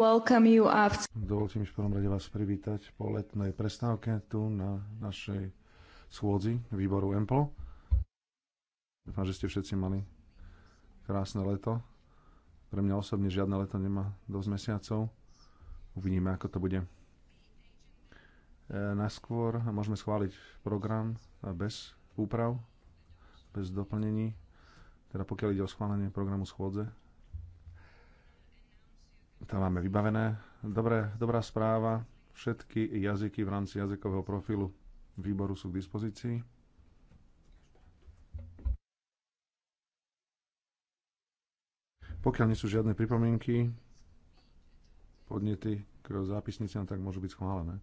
Dovolte mi v prvom rade vás privítať po letnej prestávke tu na našej schôdzi výboru EMPL. Dúfam, že ste všetci mali krásne leto. Pre mňa osobne žiadne leto nemá dosť mesiacov. Uvidíme, ako to bude. E, naskôr môžeme schváliť program bez úprav, bez doplnení. Teda pokiaľ ide o schválenie programu schôdze, to máme vybavené. Dobre, dobrá správa. Všetky jazyky v rámci jazykového profilu výboru sú k dispozícii. Pokiaľ nie sú žiadne pripomienky, podnety k zápisniciam, tak môžu byť schválené.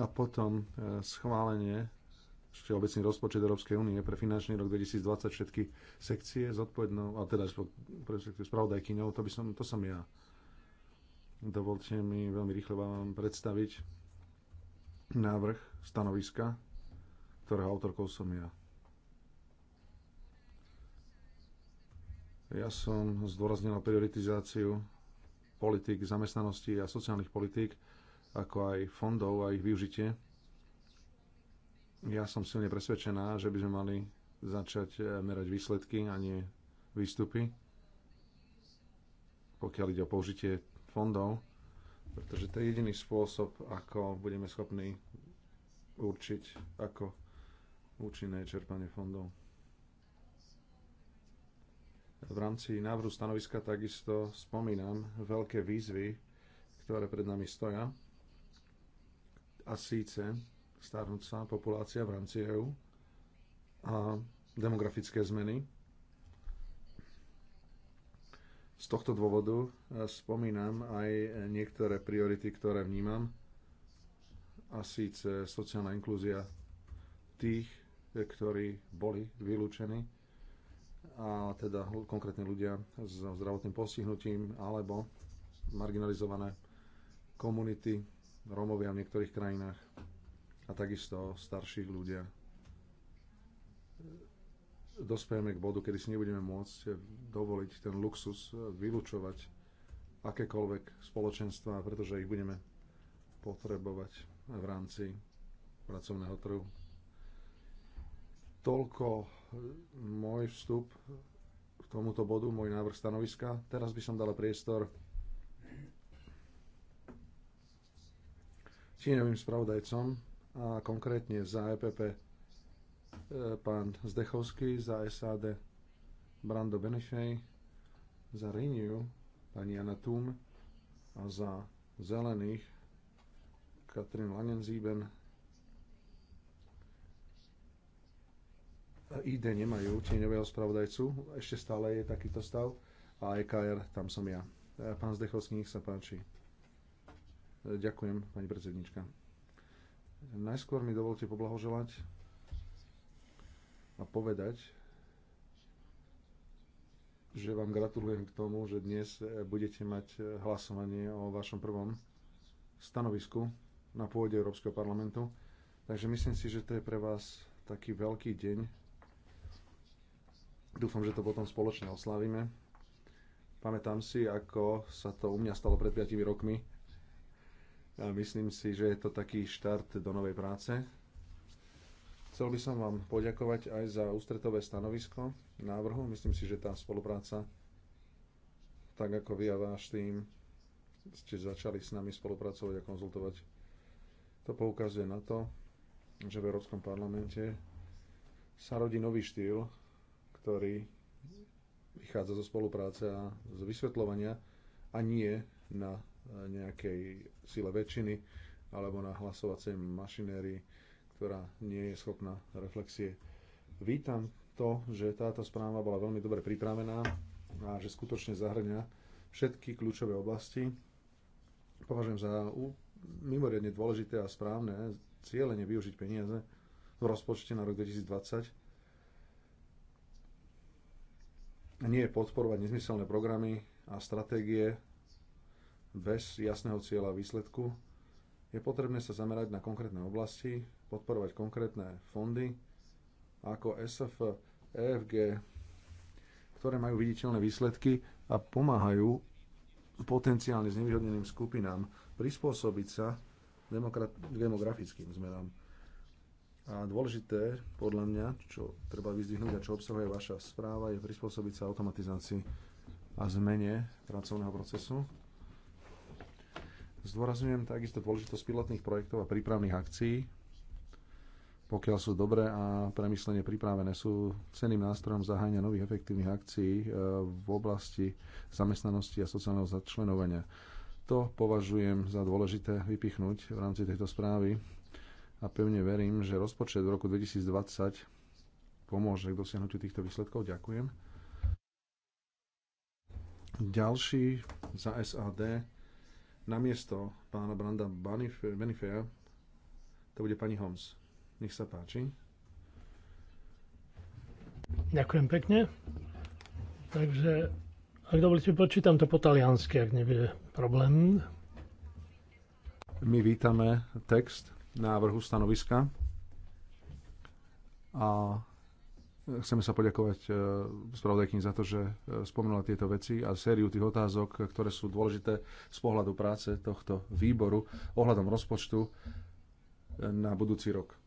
A potom e, schválenie všeobecný rozpočet Európskej únie pre finančný rok 2020 všetky sekcie s odpovednou, a teda pre spravodajkyňou, to, by som, to som ja. Dovolte mi veľmi rýchle vám predstaviť návrh stanoviska, ktorého autorkou som ja. Ja som zdôraznil prioritizáciu politik zamestnanosti a sociálnych politík, ako aj fondov a ich využitie ja som silne presvedčená, že by sme mali začať eh, merať výsledky a nie výstupy, pokiaľ ide o použitie fondov, pretože to je jediný spôsob, ako budeme schopní určiť, ako účinné čerpanie fondov. V rámci návrhu stanoviska takisto spomínam veľké výzvy, ktoré pred nami stoja. A síce starnúca populácia v rámci EÚ a demografické zmeny. Z tohto dôvodu e, spomínam aj niektoré priority, ktoré vnímam, a síce sociálna inklúzia tých, e, ktorí boli vylúčení, a teda konkrétne ľudia s zdravotným postihnutím alebo marginalizované komunity Rómovia v niektorých krajinách a takisto starší ľudia. Dospejeme k bodu, kedy si nebudeme môcť dovoliť ten luxus vylúčovať akékoľvek spoločenstva, pretože ich budeme potrebovať v rámci pracovného trhu. Toľko môj vstup k tomuto bodu, môj návrh stanoviska. Teraz by som dal priestor tieňovým spravodajcom a konkrétne za EPP e, pán Zdechovský, za SAD Brando Benešej, za Renew pani Jana Tum a za Zelených Katrin Langenzieben. ID nemajú tieňového spravodajcu, ešte stále je takýto stav a EKR, tam som ja. E, pán Zdechovský, nech sa páči. E, ďakujem, pani predsednička. Najskôr mi dovolte poblahoželať a povedať, že vám gratulujem k tomu, že dnes e, budete mať e, hlasovanie o vašom prvom stanovisku na pôde Európskeho parlamentu. Takže myslím si, že to je pre vás taký veľký deň. Dúfam, že to potom spoločne oslavíme. Pamätám si, ako sa to u mňa stalo pred 5 rokmi, a myslím si, že je to taký štart do novej práce. Chcel by som vám poďakovať aj za ústretové stanovisko návrhu. Myslím si, že tá spolupráca, tak ako vy a váš tým, ste začali s nami spolupracovať a konzultovať. To poukazuje na to, že v Európskom parlamente sa rodí nový štýl, ktorý vychádza zo spolupráce a z vysvetľovania a nie na nejakej sile väčšiny alebo na hlasovacej mašinérii, ktorá nie je schopná reflexie. Vítam to, že táto správa bola veľmi dobre pripravená a že skutočne zahrňa všetky kľúčové oblasti. Považujem za mimoriadne dôležité a správne cieľene využiť peniaze v rozpočte na rok 2020 nie podporovať nezmyselné programy a stratégie bez jasného cieľa a výsledku. Je potrebné sa zamerať na konkrétne oblasti, podporovať konkrétne fondy ako SF, EFG, ktoré majú viditeľné výsledky a pomáhajú potenciálne znevýhodneným skupinám prispôsobiť sa demografickým zmenám. A dôležité, podľa mňa, čo treba vyzdvihnúť a čo obsahuje vaša správa, je prispôsobiť sa automatizácii a zmene pracovného procesu. Zdôrazňujem takisto dôležitosť pilotných projektov a prípravných akcií. Pokiaľ sú dobré a premyslenie pripravené, sú ceným nástrojom zahájania nových efektívnych akcií e, v oblasti zamestnanosti a sociálneho začlenovania. To považujem za dôležité vypichnúť v rámci tejto správy a pevne verím, že rozpočet v roku 2020 pomôže k dosiahnutiu týchto výsledkov. Ďakujem. Ďalší za SAD namiesto pána Branda Benifeja to bude pani Holmes. Nech sa páči. Ďakujem pekne. Takže, ak dovolíte, počítam to po taliansky, ak nebude problém. My vítame text návrhu stanoviska a Chceme sa poďakovať e, spravodajkým za to, že e, spomenula tieto veci a sériu tých otázok, ktoré sú dôležité z pohľadu práce tohto výboru ohľadom rozpočtu e, na budúci rok.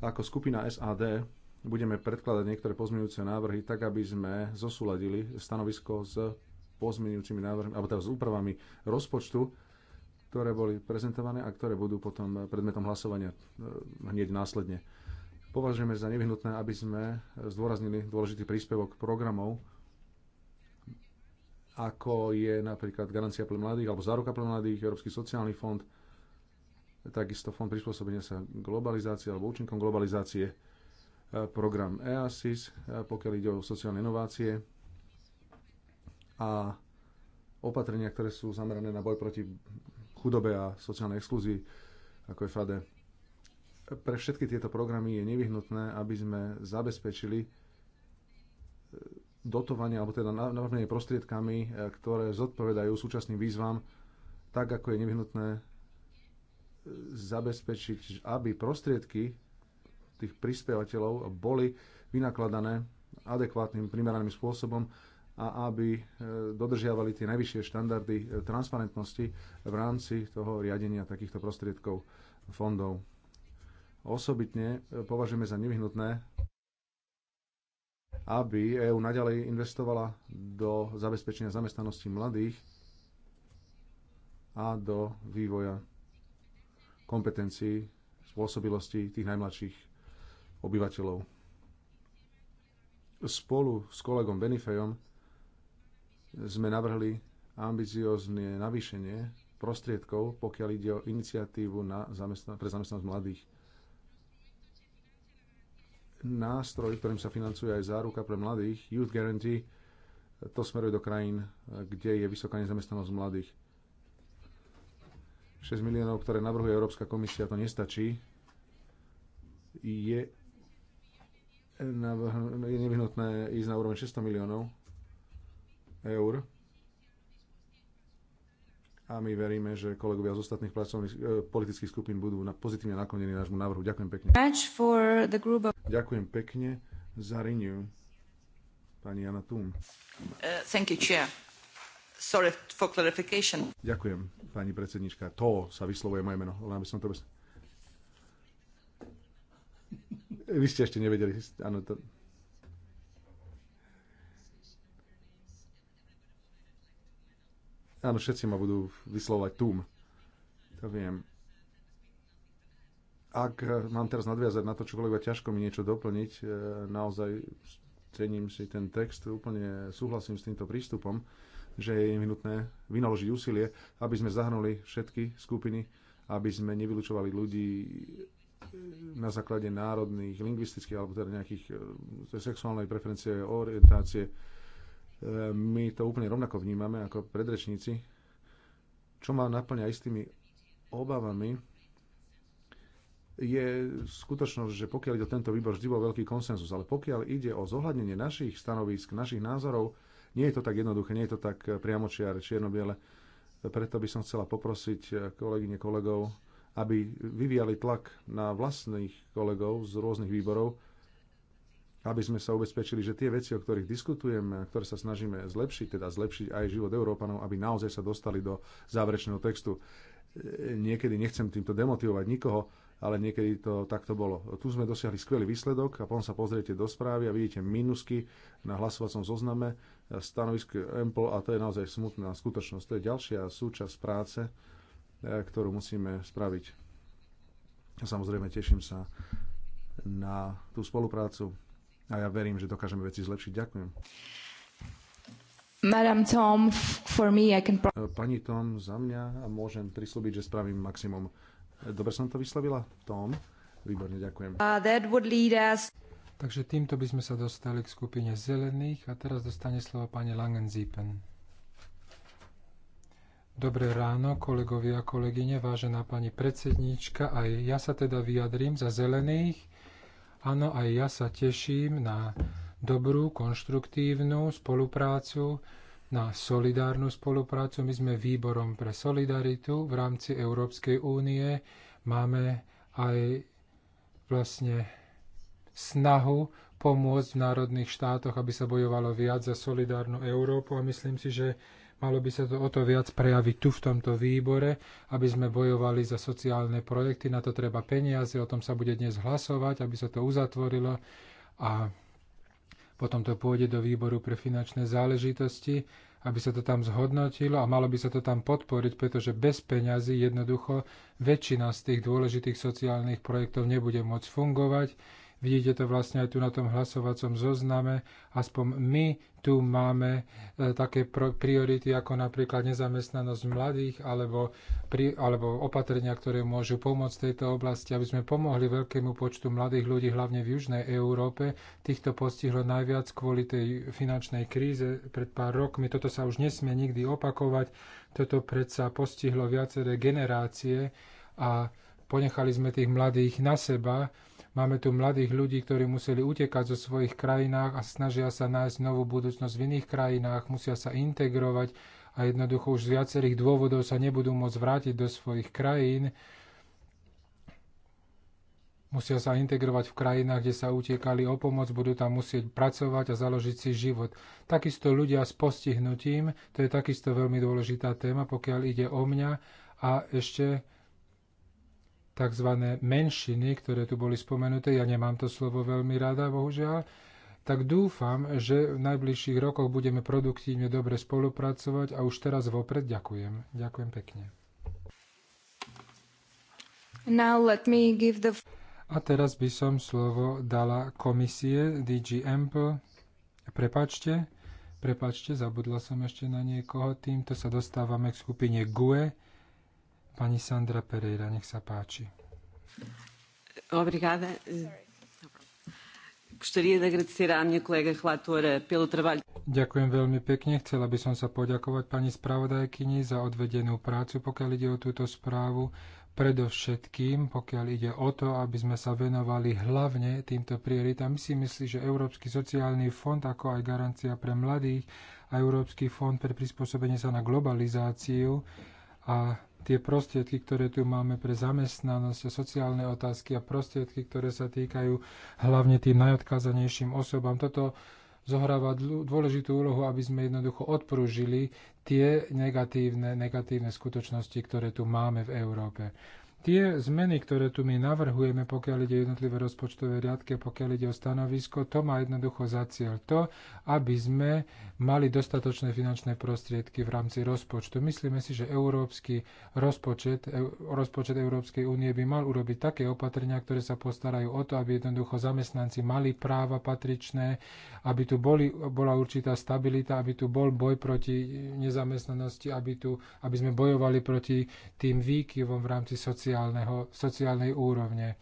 Ako skupina SAD budeme predkladať niektoré pozmeňujúce návrhy tak, aby sme zosúladili stanovisko s pozmeňujúcimi návrhmi, alebo teda s úpravami rozpočtu, ktoré boli prezentované a ktoré budú potom predmetom hlasovania hneď následne. Považujeme za nevyhnutné, aby sme zdôraznili dôležitý príspevok programov, ako je napríklad Garancia pre mladých alebo Záruka pre mladých, Európsky sociálny fond, takisto Fond prispôsobenia sa globalizácie alebo účinkom globalizácie, e, program EASIS, e, pokiaľ ide o sociálne inovácie a opatrenia, ktoré sú zamerané na boj proti chudobe a sociálnej exklúzii, ako je FADE pre všetky tieto programy je nevyhnutné, aby sme zabezpečili e, dotovanie, alebo teda navrhnenie prostriedkami, e, ktoré zodpovedajú súčasným výzvam, tak ako je nevyhnutné e, zabezpečiť, aby prostriedky tých prispievateľov boli vynakladané adekvátnym, primeraným spôsobom a aby dodržiavali tie najvyššie štandardy transparentnosti v rámci toho riadenia takýchto prostriedkov fondov. Osobitne e, považujeme za nevyhnutné, aby EÚ naďalej investovala do zabezpečenia zamestnanosti mladých a do vývoja kompetencií, spôsobilosti tých najmladších obyvateľov. Spolu s kolegom Benifejom sme navrhli ambiciozne navýšenie prostriedkov, pokiaľ ide o iniciatívu na pre zamestnanosť mladých nástroj, ktorým sa financuje aj záruka pre mladých, Youth Guarantee, to smeruje do krajín, kde je vysoká nezamestnanosť mladých. 6 miliónov, ktoré navrhuje Európska komisia, to nestačí. Je, je nevyhnutné ísť na úroveň 600 miliónov eur a my veríme, že kolegovia z ostatných pracovných e, politických skupín budú na, pozitívne naklonení nášmu návrhu. Ďakujem pekne. Ďakujem pekne za Renew. Pani Jana Tum. Uh, thank you, chair. Sorry for clarification. Ďakujem, pani predsednička. To sa vyslovuje moje meno, len aby som to bez... Vy ste ešte nevedeli. Áno, to... Áno, všetci ma budú vyslovať túm. To viem. Ak e, mám teraz nadviazať na to, čo kolega ťažko mi niečo doplniť, e, naozaj cením si ten text, úplne súhlasím s týmto prístupom, že je nevyhnutné vynaložiť úsilie, aby sme zahrnuli všetky skupiny, aby sme nevylučovali ľudí e, na základe národných, lingvistických alebo teda nejakých sexuálnej preferencie, orientácie, my to úplne rovnako vnímame ako predrečníci, čo ma naplňa istými obavami, je skutočnosť, že pokiaľ ide o tento výbor, vždy bol veľký konsenzus, ale pokiaľ ide o zohľadnenie našich stanovísk, našich názorov, nie je to tak jednoduché, nie je to tak priamočiare, čierno-biele. Preto by som chcela poprosiť eh, kolegyne kolegov, aby vyvíjali tlak na vlastných kolegov z rôznych výborov, aby sme sa ubezpečili, že tie veci, o ktorých diskutujeme, ktoré sa snažíme zlepšiť, teda zlepšiť aj život Európanov, aby naozaj sa dostali do záverečného textu. E, niekedy nechcem týmto demotivovať nikoho, ale niekedy to takto bolo. Tu sme dosiahli skvelý výsledok a potom sa pozriete do správy a vidíte minusky na hlasovacom zozname stanovisk EMPL a to je naozaj smutná skutočnosť. To je ďalšia súčasť práce, e, ktorú musíme spraviť. Samozrejme, teším sa na tú spoluprácu a ja verím, že dokážeme veci zlepšiť. Ďakujem. Madam Tom, for me I can... E, pani Tom, za mňa a môžem prislúbiť, že spravím maximum. E, dobre som to vyslovila? Tom? Výborne, ďakujem. Uh, that would lead us... Takže týmto by sme sa dostali k skupine zelených a teraz dostane slovo pani Langenzipen. Dobré ráno, kolegovia a kolegyne, vážená pani predsedníčka, aj ja sa teda vyjadrím za zelených Áno, aj ja sa teším na dobrú, konštruktívnu spoluprácu, na solidárnu spoluprácu. My sme výborom pre solidaritu v rámci Európskej únie. Máme aj vlastne snahu pomôcť v národných štátoch, aby sa bojovalo viac za solidárnu Európu a myslím si, že Malo by sa to o to viac prejaviť tu v tomto výbore, aby sme bojovali za sociálne projekty. Na to treba peniaze, o tom sa bude dnes hlasovať, aby sa to uzatvorilo a potom to pôjde do výboru pre finančné záležitosti, aby sa to tam zhodnotilo a malo by sa to tam podporiť, pretože bez peňazí jednoducho väčšina z tých dôležitých sociálnych projektov nebude môcť fungovať Vidíte to vlastne aj tu na tom hlasovacom zozname. Aspoň my tu máme e, také priority ako napríklad nezamestnanosť mladých alebo, pri, alebo opatrenia, ktoré môžu pomôcť tejto oblasti, aby sme pomohli veľkému počtu mladých ľudí, hlavne v Južnej Európe. Týchto postihlo najviac kvôli tej finančnej kríze pred pár rokmi. Toto sa už nesmie nikdy opakovať. Toto predsa postihlo viaceré generácie a ponechali sme tých mladých na seba Máme tu mladých ľudí, ktorí museli utekať zo svojich krajinách a snažia sa nájsť novú budúcnosť v iných krajinách, musia sa integrovať a jednoducho už z viacerých dôvodov sa nebudú môcť vrátiť do svojich krajín. Musia sa integrovať v krajinách, kde sa utiekali o pomoc, budú tam musieť pracovať a založiť si život. Takisto ľudia s postihnutím, to je takisto veľmi dôležitá téma, pokiaľ ide o mňa. A ešte tzv. menšiny, ktoré tu boli spomenuté, ja nemám to slovo veľmi rada, bohužiaľ, tak dúfam, že v najbližších rokoch budeme produktívne dobre spolupracovať a už teraz vopred ďakujem. Ďakujem pekne. Now let me give the... A teraz by som slovo dala komisie DG Ample. Prepačte, prepačte, zabudla som ešte na niekoho. Týmto sa dostávame k skupine GUE Pani Sandra Pereira, nech sa páči. Obrigada. Gostaria de agradecer à minha colega relatora pelo trabalho. Ďakujem veľmi pekne. Chcela by som sa poďakovať pani spravodajkyni za odvedenú prácu, pokiaľ ide o túto správu. Predovšetkým, pokiaľ ide o to, aby sme sa venovali hlavne týmto prioritám, My si myslí, že Európsky sociálny fond, ako aj garancia pre mladých a Európsky fond pre prispôsobenie sa na globalizáciu a tie prostriedky, ktoré tu máme pre zamestnanosť a sociálne otázky a prostriedky, ktoré sa týkajú hlavne tým najodkázanejším osobám. Toto zohráva dôležitú úlohu, aby sme jednoducho odprúžili tie negatívne, negatívne skutočnosti, ktoré tu máme v Európe. Tie zmeny, ktoré tu my navrhujeme, pokiaľ ide jednotlivé rozpočtové riadky, pokiaľ ide o stanovisko, to má jednoducho za cieľ to, aby sme mali dostatočné finančné prostriedky v rámci rozpočtu. Myslíme si, že európsky rozpočet, e, rozpočet Európskej únie by mal urobiť také opatrenia, ktoré sa postarajú o to, aby jednoducho zamestnanci mali práva patričné, aby tu boli, bola určitá stabilita, aby tu bol boj proti nezamestnanosti, aby, tu, aby sme bojovali proti tým výkyvom v rámci sociálnych sociálnej úrovne.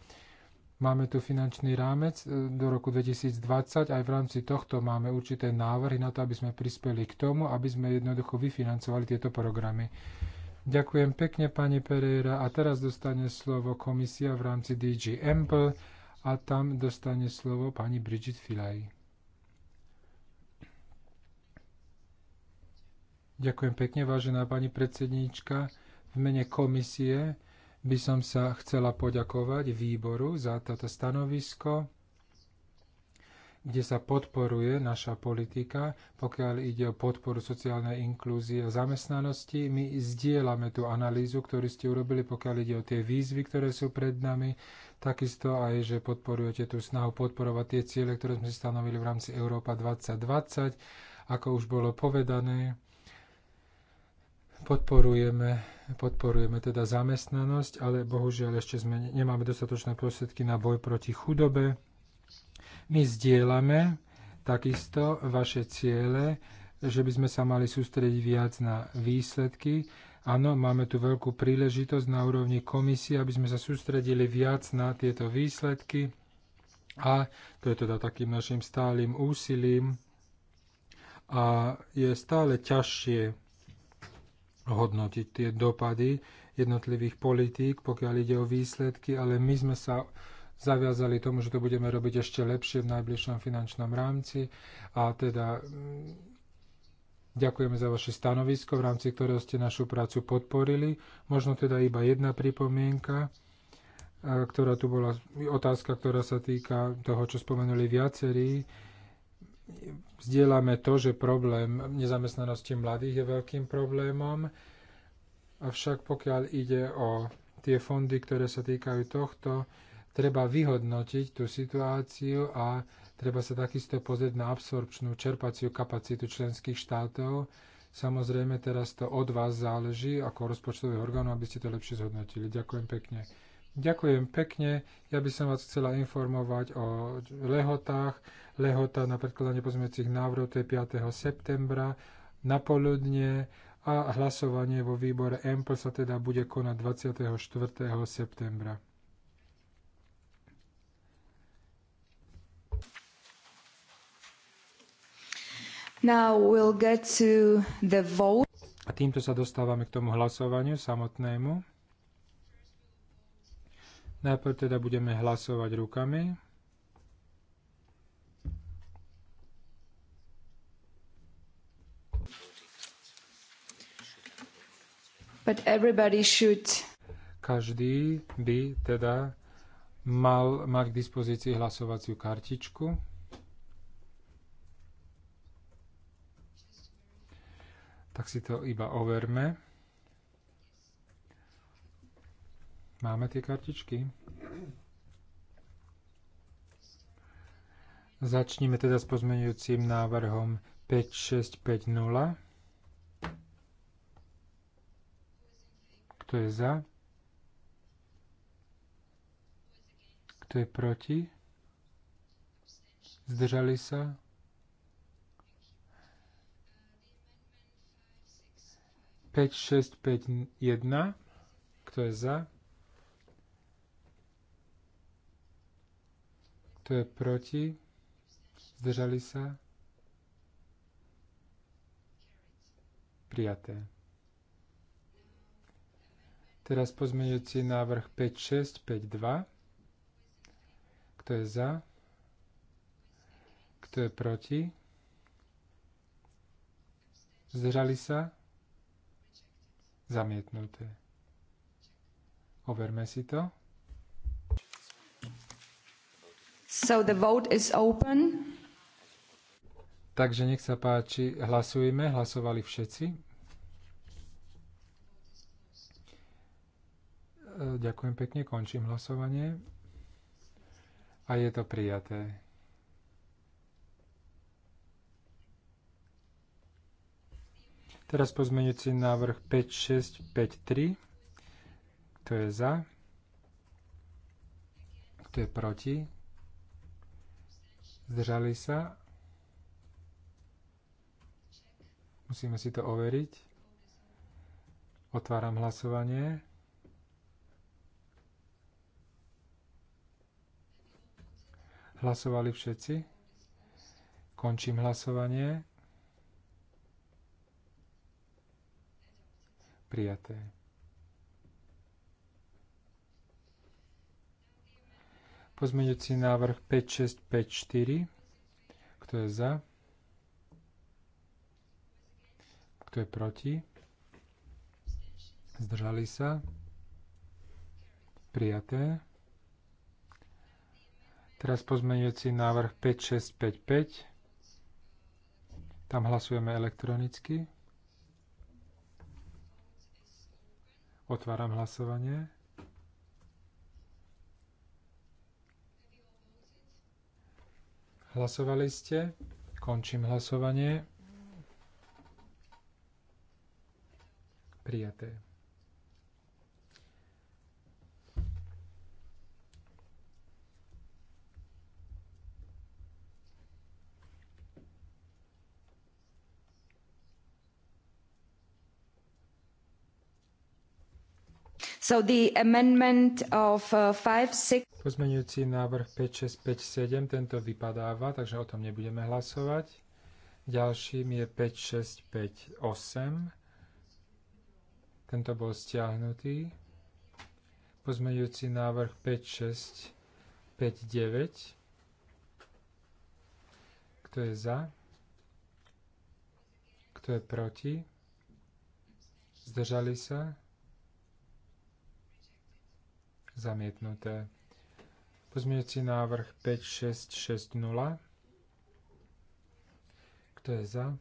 Máme tu finančný rámec e, do roku 2020, aj v rámci tohto máme určité návrhy na to, aby sme prispeli k tomu, aby sme jednoducho vyfinancovali tieto programy. Ďakujem pekne, pani Pereira. A teraz dostane slovo komisia v rámci DG Ample a tam dostane slovo pani Bridget Filaj. Ďakujem pekne, vážená pani predsedníčka. V mene komisie by som sa chcela poďakovať výboru za toto stanovisko, kde sa podporuje naša politika, pokiaľ ide o podporu sociálnej inklúzie a zamestnanosti. My zdieľame tú analýzu, ktorú ste urobili, pokiaľ ide o tie výzvy, ktoré sú pred nami. Takisto aj, že podporujete tú snahu podporovať tie ciele, ktoré sme si stanovili v rámci Európa 2020. Ako už bolo povedané, podporujeme podporujeme teda zamestnanosť, ale bohužiaľ ešte sme, nemáme dostatočné prostriedky na boj proti chudobe. My zdieľame takisto vaše ciele, že by sme sa mali sústrediť viac na výsledky. Áno, máme tu veľkú príležitosť na úrovni komisie, aby sme sa sústredili viac na tieto výsledky. A to je teda takým našim stálym úsilím. A je stále ťažšie hodnotiť tie dopady jednotlivých politík, pokiaľ ide o výsledky, ale my sme sa zaviazali tomu, že to budeme robiť ešte lepšie v najbližšom finančnom rámci a teda mm, ďakujeme za vaše stanovisko, v rámci ktorého ste našu prácu podporili. Možno teda iba jedna pripomienka, e, ktorá tu bola otázka, ktorá sa týka toho, čo spomenuli viacerí Vzdielame to, že problém nezamestnanosti mladých je veľkým problémom, avšak pokiaľ ide o tie fondy, ktoré sa týkajú tohto, treba vyhodnotiť tú situáciu a treba sa takisto pozrieť na absorpčnú čerpaciu kapacitu členských štátov. Samozrejme, teraz to od vás záleží ako rozpočtového orgánu, aby ste to lepšie zhodnotili. Ďakujem pekne. Ďakujem pekne. Ja by som vás chcela informovať o lehotách. Lehota na predkladanie pozmeňujúcich návrhov to je 5. septembra na poludne a hlasovanie vo výbore EMPL sa teda bude konať 24. septembra. Now we'll get to the vote. A týmto sa dostávame k tomu hlasovaniu samotnému. Najprv teda budeme hlasovať rukami. But everybody should... Každý by teda mal mať k dispozícii hlasovaciu kartičku. Tak si to iba overme. Máme tie kartičky? Začníme teda s pozmeňujúcim návrhom 5650. Kto je za? Kto je proti? Zdržali sa? Päť, šesť, päť, jedna. Kto je za? Kto je proti? Zdržali sa? Prijaté. Teraz pozmeňujúci návrh 5652. Kto je za? Kto je proti? Zdržali sa? Zamietnuté. Overme si to. So the vote is open. Takže nech sa páči, Hlasujeme. Hlasovali všetci. E, ďakujem pekne, končím hlasovanie. A je to prijaté. Teraz si návrh 5653. Kto je za? Kto je proti? Zdržali sa? Musíme si to overiť. Otváram hlasovanie. Hlasovali všetci? Končím hlasovanie. Prijaté. Pozmeňujúci návrh 5654. Kto je za? Kto je proti? Zdržali sa? Prijaté. Teraz pozmeňujúci návrh 5655. Tam hlasujeme elektronicky. Otváram hlasovanie. Hlasovali ste? Končím hlasovanie. Prijaté. So uh, Pozmeňujúci návrh 5, 6, 5, 7, tento vypadáva, takže o tom nebudeme hlasovať. Ďalším je 5, 6, 5, 8. Tento bol stiahnutý. Pozmeňujúci návrh 5, 6, 5, 9. Kto je za? Kto je proti? Zdržali sa? zamietnuté. Pozmeňujúci návrh 5660. Kto je za?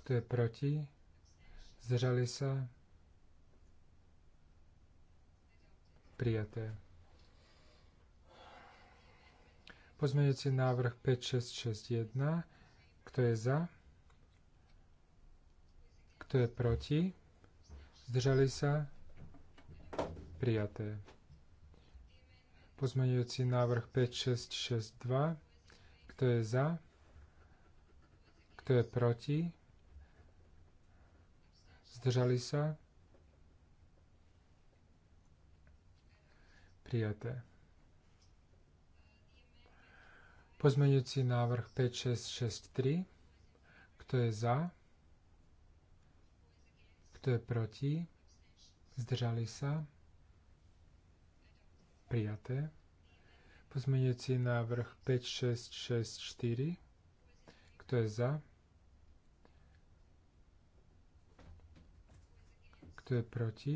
Kto je proti? Zdržali sa? Prijaté. Pozmeňujúci návrh 5661. Kto je za? Kto je proti? Zdržali sa? prijaté. Pozmeňujúci návrh 5662. Kto je za? Kto je proti? Zdržali sa? Prijaté. Pozmeňujúci návrh 5663. Kto je za? Kto je proti? Zdržali sa? Prijaté. Pozmeňujúci návrh 5664. Kto je za? Kto je proti?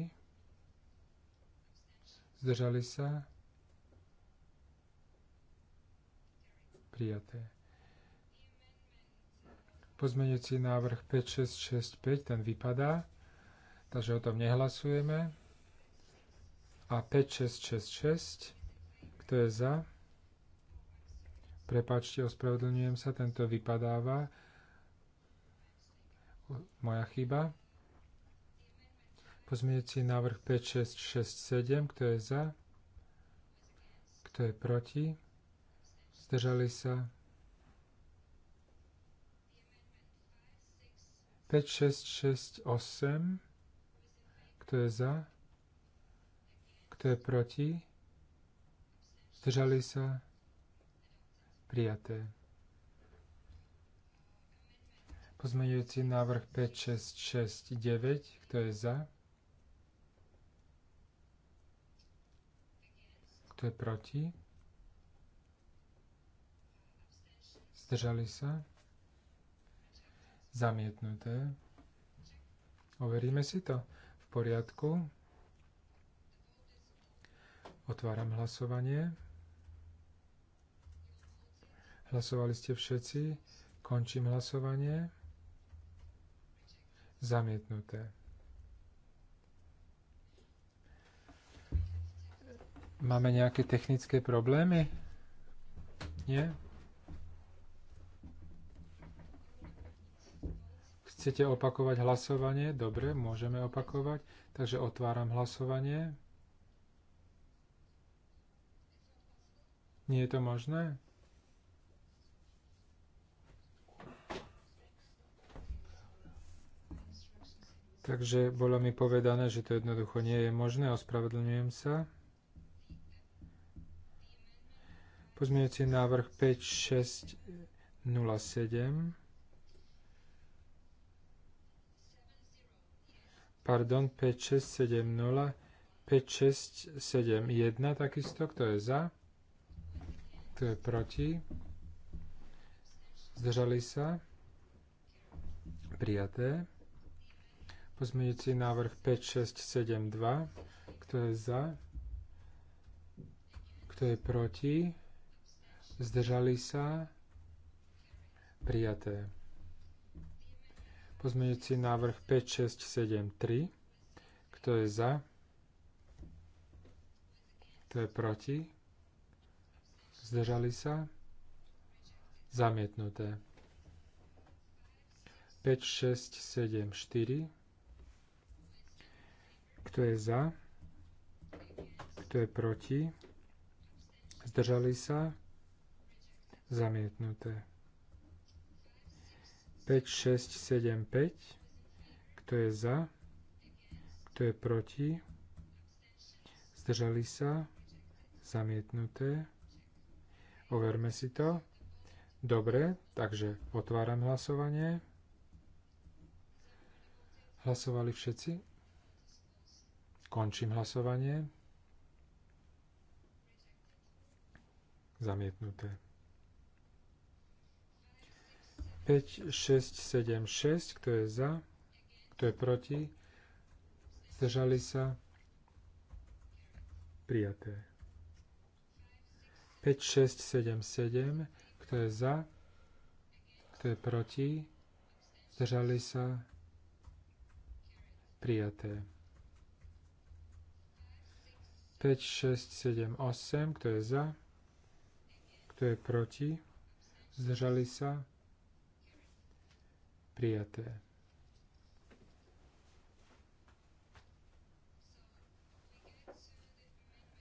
Zdržali sa? Prijaté. Pozmeňujúci návrh 5665, ten vypadá, takže o tom nehlasujeme a 5666. Kto je za? Prepačte, ospravedlňujem sa, tento vypadáva. Moja chyba. si návrh 5667. Kto je za? Kto je proti? Zdržali sa? 5668 Kto je za? Kto je proti? Zdržali sa? Prijaté. Pozmeňujúci návrh 5, 6, 6, 9. Kto je za? Kto je proti? Zdržali sa? Zamietnuté. Overíme si to. V poriadku. Otváram hlasovanie. Hlasovali ste všetci. Končím hlasovanie. Zamietnuté. Máme nejaké technické problémy? Nie? Chcete opakovať hlasovanie? Dobre, môžeme opakovať. Takže otváram hlasovanie. Nie je to možné? Takže bolo mi povedané, že to jednoducho nie je možné. Ospravedlňujem sa. Pozmienujúci návrh 5607. Pardon, 5670. 5671 takisto. Kto je za? Kto je proti? Zdržali sa? Prijaté. Pozmeňujúci návrh 5672. Kto je za? Kto je proti? Zdržali sa? Prijaté. Pozmeňujúci návrh 5673. Kto je za? Kto je proti? zdržali sa, zamietnuté. 5, 6, 7, 4. Kto je za? Kto je proti? Zdržali sa? Zamietnuté. 5, 6, 7, 5. Kto je za? Kto je proti? Zdržali sa? Zamietnuté. Overme si to. Dobre, takže otváram hlasovanie. Hlasovali všetci? Končím hlasovanie. Zamietnuté. 5, 6, 7, 6. Kto je za? Kto je proti? Zdržali sa? Prijaté. 5, 6, 7, 7. Kto je za? Kto je proti? Zdržali sa? Prijaté. 5, 6, 7, 8. Kto je za? Kto je proti? Zdržali sa? Prijaté.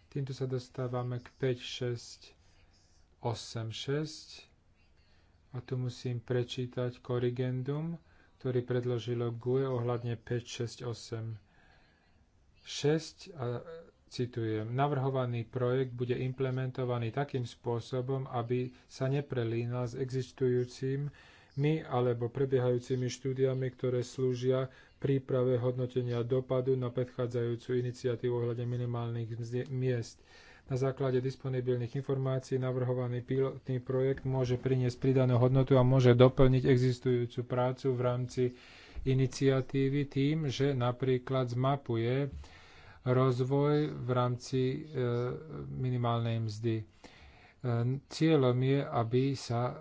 Týmto sa dostávame k 5, 6, 8, 6. A tu musím prečítať korrigendum, ktorý predložilo GUE ohľadne 5, 6, 8, 6. A citujem, navrhovaný projekt bude implementovaný takým spôsobom, aby sa neprelínal s existujúcim alebo prebiehajúcimi štúdiami, ktoré slúžia príprave hodnotenia dopadu na predchádzajúcu iniciatívu ohľadne minimálnych miest. Na základe disponibilných informácií navrhovaný pilotný projekt môže priniesť pridanú hodnotu a môže doplniť existujúcu prácu v rámci iniciatívy tým, že napríklad zmapuje rozvoj v rámci e, minimálnej mzdy. E, cieľom je, aby sa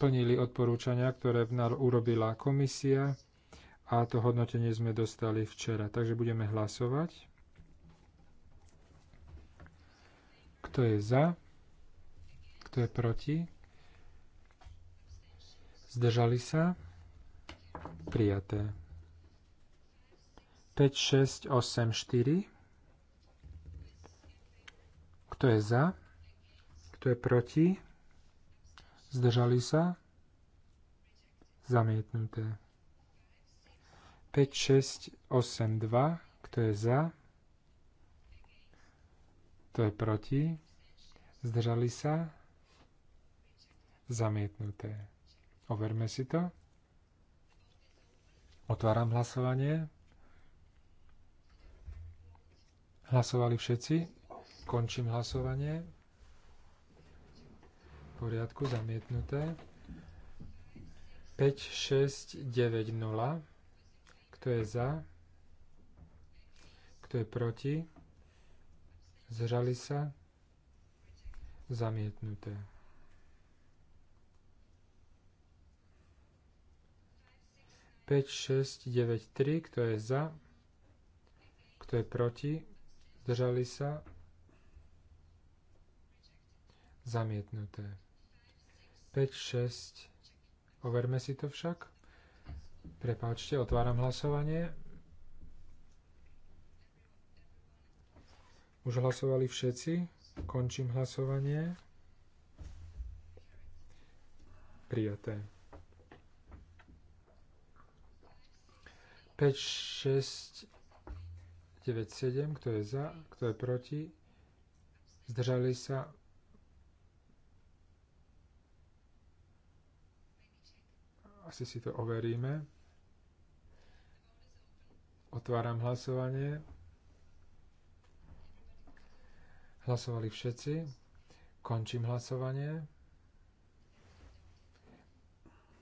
plnili odporúčania, ktoré urobila komisia a to hodnotenie sme dostali včera. Takže budeme hlasovať. Kto je za? Kto je proti? Zdržali sa? Prijaté. 5, 6, 8, 4. Kto je za? Kto je proti? Zdržali sa? Zamietnuté. 5, 6, 8, 2, kto je za, kto je proti, zdržali sa, zamietnuté. Overme si to. Otváram hlasovanie. Hlasovali všetci. Končím hlasovanie. V poriadku, zamietnuté. 5, 6, 9, 0. Kto je za? Kto je proti? Zžali sa? Zamietnuté. 5, 6, 9, 3. Kto je za? Kto je proti? Zdržali sa? Zamietnuté. 5, 6. Overme si to však. Prepáčte, otváram hlasovanie. Už hlasovali všetci. Končím hlasovanie. Prijaté. 5, 6, 9, 7. Kto je za? Kto je proti? Zdržali sa? Asi si to overíme. Otváram hlasovanie. Hlasovali všetci. Končím hlasovanie.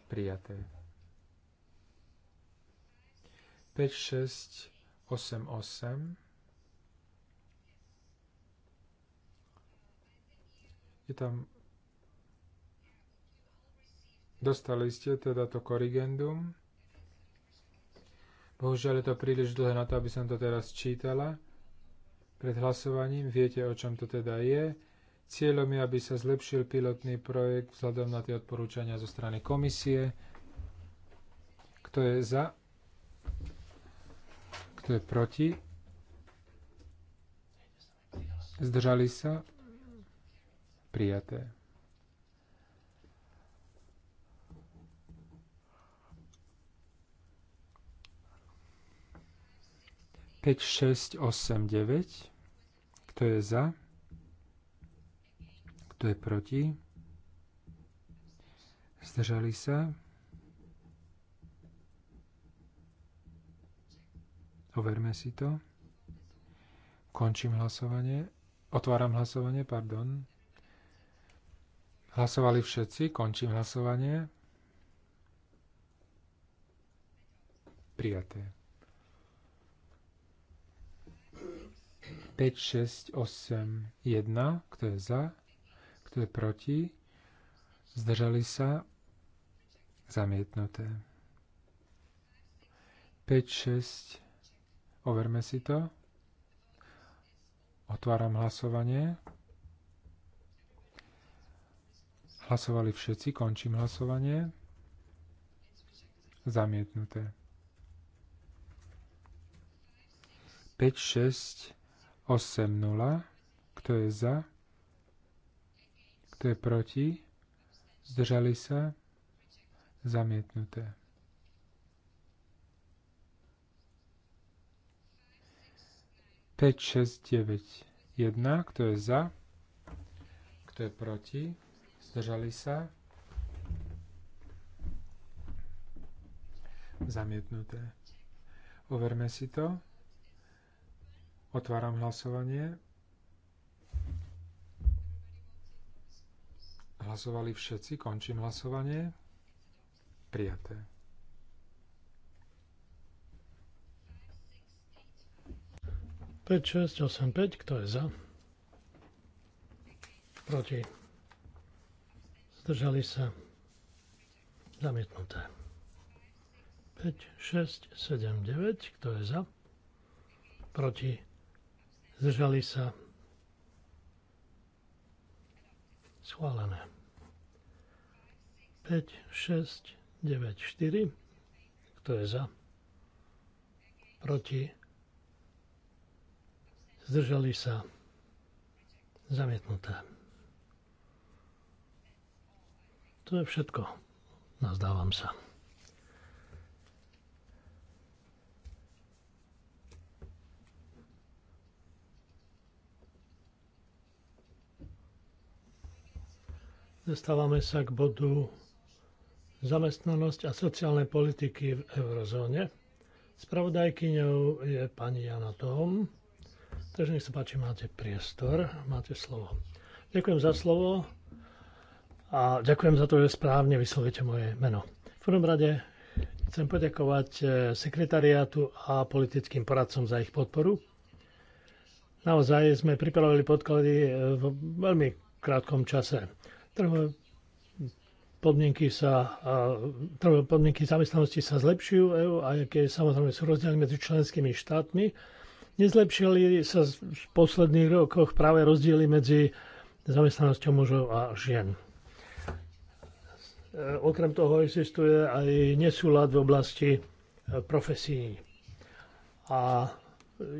Prijaté. 5, 6, 8, 8. Je tam... Dostali ste teda to korigendum. Bohužiaľ je to príliš dlhé na to, aby som to teraz čítala. Pred hlasovaním viete, o čom to teda je. Cieľom je, aby sa zlepšil pilotný projekt vzhľadom na tie odporúčania zo strany komisie. Kto je za? Kto je proti? Zdržali sa? Prijaté. 5, 6, 8, 9. Kto je za? Kto je proti? Zdržali sa? Overme si to. Končím hlasovanie. Otváram hlasovanie, pardon. Hlasovali všetci, končím hlasovanie. Prijaté. 5, 6, 8, 1. Kto je za? Kto je proti? Zdržali sa? Zamietnuté. 5, 6. Overme si to. Otváram hlasovanie. Hlasovali všetci. Končím hlasovanie. Zamietnuté. 5, 6, 8-0. Kto je za? Kto je proti? Zdržali sa? Zamietnuté. 5, 6, 9, 1. Kto je za? Kto je proti? Zdržali sa? Zamietnuté. Overme si to. Otváram hlasovanie. Hlasovali všetci. Končím hlasovanie. Prijaté. 5, 6, 8, 5. Kto je za? Proti. Zdržali sa. Zamietnuté. 5, 6, 7, 9. Kto je za? Proti zdržali sa schválené. 5, 6, 9, 4. Kto je za? Proti? Zdržali sa? Zamietnuté. To je všetko. Nazdávam sa. Dostávame sa k bodu zamestnanosť a sociálne politiky v eurozóne. Spravodajkyňou je pani Jana Tom. Takže nech sa páči, máte priestor, máte slovo. Ďakujem za slovo a ďakujem za to, že správne vyslovíte moje meno. V prvom rade chcem poďakovať e, sekretariátu a politickým poradcom za ich podporu. Naozaj sme pripravili podklady e, v veľmi krátkom čase. Trhové podmienky, sa, trhové podmienky zamestnanosti sa zlepšujú EU a keď samozrejme sú rozdiely medzi členskými štátmi. Nezlepšili sa v posledných rokoch práve rozdiely medzi zamestnanosťou mužov a žien. E, okrem toho existuje aj nesúlad v oblasti e, profesí. A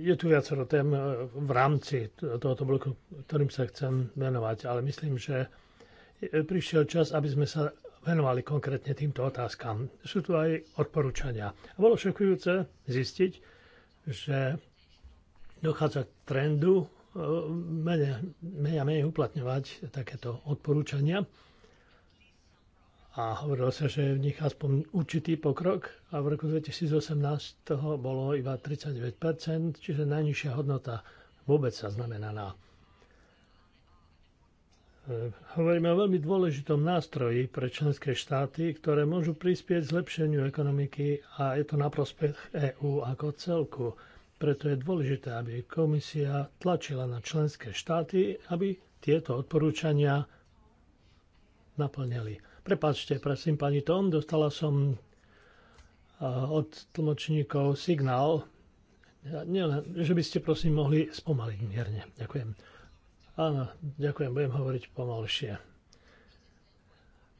je tu viacero tém e, v rámci tohoto bloku, ktorým sa chcem venovať, ale myslím, že prišiel čas, aby sme sa venovali konkrétne týmto otázkam. Sú tu aj odporúčania. A bolo šokujúce zistiť, že dochádza k trendu e, menej, menej a menej uplatňovať takéto odporúčania. A hovorilo sa, že v nich aspoň určitý pokrok a v roku 2018 toho bolo iba 39%, čiže najnižšia hodnota vôbec sa znamená na Eh, hovoríme o veľmi dôležitom nástroji pre členské štáty, ktoré môžu prispieť zlepšeniu ekonomiky a je to na prospech EÚ ako celku. Preto je dôležité, aby komisia tlačila na členské štáty, aby tieto odporúčania naplnili. Prepačte, prosím, pani Tom, dostala som eh, od tlmočníkov signál, že by ste prosím mohli spomaliť mierne. Ďakujem. Áno, ďakujem, budem hovoriť pomalšie.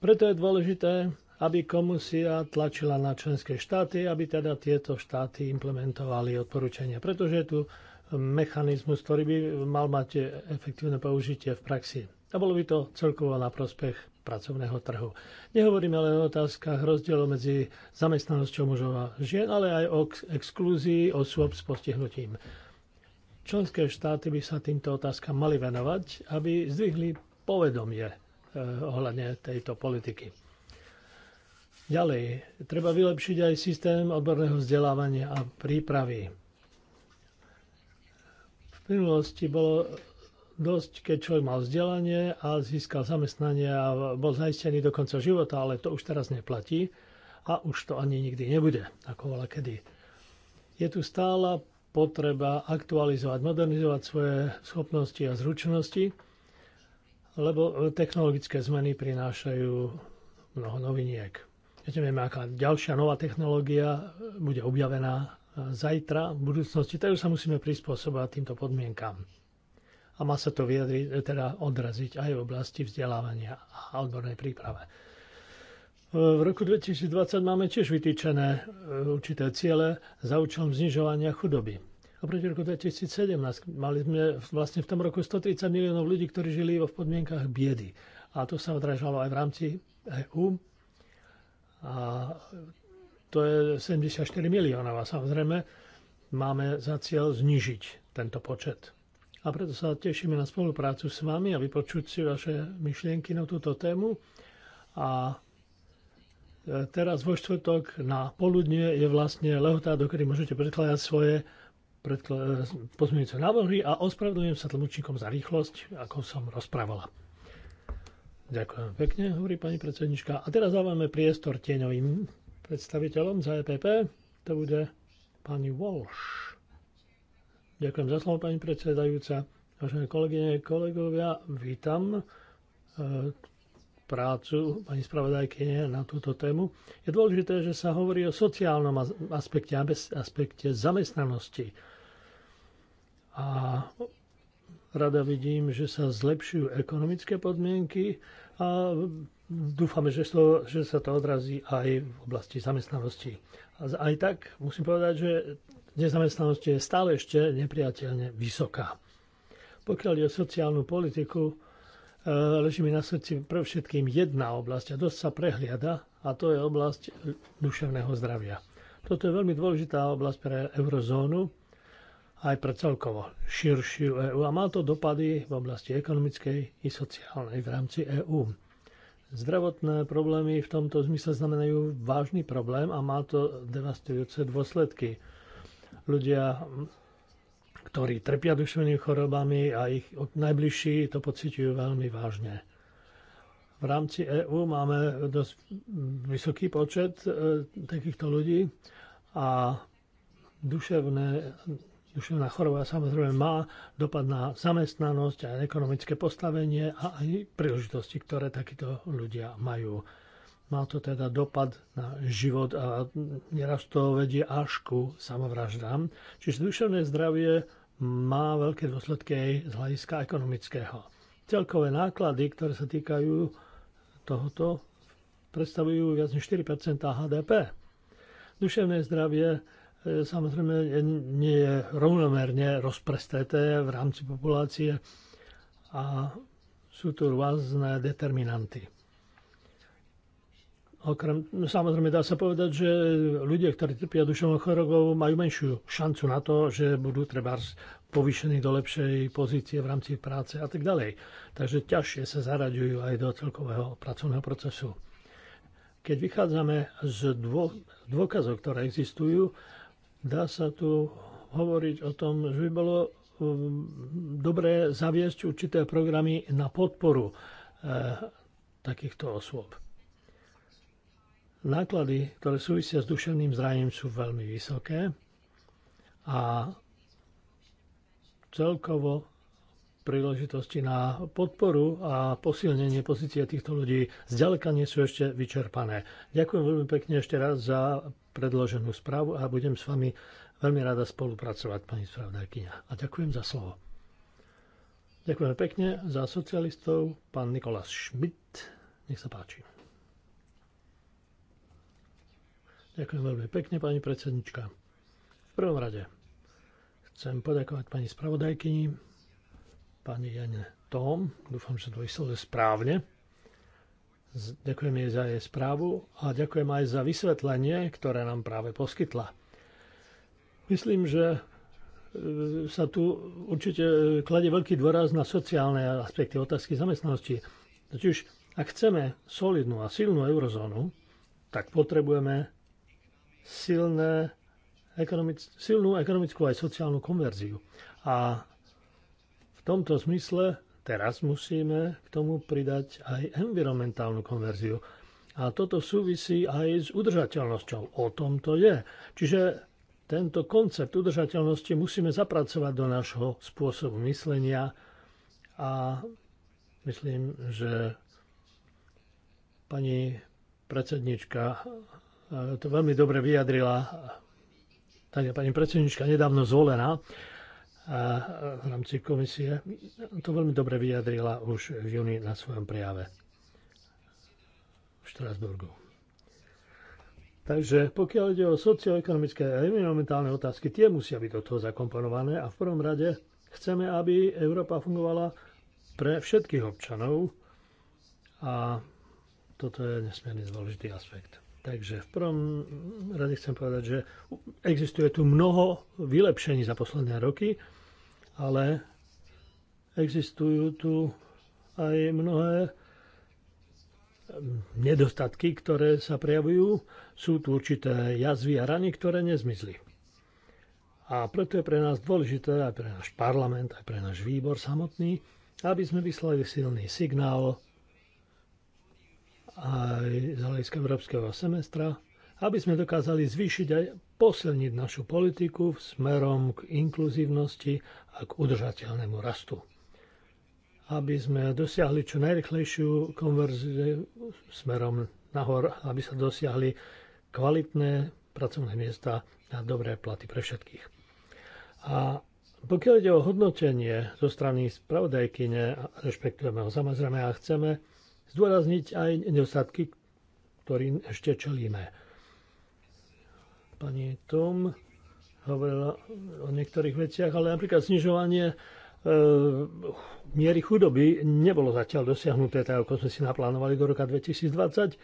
Preto je dôležité, aby komisia tlačila na členské štáty, aby teda tieto štáty implementovali odporúčania. Pretože je tu mechanizmus, ktorý by mal mať efektívne použitie v praxi. A bolo by to celkovo na prospech pracovného trhu. Nehovoríme len o otázkach rozdielu medzi zamestnanosťou mužov a žien, ale aj o exklúzii osôb s postihnutím. Členské štáty by sa týmto otázkam mali venovať, aby zdvihli povedomie eh, ohľadne tejto politiky. Ďalej, treba vylepšiť aj systém odborného vzdelávania a prípravy. V minulosti bolo dosť, keď človek mal vzdelanie a získal zamestnanie a bol zaistený do konca života, ale to už teraz neplatí a už to ani nikdy nebude, ako bola kedy. Je tu stála potreba aktualizovať, modernizovať svoje schopnosti a zručnosti, lebo technologické zmeny prinášajú mnoho noviniek. Viete, aká ďalšia nová technológia bude objavená zajtra, v budúcnosti, takže sa musíme prispôsobovať týmto podmienkam. A má sa to vyjadriť, teda odraziť aj v oblasti vzdelávania a odbornej príprave. V roku 2020 máme tiež vytýčené e, určité ciele za účelom znižovania chudoby. Oproti roku 2017 mali sme vlastne v tom roku 130 miliónov ľudí, ktorí žili v podmienkach biedy. A to sa odrážalo aj v rámci EU. A to je 74 miliónov. A samozrejme máme za cieľ znižiť tento počet. A preto sa tešíme na spoluprácu s vami a vypočuť si vaše myšlienky na túto tému. A Teraz vo štvrtok na poludne je vlastne lehotá, do kedy môžete predkladať svoje predkl- eh, pozmeňujúce návrhy a ospravedlňujem sa tlmočníkom za rýchlosť, ako som rozprávala. Ďakujem pekne, hovorí pani predsednička. A teraz dávame priestor tieňovým predstaviteľom za EPP. To bude pani Walsh. Ďakujem za slovo, pani predsedajúca. Vážené kolegyne, kolegovia, vítam eh, prácu pani spravodajkyne na túto tému. Je dôležité, že sa hovorí o sociálnom aspekte, aspekte zamestnanosti. A rada vidím, že sa zlepšujú ekonomické podmienky a dúfame, že, to, že sa to odrazí aj v oblasti zamestnanosti. A aj tak musím povedať, že nezamestnanosť je stále ešte nepriateľne vysoká. Pokiaľ je o sociálnu politiku, Eh, leží mi na srdci pre všetkým jedna oblasť a dosť sa prehliada a to je oblasť duševného zdravia. Toto je veľmi dôležitá oblasť pre eurozónu aj pre celkovo širšiu EÚ a má to dopady v oblasti ekonomickej i sociálnej v rámci EÚ. Zdravotné problémy v tomto zmysle znamenajú vážny problém a má to devastujúce dôsledky. Ľudia ktorí trpia duševnými chorobami a ich najbližší to pociťujú veľmi vážne. V rámci EÚ máme dosť vysoký počet e, takýchto ľudí a duševné, duševná choroba samozrejme má dopad na zamestnanosť a ekonomické postavenie a aj príležitosti, ktoré takíto ľudia majú. Má to teda dopad na život a neraz to vedie až ku samovraždám. Čiže duševné zdravie má veľké dôsledky aj z hľadiska ekonomického. Celkové náklady, ktoré sa týkajú tohoto, predstavujú viac než 4 HDP. Duševné zdravie e, samozrejme nie je rovnomerne rozprestreté v rámci populácie a sú tu rôzne determinanty. Okrem, no samozrejme dá sa povedať, že ľudia, ktorí trpia duševnou chorobou, majú menšiu šancu na to, že budú treba povýšení do lepšej pozície v rámci práce a tak ďalej. Takže ťažšie sa zaraďujú aj do celkového pracovného procesu. Keď vychádzame z dô, dôkazov, ktoré existujú, dá sa tu hovoriť o tom, že by bolo um, dobré zaviesť určité programy na podporu e, takýchto osôb. Náklady, ktoré súvisia s duševným zraním, sú veľmi vysoké a celkovo príležitosti na podporu a posilnenie pozície týchto ľudí zďaleka nie sú ešte vyčerpané. Ďakujem veľmi pekne ešte raz za predloženú správu a budem s vami veľmi rada spolupracovať, pani spravodajkyňa. A ďakujem za slovo. Ďakujem pekne za socialistov, pán Nikolás Schmidt. Nech sa páči. Ďakujem veľmi pekne, pani predsednička. V prvom rade chcem poďakovať pani spravodajkyni, pani Jane Tom, dúfam, že to vyslovuje správne. Ďakujem jej za jej správu a ďakujem aj za vysvetlenie, ktoré nám práve poskytla. Myslím, že e, sa tu určite kladie veľký dôraz na sociálne aspekty otázky zamestnanosti. Totiž, ak chceme solidnú a silnú eurozónu, tak potrebujeme silné ekonomic, silnú ekonomickú aj sociálnu konverziu. A v tomto zmysle teraz musíme k tomu pridať aj environmentálnu konverziu. A toto súvisí aj s udržateľnosťou. O tom to je. Čiže tento koncept udržateľnosti musíme zapracovať do nášho spôsobu myslenia a myslím, že pani predsednička to veľmi dobre vyjadrila tania pani predsednička, nedávno zvolená v rámci komisie. To veľmi dobre vyjadrila už v júni na svojom prejave v Štrasburgu. Takže pokiaľ ide o socioekonomické a environmentálne otázky, tie musia byť do toho zakomponované a v prvom rade chceme, aby Európa fungovala pre všetkých občanov a toto je nesmierne dôležitý aspekt. Takže v prvom rade chcem povedať, že existuje tu mnoho vylepšení za posledné roky, ale existujú tu aj mnohé ehm, nedostatky, ktoré sa prejavujú. Sú tu určité jazvy a rany, ktoré nezmizli. A preto je pre nás dôležité, aj pre náš parlament, aj pre náš výbor samotný, aby sme vyslali silný signál aj z hľadiska európskeho semestra, aby sme dokázali zvýšiť aj posilniť našu politiku smerom k inkluzívnosti a k udržateľnému rastu. Aby sme dosiahli čo najrychlejšiu konverziu smerom nahor, aby sa dosiahli kvalitné pracovné miesta a dobré platy pre všetkých. A pokiaľ ide o hodnotenie zo strany spravodajkyne, rešpektujeme ho samozrejme a chceme, zdôrazniť aj nedostatky, ktorým ešte čelíme. Pani Tom hovorila o niektorých veciach, ale napríklad snižovanie e, miery chudoby nebolo zatiaľ dosiahnuté tak, ako sme si naplánovali do roka 2020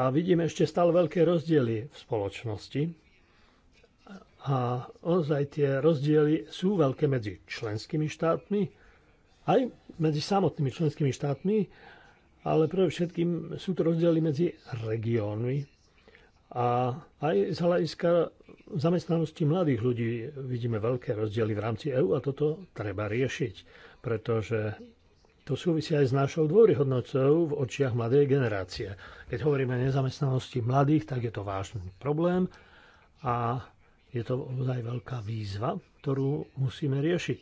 a vidíme ešte stále veľké rozdiely v spoločnosti. A ozaj tie rozdiely sú veľké medzi členskými štátmi, aj medzi samotnými členskými štátmi ale pre všetkým sú to rozdiely medzi regiónmi a aj z hľadiska zamestnanosti mladých ľudí vidíme veľké rozdiely v rámci EÚ a toto treba riešiť, pretože to súvisí aj s našou dôryhodnocou v očiach mladej generácie. Keď hovoríme o nezamestnanosti mladých, tak je to vážny problém a je to ozaj veľká výzva, ktorú musíme riešiť.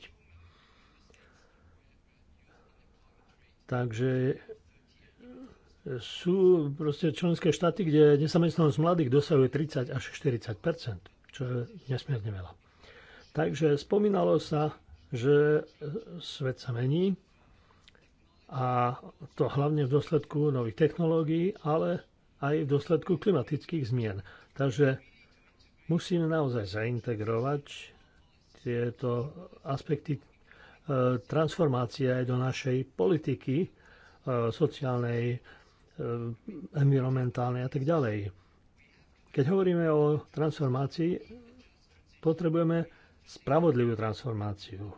Takže sú proste členské štáty, kde nesamestnanosť mladých dosahuje 30 až 40 čo je nesmierne veľa. Takže spomínalo sa, že svet sa mení a to hlavne v dôsledku nových technológií, ale aj v dôsledku klimatických zmien. Takže musíme naozaj zaintegrovať tieto aspekty e, transformácie aj do našej politiky e, sociálnej, Eh, environmentálnej a tak ďalej. Keď hovoríme o transformácii, potrebujeme spravodlivú transformáciu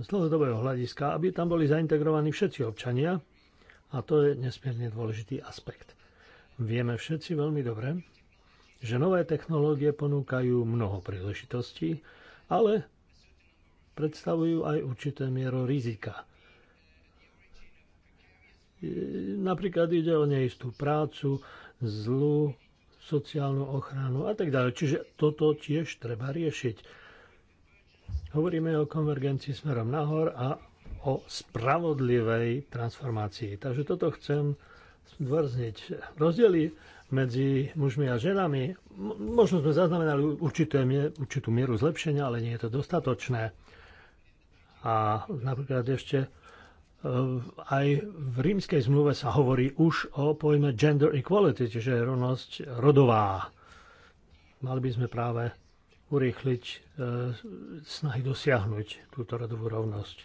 z dlhodobého hľadiska, aby tam boli zaintegrovaní všetci občania a to je nesmierne dôležitý aspekt. Vieme všetci veľmi dobre, že nové technológie ponúkajú mnoho príležitostí, ale predstavujú aj určité mieru rizika. Napríklad ide o neistú prácu, zlú sociálnu ochranu a tak ďalej. Čiže toto tiež treba riešiť. Hovoríme o konvergencii smerom nahor a o spravodlivej transformácii. Takže toto chcem zdôrazniť. Rozdiely medzi mužmi a ženami, možno sme zaznamenali určité, určitú mieru zlepšenia, ale nie je to dostatočné. A napríklad ešte Ehm, aj v rímskej zmluve sa hovorí už o pojme gender equality, čiže rovnosť rodová. Mali by sme práve urýchliť ehm, snahy dosiahnuť túto rodovú rovnosť.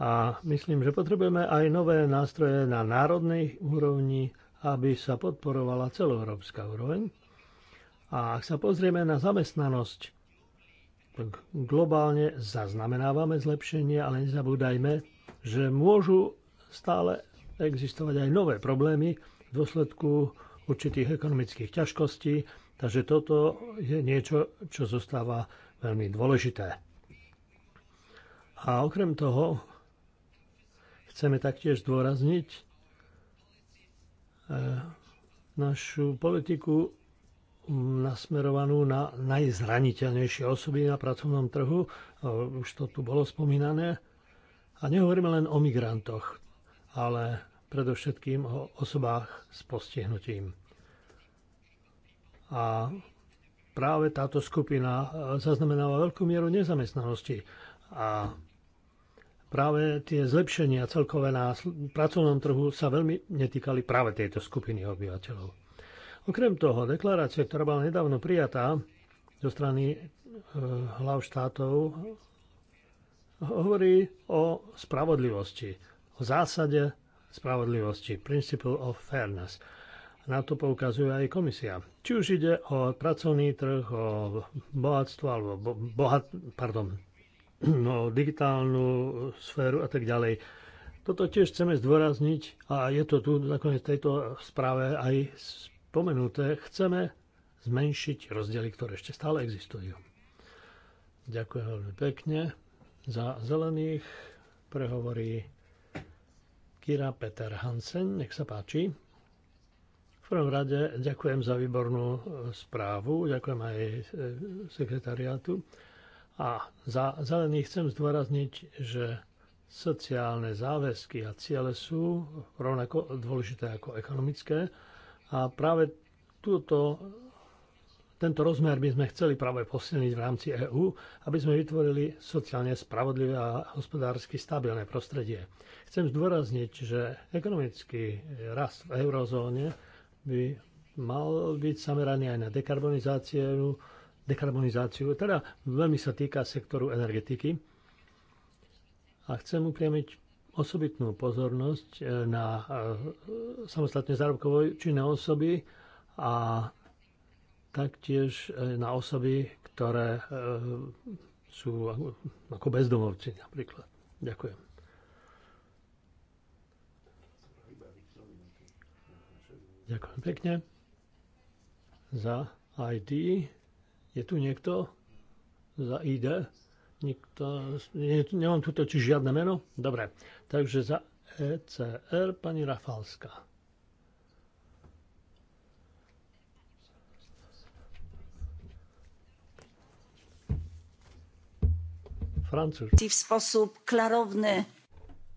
A myslím, že potrebujeme aj nové nástroje na národnej úrovni, aby sa podporovala celoeurópska úroveň. A ak sa pozrieme na zamestnanosť, globálne zaznamenávame zlepšenie, ale nezabúdajme, že môžu stále existovať aj nové problémy v dôsledku určitých ekonomických ťažkostí, takže toto je niečo, čo zostáva veľmi dôležité. A okrem toho chceme taktiež zdôrazniť eh, našu politiku nasmerovanú na najzraniteľnejšie osoby na pracovnom trhu. Už to tu bolo spomínané. A nehovoríme len o migrantoch, ale predovšetkým o osobách s postihnutím. A práve táto skupina e, zaznamenáva veľkú mieru nezamestnanosti a práve tie zlepšenia celkové na pracovnom trhu sa veľmi netýkali práve tejto skupiny obyvateľov. Okrem toho, deklarácia, ktorá bola nedávno prijatá zo strany e, hlav štátov, hovorí o spravodlivosti, o zásade spravodlivosti, principle of fairness. Na to poukazuje aj komisia. Či už ide o pracovný trh, o bohatstvo, alebo bo, bohat, pardon, no, digitálnu sféru a tak ďalej. Toto tiež chceme zdôrazniť a je to tu nakoniec tejto správe aj spomenuté, chceme zmenšiť rozdiely, ktoré ešte stále existujú. Ďakujem veľmi pekne. Za zelených prehovorí Kira Peter Hansen. Nech sa páči. V prvom rade ďakujem za výbornú e, správu, ďakujem aj e, sekretariátu. A za zelených chcem zdôrazniť, že sociálne záväzky a ciele sú rovnako dôležité ako ekonomické a práve túto, tento rozmer by sme chceli práve posilniť v rámci EÚ, aby sme vytvorili sociálne spravodlivé a hospodársky stabilné prostredie. Chcem zdôrazniť, že ekonomický rast v eurozóne by mal byť zameraný aj na dekarbonizáciu, dekarbonizáciu, teda veľmi sa týka sektoru energetiky. A chcem upriamiť osobitnú pozornosť e, na e, samostatne zárobkovo činné osoby a taktiež e, na osoby, ktoré sú ako bezdomovci napríklad. Ďakujem. Ďakujem pekne za ID. Je tu niekto za ID? Nikto, ne, nemám tu totiž žiadne meno? Dobre, takže za ECR pani Rafalská. Francúz. V spôsob klarovný.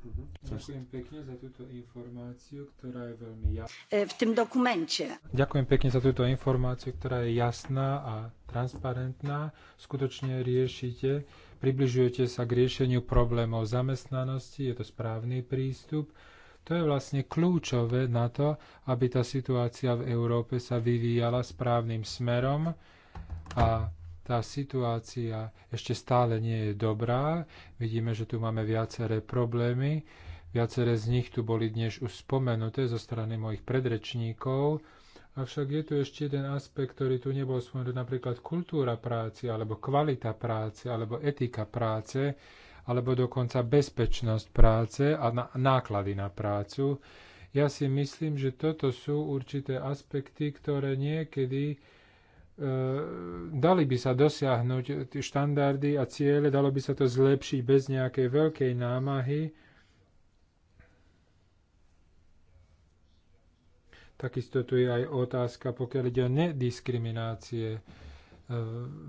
Mhm. Ďakujem pekne za túto informáciu, ktorá je veľmi jasná. E, v tým dokumente. Ďakujem pekne za túto informáciu, ktorá je jasná a transparentná. Skutočne riešite približujete sa k riešeniu problémov zamestnanosti, je to správny prístup. To je vlastne kľúčové na to, aby tá situácia v Európe sa vyvíjala správnym smerom a tá situácia ešte stále nie je dobrá. Vidíme, že tu máme viaceré problémy. Viaceré z nich tu boli dnes už spomenuté zo strany mojich predrečníkov. Avšak je tu ešte jeden aspekt, ktorý tu nebol spomenutý, napríklad kultúra práce, alebo kvalita práce, alebo etika práce, alebo dokonca bezpečnosť práce a náklady na prácu. Ja si myslím, že toto sú určité aspekty, ktoré niekedy e, dali by sa dosiahnuť e, štandardy a ciele, dalo by sa to zlepšiť bez nejakej veľkej námahy, Takisto tu je aj otázka, pokiaľ ide o nediskriminácie eh,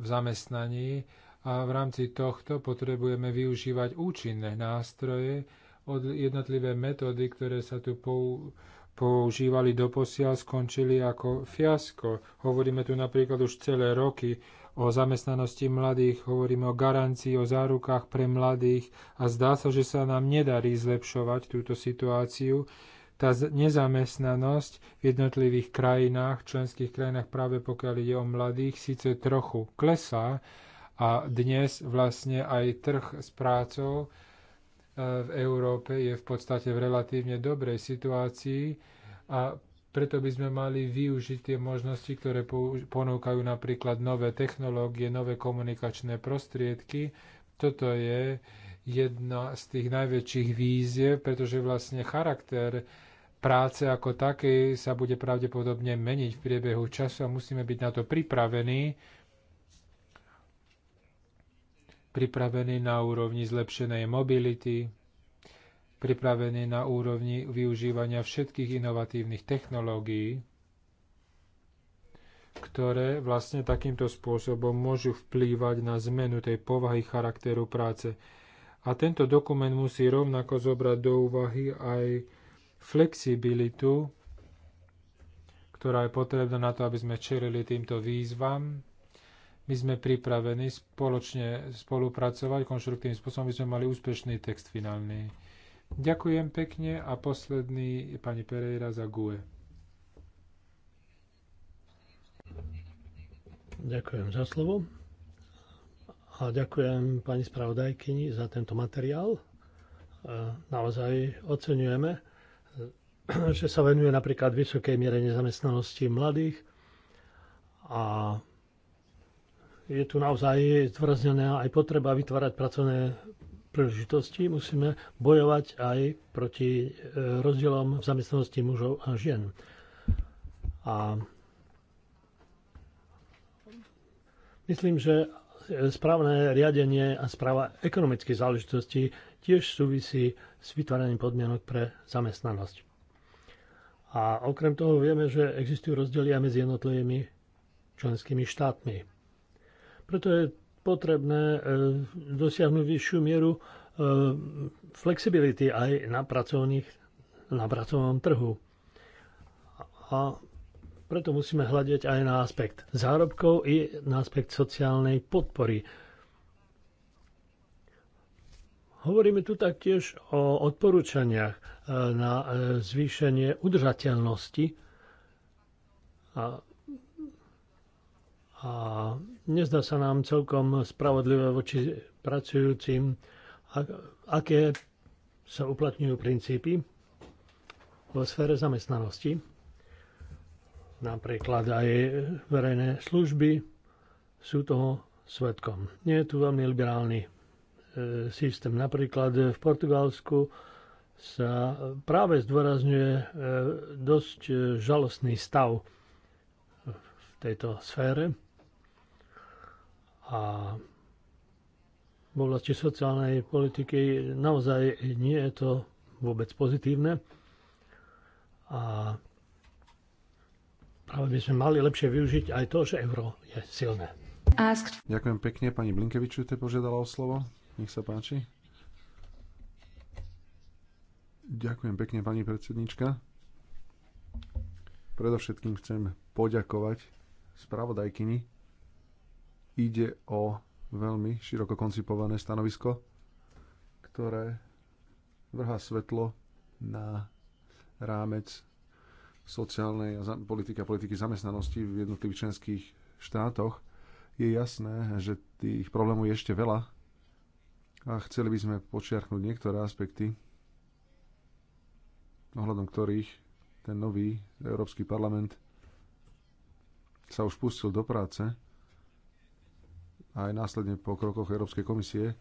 v zamestnaní a v rámci tohto potrebujeme využívať účinné nástroje, od jednotlivé metódy, ktoré sa tu používali doposiaľ, skončili ako fiasko. Hovoríme tu napríklad už celé roky o zamestnanosti mladých, hovoríme o garancii, o zárukách pre mladých a zdá sa, že sa nám nedarí zlepšovať túto situáciu tá nezamestnanosť v jednotlivých krajinách, členských krajinách práve pokiaľ ide o mladých, síce trochu klesá a dnes vlastne aj trh s prácou e, v Európe je v podstate v relatívne dobrej situácii a preto by sme mali využiť tie možnosti, ktoré ponúkajú napríklad nové technológie, nové komunikačné prostriedky. Toto je jedna z tých najväčších vízie, pretože vlastne charakter práce ako takej sa bude pravdepodobne meniť v priebehu času a musíme byť na to pripravení, pripravení na úrovni zlepšenej mobility, pripravení na úrovni využívania všetkých inovatívnych technológií, ktoré vlastne takýmto spôsobom môžu vplývať na zmenu tej povahy charakteru práce. A tento dokument musí rovnako zobrať do úvahy aj flexibilitu, ktorá je potrebná na to, aby sme čelili týmto výzvam. My sme pripravení spoločne spolupracovať konštruktívnym spôsobom, aby sme mali úspešný text finálny. Ďakujem pekne a posledný je pani Pereira za GUE. Ďakujem za slovo. A ďakujem pani spravodajkyni za tento materiál. E, naozaj oceňujeme že sa venuje napríklad vysokej miere nezamestnanosti mladých a je tu naozaj zdôraznená aj potreba vytvárať pracovné príležitosti. Musíme bojovať aj proti e, rozdielom v zamestnanosti mužov a žien. A myslím, že správne riadenie a správa ekonomických záležitostí tiež súvisí s vytváraním podmienok pre zamestnanosť. A okrem toho vieme, že existujú rozdiely aj medzi jednotlivými členskými štátmi. Preto je potrebné e, dosiahnuť vyššiu mieru e, flexibility aj na, pracovných, na pracovnom trhu. A preto musíme hľadiť aj na aspekt zárobkov i na aspekt sociálnej podpory Hovoríme tu taktiež o odporúčaniach e, na e, zvýšenie udržateľnosti a, a nezdá sa nám celkom spravodlivé voči pracujúcim, aké sa uplatňujú princípy vo sfére zamestnanosti. Napríklad aj verejné služby sú toho svetkom. Nie je tu veľmi liberálny systém. Napríklad v Portugalsku sa práve zdôrazňuje e, dosť žalostný stav v tejto sfére. A v oblasti sociálnej politiky naozaj nie je to vôbec pozitívne. A práve by sme mali lepšie využiť aj to, že euro je silné. Ďakujem pekne. Pani Blinkeviču te požiadala o slovo. Nech sa páči. Ďakujem pekne, pani predsednička. Predovšetkým chcem poďakovať spravodajkyni. Ide o veľmi široko koncipované stanovisko, ktoré vrhá svetlo na rámec sociálnej a politika, politiky zamestnanosti v jednotlivých členských štátoch. Je jasné, že tých problémov je ešte veľa, a chceli by sme počiarknúť niektoré aspekty, ohľadom ktorých ten nový Európsky parlament sa už pustil do práce aj následne po krokoch Európskej komisie,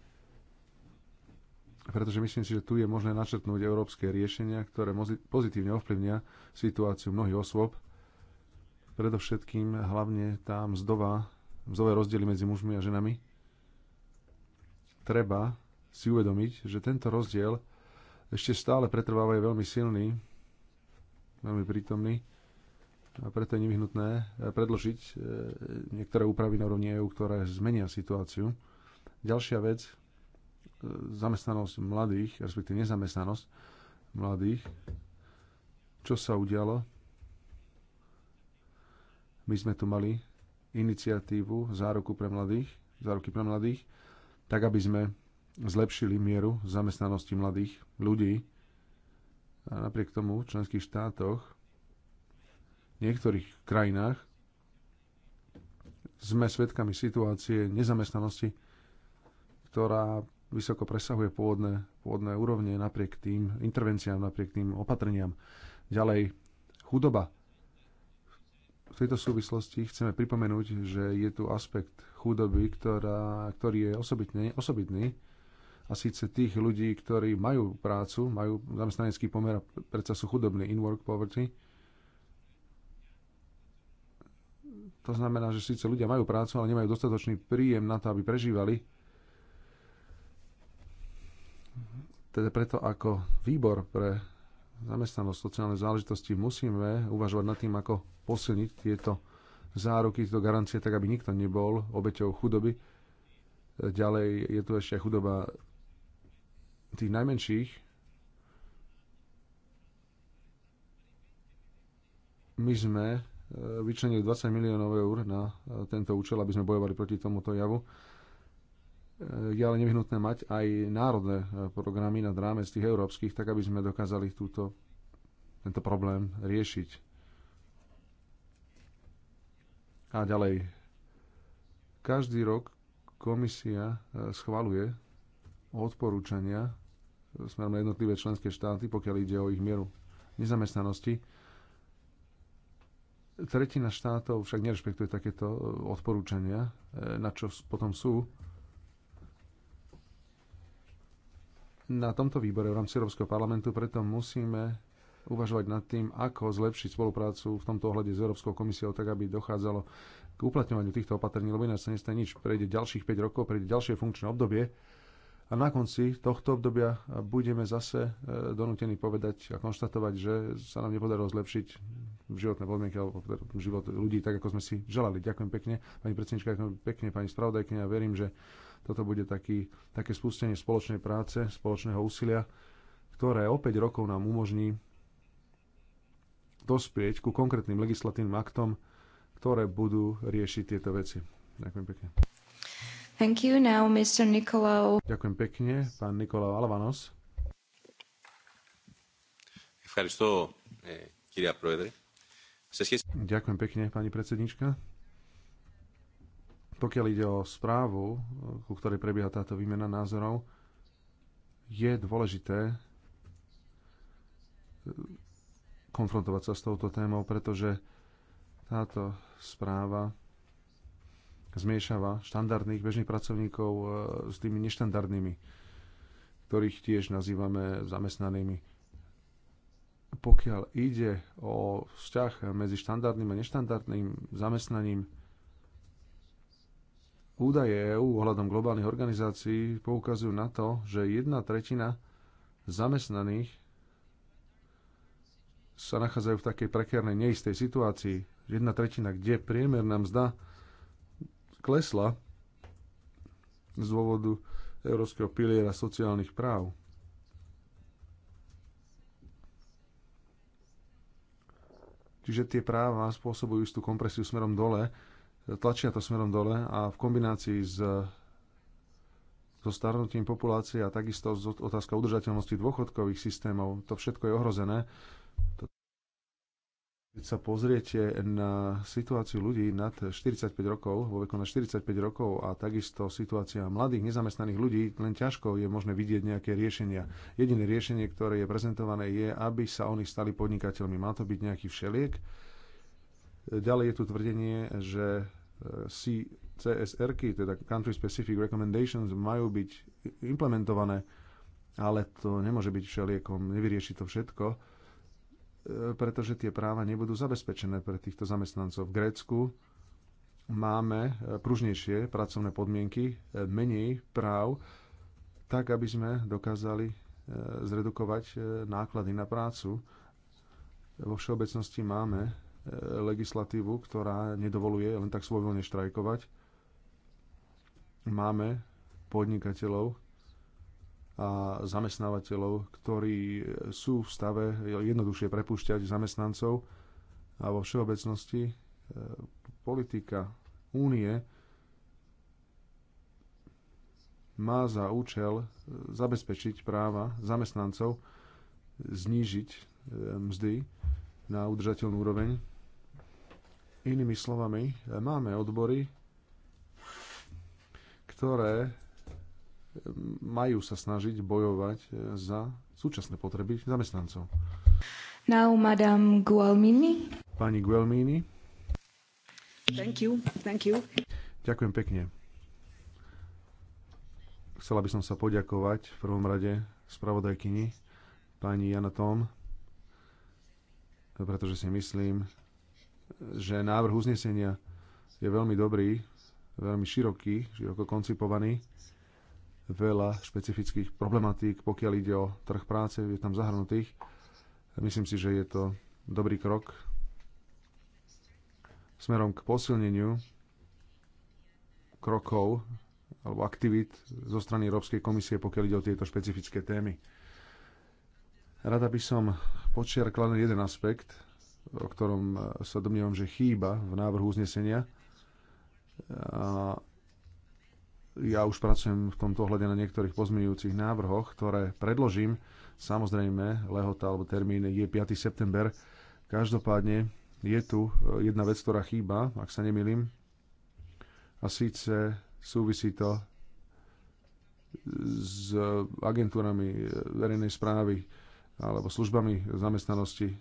pretože myslím si, že tu je možné načrtnúť európske riešenia, ktoré pozitívne ovplyvnia situáciu mnohých osôb, predovšetkým hlavne tá mzdová, mzdové rozdiely medzi mužmi a ženami, treba si uvedomiť, že tento rozdiel ešte stále pretrváva je veľmi silný, veľmi prítomný a preto je nevyhnutné eh, predložiť eh, niektoré úpravy na úrovni EU, ktoré zmenia situáciu. Ďalšia vec, eh, zamestnanosť mladých, respektíve nezamestnanosť mladých. Čo sa udialo? My sme tu mali iniciatívu záruku pre mladých, záruky pre mladých, tak aby sme zlepšili mieru zamestnanosti mladých ľudí. A napriek tomu v členských štátoch, v niektorých krajinách, sme svedkami situácie nezamestnanosti, ktorá vysoko presahuje pôvodné, pôvodné úrovne napriek tým intervenciám, napriek tým opatreniam. Ďalej, chudoba. V tejto súvislosti chceme pripomenúť, že je tu aspekt chudoby, ktorá, ktorý je osobitný, osobitný a síce tých ľudí, ktorí majú prácu, majú zamestnanecký pomer a predsa sú chudobní in work poverty. To znamená, že síce ľudia majú prácu, ale nemajú dostatočný príjem na to, aby prežívali. Teda preto ako výbor pre zamestnanosť sociálnej záležitosti musíme uvažovať nad tým, ako posilniť tieto záruky, tieto garancie, tak aby nikto nebol obeťou chudoby. E, ďalej je tu ešte aj chudoba tých najmenších. My sme e, vyčlenili 20 miliónov eur na e, tento účel, aby sme bojovali proti tomuto javu. Je ale nevyhnutné mať aj národné programy na z tých európskych, tak aby sme dokázali túto, tento problém riešiť. A ďalej. Každý rok komisia e, schvaluje odporúčania e, smerom na jednotlivé členské štáty, pokiaľ ide o ich mieru nezamestnanosti. Tretina štátov však nerešpektuje takéto e, odporúčania, na čo potom sú. Na tomto výbore v rámci Európskeho parlamentu preto musíme uvažovať nad tým, ako zlepšiť spoluprácu v tomto ohľade s Európskou komisiou, tak aby dochádzalo k uplatňovaniu týchto opatrení, lebo ináč sa nestane nič. Prejde ďalších 5 rokov, prejde ďalšie funkčné obdobie a na konci tohto obdobia budeme zase e, donútení povedať a konštatovať, že sa nám nepodarilo zlepšiť životné podmienky alebo život ľudí tak, ako sme si želali. Ďakujem pekne, pani predsednička, ďakujem pekne, pani spravodajkyňa. Verím, že toto bude taký, také spustenie spoločnej práce, spoločného úsilia, ktoré o 5 rokov nám umožní dospieť ku konkrétnym legislatívnym aktom, ktoré budú riešiť tieto veci. Ďakujem pekne. Thank you now, Mr. Nicolau. Ďakujem pekne, pán Nikolau Alvanos. Ďakujem pekne, pani predsednička. Pokiaľ ide o správu, ku ktorej prebieha táto výmena názorov, je dôležité konfrontovať sa s touto témou, pretože táto správa zmiešava štandardných bežných pracovníkov e, s tými neštandardnými, ktorých tiež nazývame zamestnanými. Pokiaľ ide o vzťah medzi štandardným a neštandardným zamestnaním, údaje EÚ ohľadom globálnych organizácií poukazujú na to, že jedna tretina zamestnaných sa nachádzajú v takej prekernej neistej situácii. Jedna tretina, kde priemerná mzda klesla z dôvodu Európskeho piliera sociálnych práv. Čiže tie práva spôsobujú istú kompresiu smerom dole, tlačia to smerom dole a v kombinácii s so starnutím populácie a takisto otázka udržateľnosti dôchodkových systémov, to všetko je ohrozené keď sa pozriete na situáciu ľudí nad 45 rokov, vo veku na 45 rokov a takisto situácia mladých nezamestnaných ľudí, len ťažko je možné vidieť nejaké riešenia. Jediné riešenie, ktoré je prezentované, je, aby sa oni stali podnikateľmi. Má to byť nejaký všeliek. Ďalej je tu tvrdenie, že eh, CSR-ky, teda Country Specific Recommendations, majú byť implementované, ale to nemôže byť všeliekom, nevyrieši to všetko E, pretože tie práva nebudú zabezpečené pre týchto zamestnancov. V Grécku máme e, pružnejšie pracovné podmienky, e, menej práv, tak aby sme dokázali zredukovať náklady na prácu. Vo všeobecnosti máme legislatívu, ktorá nedovoluje len tak svojvoľne štrajkovať. Máme podnikateľov, a zamestnávateľov, ktorí sú v stave jednoduchšie prepušťať zamestnancov a vo všeobecnosti e, politika únie má za účel e, zabezpečiť práva zamestnancov, znížiť e, mzdy na udržateľnú úroveň. Inými slovami, máme odbory, ktoré majú sa snažiť bojovať e, za súčasné potreby zamestnancov. Now, Madame Guelmini. Pani Guelmini. Thank you, thank you. Ďakujem pekne. Chcela by som sa poďakovať v prvom rade spravodajkyni pani Jana Tom, pretože si myslím, že návrh uznesenia je veľmi dobrý, veľmi široký, široko koncipovaný veľa špecifických problematík, pokiaľ ide o trh práce, je tam zahrnutých. Myslím si, že je to dobrý krok smerom k posilneniu krokov alebo aktivít zo strany Európskej komisie, pokiaľ ide o tieto špecifické témy. Rada by som počiarkla len jeden aspekt, o ktorom sa domnievam, že chýba v návrhu uznesenia. A ja už pracujem v tomto ohľade na niektorých pozmeňujúcich návrhoch, ktoré predložím. Samozrejme, lehota alebo termín je 5. september. Každopádne je tu eh, jedna vec, ktorá chýba, ak sa nemýlim. A síce súvisí to s agentúrami eh, verejnej správy alebo službami zamestnanosti eh,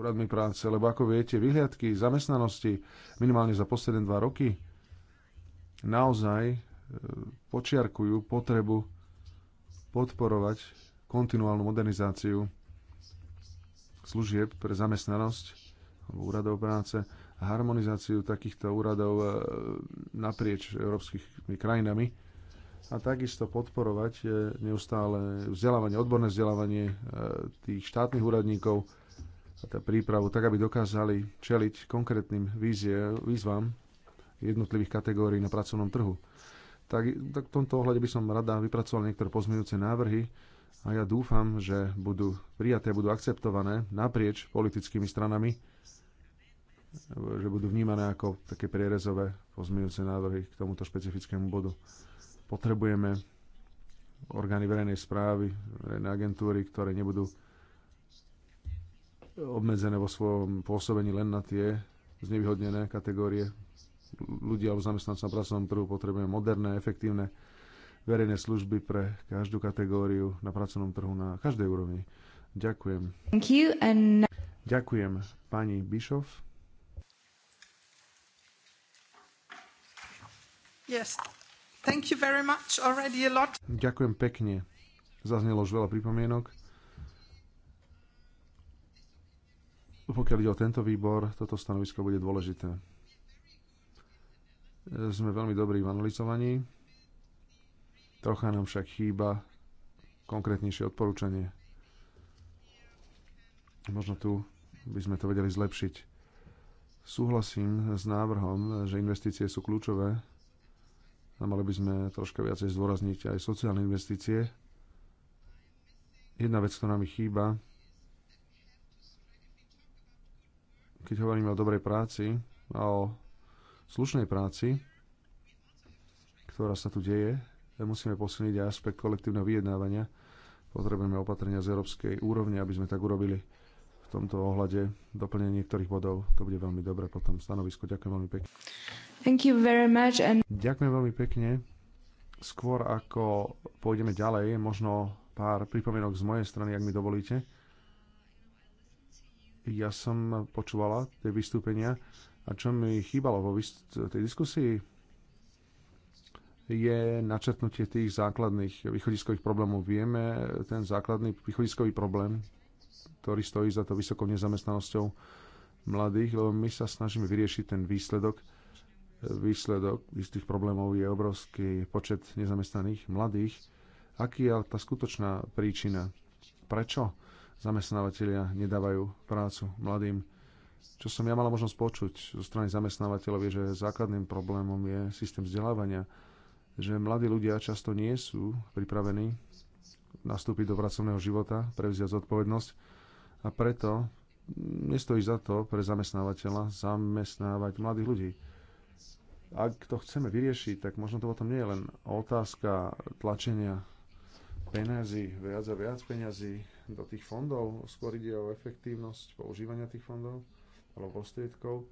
úradmi práce, lebo ako viete, vyhliadky zamestnanosti minimálne za posledné dva roky naozaj e, počiarkujú potrebu podporovať kontinuálnu modernizáciu služieb pre zamestnanosť alebo úradov práce a harmonizáciu takýchto úradov e, naprieč európskymi krajinami a takisto podporovať e, neustále vzdelávanie, odborné vzdelávanie tých štátnych úradníkov a tá prípravu, tak aby dokázali čeliť konkrétnym vízie, výzvam jednotlivých kategórií na pracovnom trhu. Tak, tak v tomto ohľade by som rada vypracoval niektoré pozmeňujúce návrhy a ja dúfam, že budú prijaté, budú akceptované naprieč politickými stranami, že budú vnímané ako také prierezové pozmeňujúce návrhy k tomuto špecifickému bodu. Potrebujeme orgány verejnej správy, verejné agentúry, ktoré nebudú obmedzené vo svojom pôsobení len na tie znevýhodnené kategórie ľudí alebo zamestnancov na pracovnom trhu. Potrebujeme moderné, efektívne verejné služby pre každú kategóriu na pracovnom trhu na každej úrovni. Ďakujem. And... Ďakujem pani Bischoff. Yes. Thank you very much. Already a lot. Ďakujem pekne. Zaznelo už veľa pripomienok. Pokiaľ ide o tento výbor, toto stanovisko bude dôležité sme veľmi dobrí v analyzovaní. Trocha nám však chýba konkrétnejšie odporúčanie. Možno tu by sme to vedeli zlepšiť. Súhlasím s návrhom, že investície sú kľúčové a mali by sme troška viacej zdôrazniť aj sociálne investície. Jedna vec, ktorá mi chýba, keď hovoríme o dobrej práci a o slušnej práci, ktorá sa tu deje, musíme posilniť aj aspekt kolektívneho vyjednávania. Potrebujeme opatrenia z európskej úrovne, aby sme tak urobili v tomto ohľade doplnenie niektorých bodov. To bude veľmi dobre potom stanovisko. Ďakujem veľmi pekne. Thank you very much and... Ďakujem veľmi pekne. Skôr ako pôjdeme ďalej, možno pár pripomienok z mojej strany, ak mi dovolíte. Ja som počúvala tie vystúpenia a čo mi chýbalo vo tej diskusii, je načrtnutie tých základných východiskových problémov. Vieme ten základný východiskový problém, ktorý stojí za to vysokou nezamestnanosťou mladých, lebo my sa snažíme vyriešiť ten výsledok. Výsledok istých problémov je obrovský počet nezamestnaných mladých. Aký je tá skutočná príčina? Prečo zamestnávateľia nedávajú prácu mladým? Čo som ja mala možnosť počuť zo strany zamestnávateľov je, že základným problémom je systém vzdelávania, že mladí ľudia často nie sú pripravení nastúpiť do pracovného života, prevziať zodpovednosť a preto nestojí za to pre zamestnávateľa zamestnávať mladých ľudí ak to chceme vyriešiť, tak možno to potom nie je len otázka tlačenia peňazí, viac a viac peňazí do tých fondov, skôr ide o efektívnosť používania tých fondov alebo prostriedkov.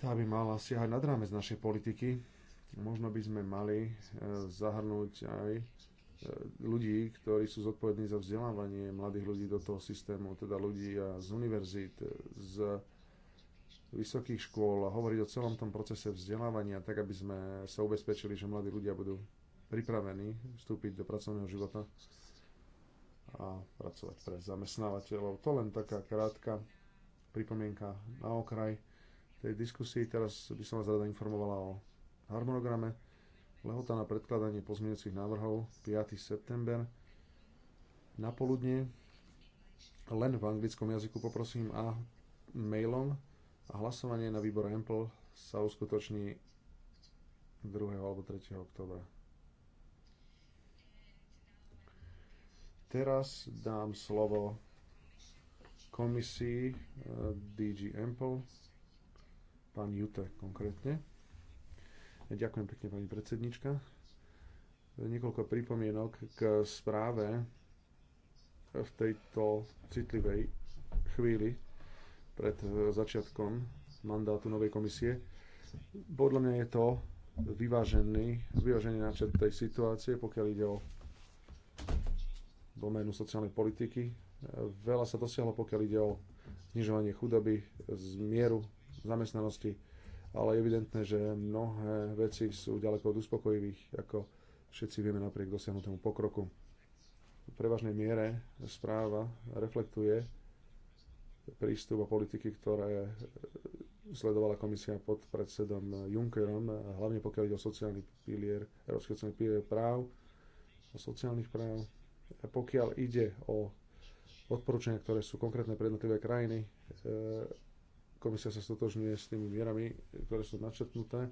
Tá by mala siahať nad rámec našej politiky. Možno by sme mali e, zahrnúť aj e, ľudí, ktorí sú zodpovední za vzdelávanie mladých ľudí do toho systému, teda ľudí z univerzít, e, z vysokých škôl a hovoriť o celom tom procese vzdelávania, tak aby sme sa ubezpečili, že mladí ľudia budú pripravení vstúpiť do pracovného života a pracovať pre zamestnávateľov. To len taká krátka pripomienka na okraj tej diskusii. Teraz by som vás rada informovala o harmonograme. Lehota na predkladanie pozmeňujúcich návrhov 5. september na poludne len v anglickom jazyku poprosím a mailom a hlasovanie na výbor Ample sa uskutoční 2. alebo 3. oktobra. Teraz dám slovo komisii eh, DG Ample, pán Jute konkrétne. Ďakujem pekne, pani predsednička. Niekoľko pripomienok k správe v tejto citlivej chvíli pred začiatkom mandátu novej komisie. Podľa mňa je to vyvážený, vyvážený náčrt tej situácie, pokiaľ ide o doménu sociálnej politiky Veľa sa dosiahlo, pokiaľ ide o znižovanie chudoby, zmieru zamestnanosti, ale je evidentné, že mnohé veci sú ďaleko od uspokojivých, ako všetci vieme napriek dosiahnutému pokroku. V prevažnej miere správa reflektuje prístup a politiky, ktoré sledovala komisia pod predsedom Junckerom, hlavne pokiaľ ide o sociálny pilier, Európsky sociálny pilier práv, o sociálnych práv. A pokiaľ ide o odporúčania, ktoré sú konkrétne pre jednotlivé krajiny. E, komisia sa stotožňuje s tými mierami, ktoré sú načetnuté.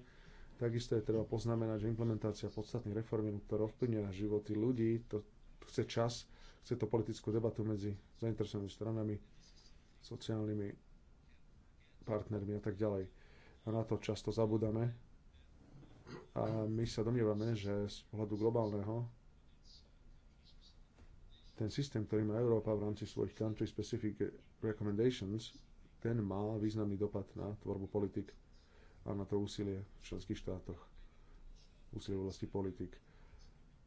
Takisto je treba poznamenať, že implementácia podstatných reform, ktoré ovplyvňuje na životy ľudí, to chce čas, chce to politickú debatu medzi zainteresovanými stranami, sociálnymi partnermi a tak ďalej. A na to často zabudáme. A my sa domnievame, že z pohľadu globálneho ten systém, ktorý má Európa v rámci svojich country specific recommendations, ten má významný dopad na tvorbu politik a na to úsilie v členských štátoch, úsilie v oblasti politik.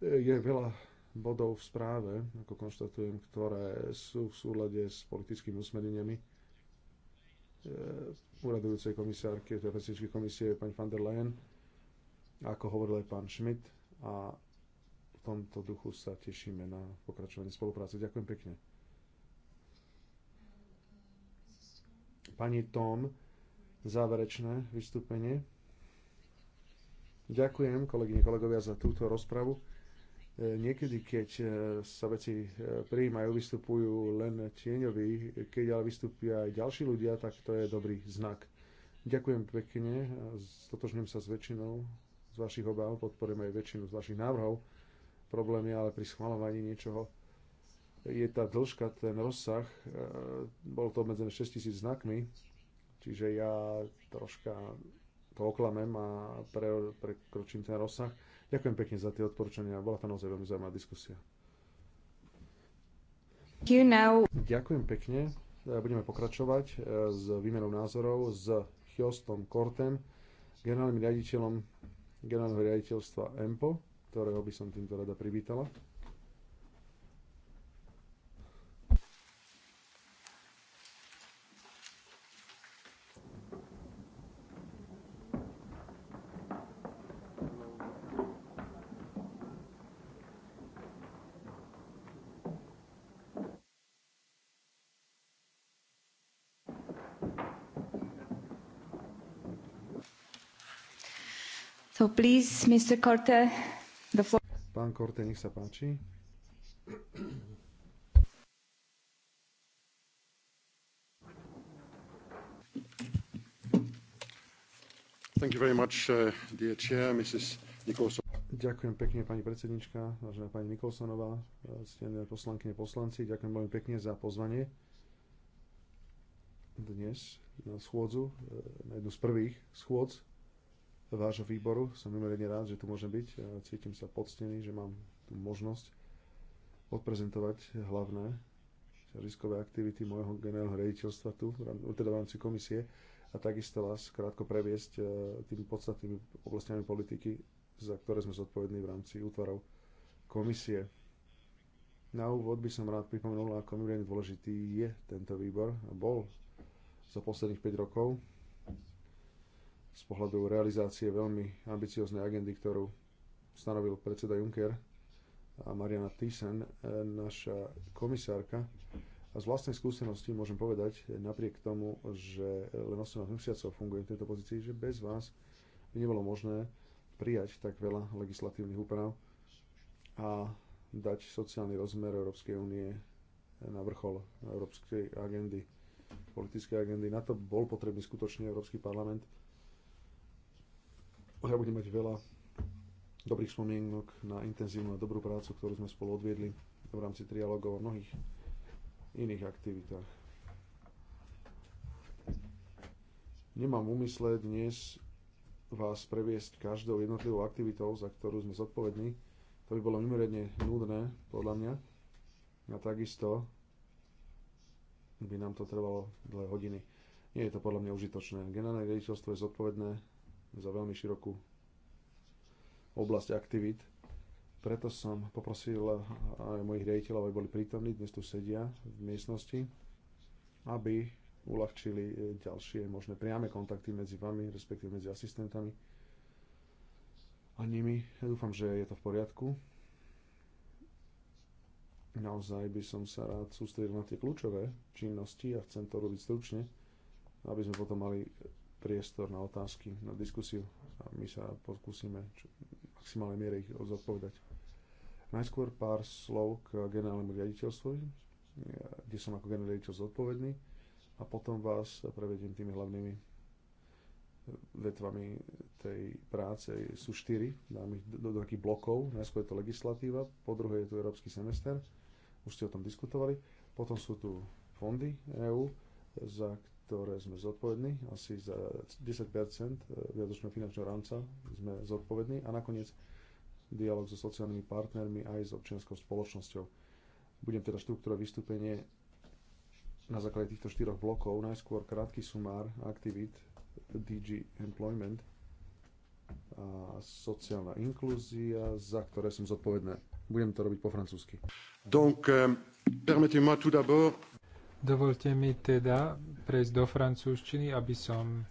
Je veľa bodov v správe, ako konštatujem, ktoré sú v súlade s politickými usmereniami eh, úradujúcej komisárky, teda komisie, pani van der Leyen, ako hovoril aj pán Schmidt a tomto duchu sa tešíme na pokračovanie spolupráce. Ďakujem pekne. Pani Tom, záverečné vystúpenie. Ďakujem, kolegyne, kolegovia, za túto rozpravu. E, niekedy, keď e, sa veci e, prijímajú, vystupujú len tieňoví, keď ale vystúpia aj ďalší ľudia, tak to je dobrý znak. Ďakujem pekne, stotožňujem sa s väčšinou z vašich obáv, podporujem aj väčšinu z vašich návrhov. Problém je ale pri schvalovaní niečoho je tá dĺžka, ten rozsah, e, Bol to obmedzené 6000 znakmi, čiže ja troška to oklamem a pre, prekročím ten rozsah. Ďakujem pekne za tie odporúčania, bola to naozaj veľmi zaujímavá diskusia. Ďakujem pekne. E, budeme pokračovať e, s výmenou názorov s Chiostom Kortem, generálnym riaditeľom generálneho riaditeľstva EMPO ktorého by som týmto rada privítala. So please, Mr. Corte, Pán Korte, nech sa páči. Thank you very much, uh, dear chair, Mrs. Nicholson. Ďakujem pekne, pani predsednička, vážená pani Nikolsonová, ctené poslankyne, poslanci. Ďakujem veľmi pekne za pozvanie dnes na schôdzu, eh, na jednu z prvých schôdz vášho výboru. Som mimoriadne rád, že tu môžem byť. Cítim sa poctený, že mám tú možnosť odprezentovať hlavné riskové aktivity môjho generálneho rediteľstva tu, teda v rámci komisie a takisto vás krátko previesť e, tými podstatnými oblastiami politiky, za ktoré sme zodpovední v rámci útvarov komisie. Na úvod by som rád pripomenul, ako mimoriadne dôležitý je tento výbor a bol za posledných 5 rokov z pohľadu realizácie veľmi ambicioznej agendy, ktorú stanovil predseda Juncker a Mariana Thyssen, e, naša komisárka. A z vlastnej skúsenosti môžem povedať, e, napriek tomu, že len 18 mesiacov fungujem v tejto pozícii, že bez vás by nebolo možné prijať tak veľa legislatívnych úprav a dať sociálny rozmer Európskej únie na vrchol európskej agendy, politickej agendy. Na to bol potrebný skutočne Európsky parlament ja budem mať veľa dobrých spomienok na intenzívnu a dobrú prácu, ktorú sme spolu odviedli v rámci trialogov a mnohých iných aktivitách. Nemám úmysle dnes vás previesť každou jednotlivou aktivitou, za ktorú sme zodpovední. To by bolo mimoriadne nudné, podľa mňa. A takisto by nám to trvalo dlhé hodiny. Nie je to podľa mňa užitočné. Generálne riaditeľstvo je zodpovedné za veľmi širokú oblasť aktivít. Preto som poprosil aj mojich riaditeľov, aby boli prítomní, dnes tu sedia v miestnosti, aby uľahčili eh, ďalšie možné priame kontakty medzi vami, respektíve medzi asistentami a nimi. Ja dúfam, že je to v poriadku. Naozaj by som sa rád sústredil na tie kľúčové činnosti a chcem to robiť stručne, aby sme potom mali priestor na otázky, na diskusiu a my sa pokúsime maximálnej miere ich zodpovedať. Najskôr pár slov k generálnemu riaditeľstvu, kde som ako generálny riaditeľ zodpovedný a potom vás prevediem tými hlavnými eh, vetvami tej práce. Sú štyri, dám ich do, do takých blokov. Najskôr je to legislatíva, po druhé je to európsky semester, už ste o tom diskutovali. Potom sú tu fondy EÚ, za ktoré sme zodpovední, asi za 10 eh, viadočného finančného rámca sme zodpovední a nakoniec dialog so sociálnymi partnermi aj s občianskou spoločnosťou. Budem teda štruktúrovať vystúpenie na základe týchto štyroch blokov. Najskôr krátky sumár aktivít DG Employment a sociálna inklúzia, za ktoré som zodpovedné. Budem to robiť po francúzsky. Donc, euh, permettez-moi tout d'abord Dovolte mi teda prejsť do francúzštiny, aby som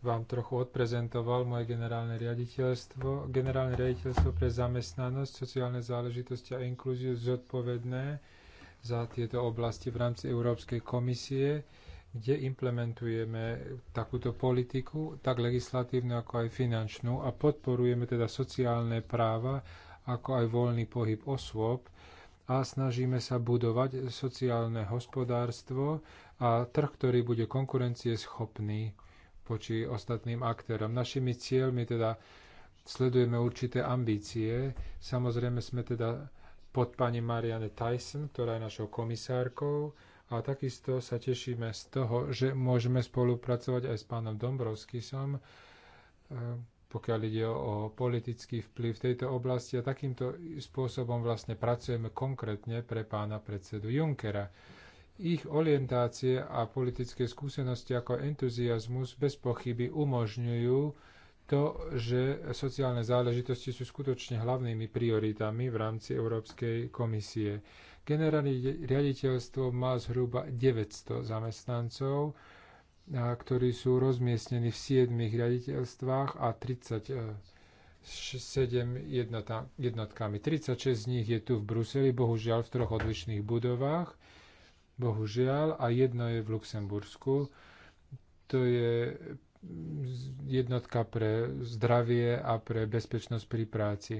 vám trochu odprezentoval moje generálne riaditeľstvo. Generálne riaditeľstvo pre zamestnanosť, sociálne záležitosti a inklúziu zodpovedné za tieto oblasti v rámci Európskej komisie, kde implementujeme takúto politiku, tak legislatívnu ako aj finančnú a podporujeme teda sociálne práva ako aj voľný pohyb osôb a snažíme sa budovať sociálne hospodárstvo a trh, ktorý bude konkurencieschopný voči ostatným aktérom. Našimi cieľmi teda sledujeme určité ambície. Samozrejme sme teda pod pani Marianne Tyson, ktorá je našou komisárkou a takisto sa tešíme z toho, že môžeme spolupracovať aj s pánom Dombrovskisom, pokiaľ ide o politický vplyv v tejto oblasti a takýmto spôsobom vlastne pracujeme konkrétne pre pána predsedu Junckera. Ich orientácie a politické skúsenosti ako entuziasmus bez pochyby umožňujú to, že sociálne záležitosti sú skutočne hlavnými prioritami v rámci Európskej komisie. Generálne riaditeľstvo má zhruba 900 zamestnancov, ktorí sú rozmiestnení v 7 riaditeľstvách a 37 e, jednotkami. 36 z nich je tu v Bruseli, bohužiaľ v troch odlišných budovách, bohužiaľ, a jedno je v Luxembursku. To je jednotka pre zdravie a pre bezpečnosť pri práci.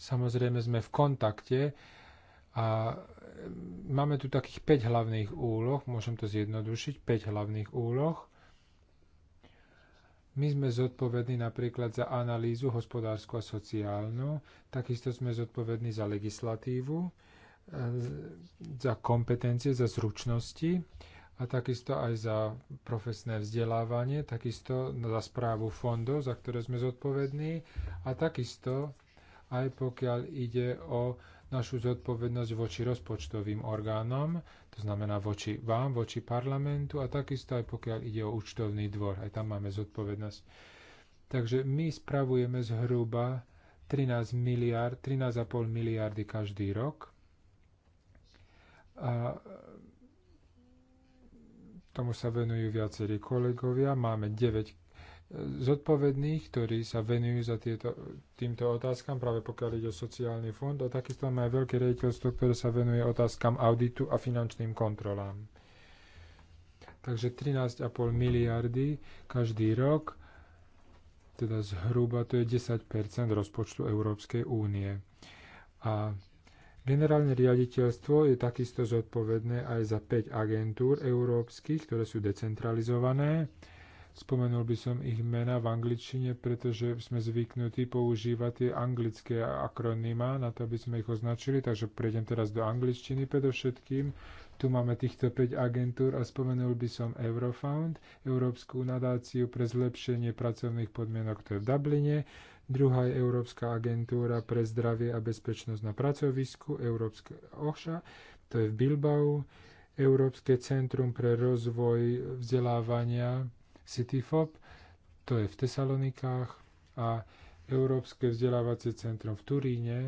Samozrejme sme v kontakte a máme tu takých 5 hlavných úloh, môžem to zjednodušiť, 5 hlavných úloh. My sme zodpovední napríklad za analýzu hospodárskú a sociálnu, takisto sme zodpovední za legislatívu, e, za kompetencie, za zručnosti a takisto aj za profesné vzdelávanie, takisto za správu fondov, za ktoré sme zodpovední a takisto aj pokiaľ ide o našu zodpovednosť voči rozpočtovým orgánom, to znamená voči vám, voči parlamentu a takisto aj pokiaľ ide o účtovný dvor, aj tam máme zodpovednosť. Takže my spravujeme zhruba 13 miliard, 13,5 miliardy každý rok. A tomu sa venujú viacerí kolegovia. Máme 9 zodpovedných, ktorí sa venujú za tieto, týmto otázkam, práve pokiaľ ide o sociálny fond a takisto máme aj veľké rejiteľstvo, ktoré sa venuje otázkam auditu a finančným kontrolám. Takže 13,5 miliardy každý rok, teda zhruba to je 10 rozpočtu Európskej únie. A Generálne riaditeľstvo je takisto zodpovedné aj za 5 agentúr európskych, ktoré sú decentralizované Spomenul by som ich mena v angličtine, pretože sme zvyknutí používať tie anglické akronymá na to, aby sme ich označili, takže prejdem teraz do angličtiny predovšetkým. Tu máme týchto 5 agentúr a spomenul by som Eurofound, Európsku nadáciu pre zlepšenie pracovných podmienok, to je v Dubline, druhá je Európska agentúra pre zdravie a bezpečnosť na pracovisku, Európska OŠA, to je v Bilbao, Európske centrum pre rozvoj vzdelávania CityFob, to je v Tesalonikách a Európske vzdelávacie centrum v Turíne,